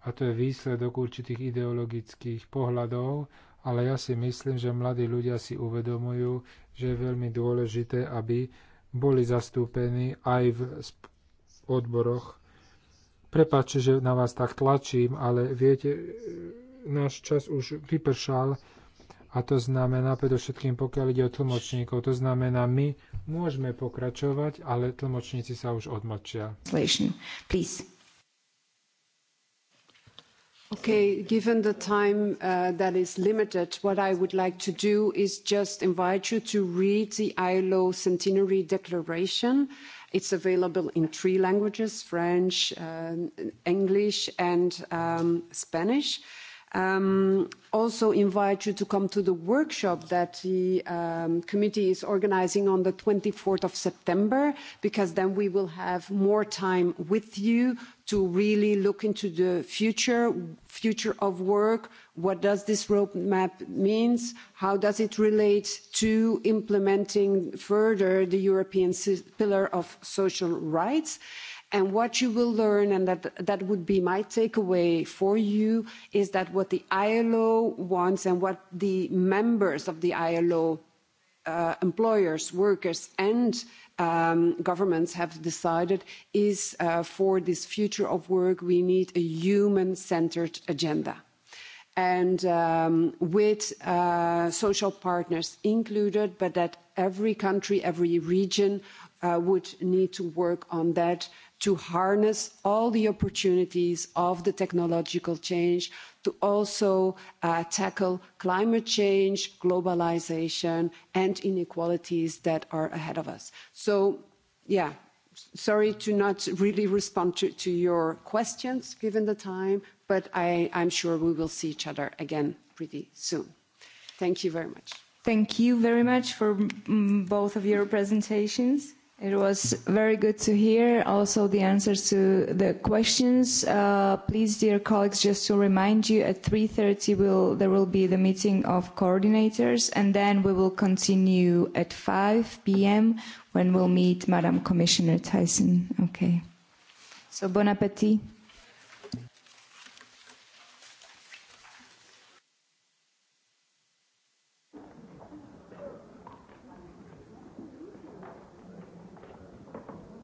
a to je výsledok určitých ideologických pohľadov, ale ja si myslím, že mladí ľudia si uvedomujú, že je veľmi dôležité, aby boli zastúpení aj v odboroch. Prepačte, že na vás tak tlačím, ale viete, náš čas už vypršal a to znamená, predovšetkým pokiaľ ide o tlmočníkov, to znamená, my môžeme pokračovať, ale tlmočníci sa už odmlčia. Please. Okay, given the time uh, that is limited, what I would like to do is just invite you to read the ILO Centenary Declaration. It's available in three languages, French, uh, English, and um, Spanish. Um, also invite you to come to the workshop that the um, committee is organising on the 24th of September, because then we will have more time with you to really look into the future, future of work, what does this roadmap means, how does it relate to implementing further the European pillar of social rights, and what you will learn and that that would be my takeaway for you is that what the ilo wants and what the members of the ilo uh, employers workers and um, governments have decided is uh, for this future of work we need a human centred agenda and um, with uh, social partners included but that every country every region uh, would need to work on that to harness all the opportunities of the technological change to also uh, tackle climate change globalisation and inequalities that are ahead of us. so yeah sorry to not really respond to, to your questions given the time but I, i'm sure we will see each other again pretty soon. thank you very much. thank you very much for mm, both of your presentations. It was very good to hear also the answers to the questions. Uh, please, dear colleagues, just to remind you, at 3.30 will, there will be the meeting of coordinators, and then we will continue at 5 p.m. when we'll meet Madam Commissioner Tyson. Okay. So bon appétit.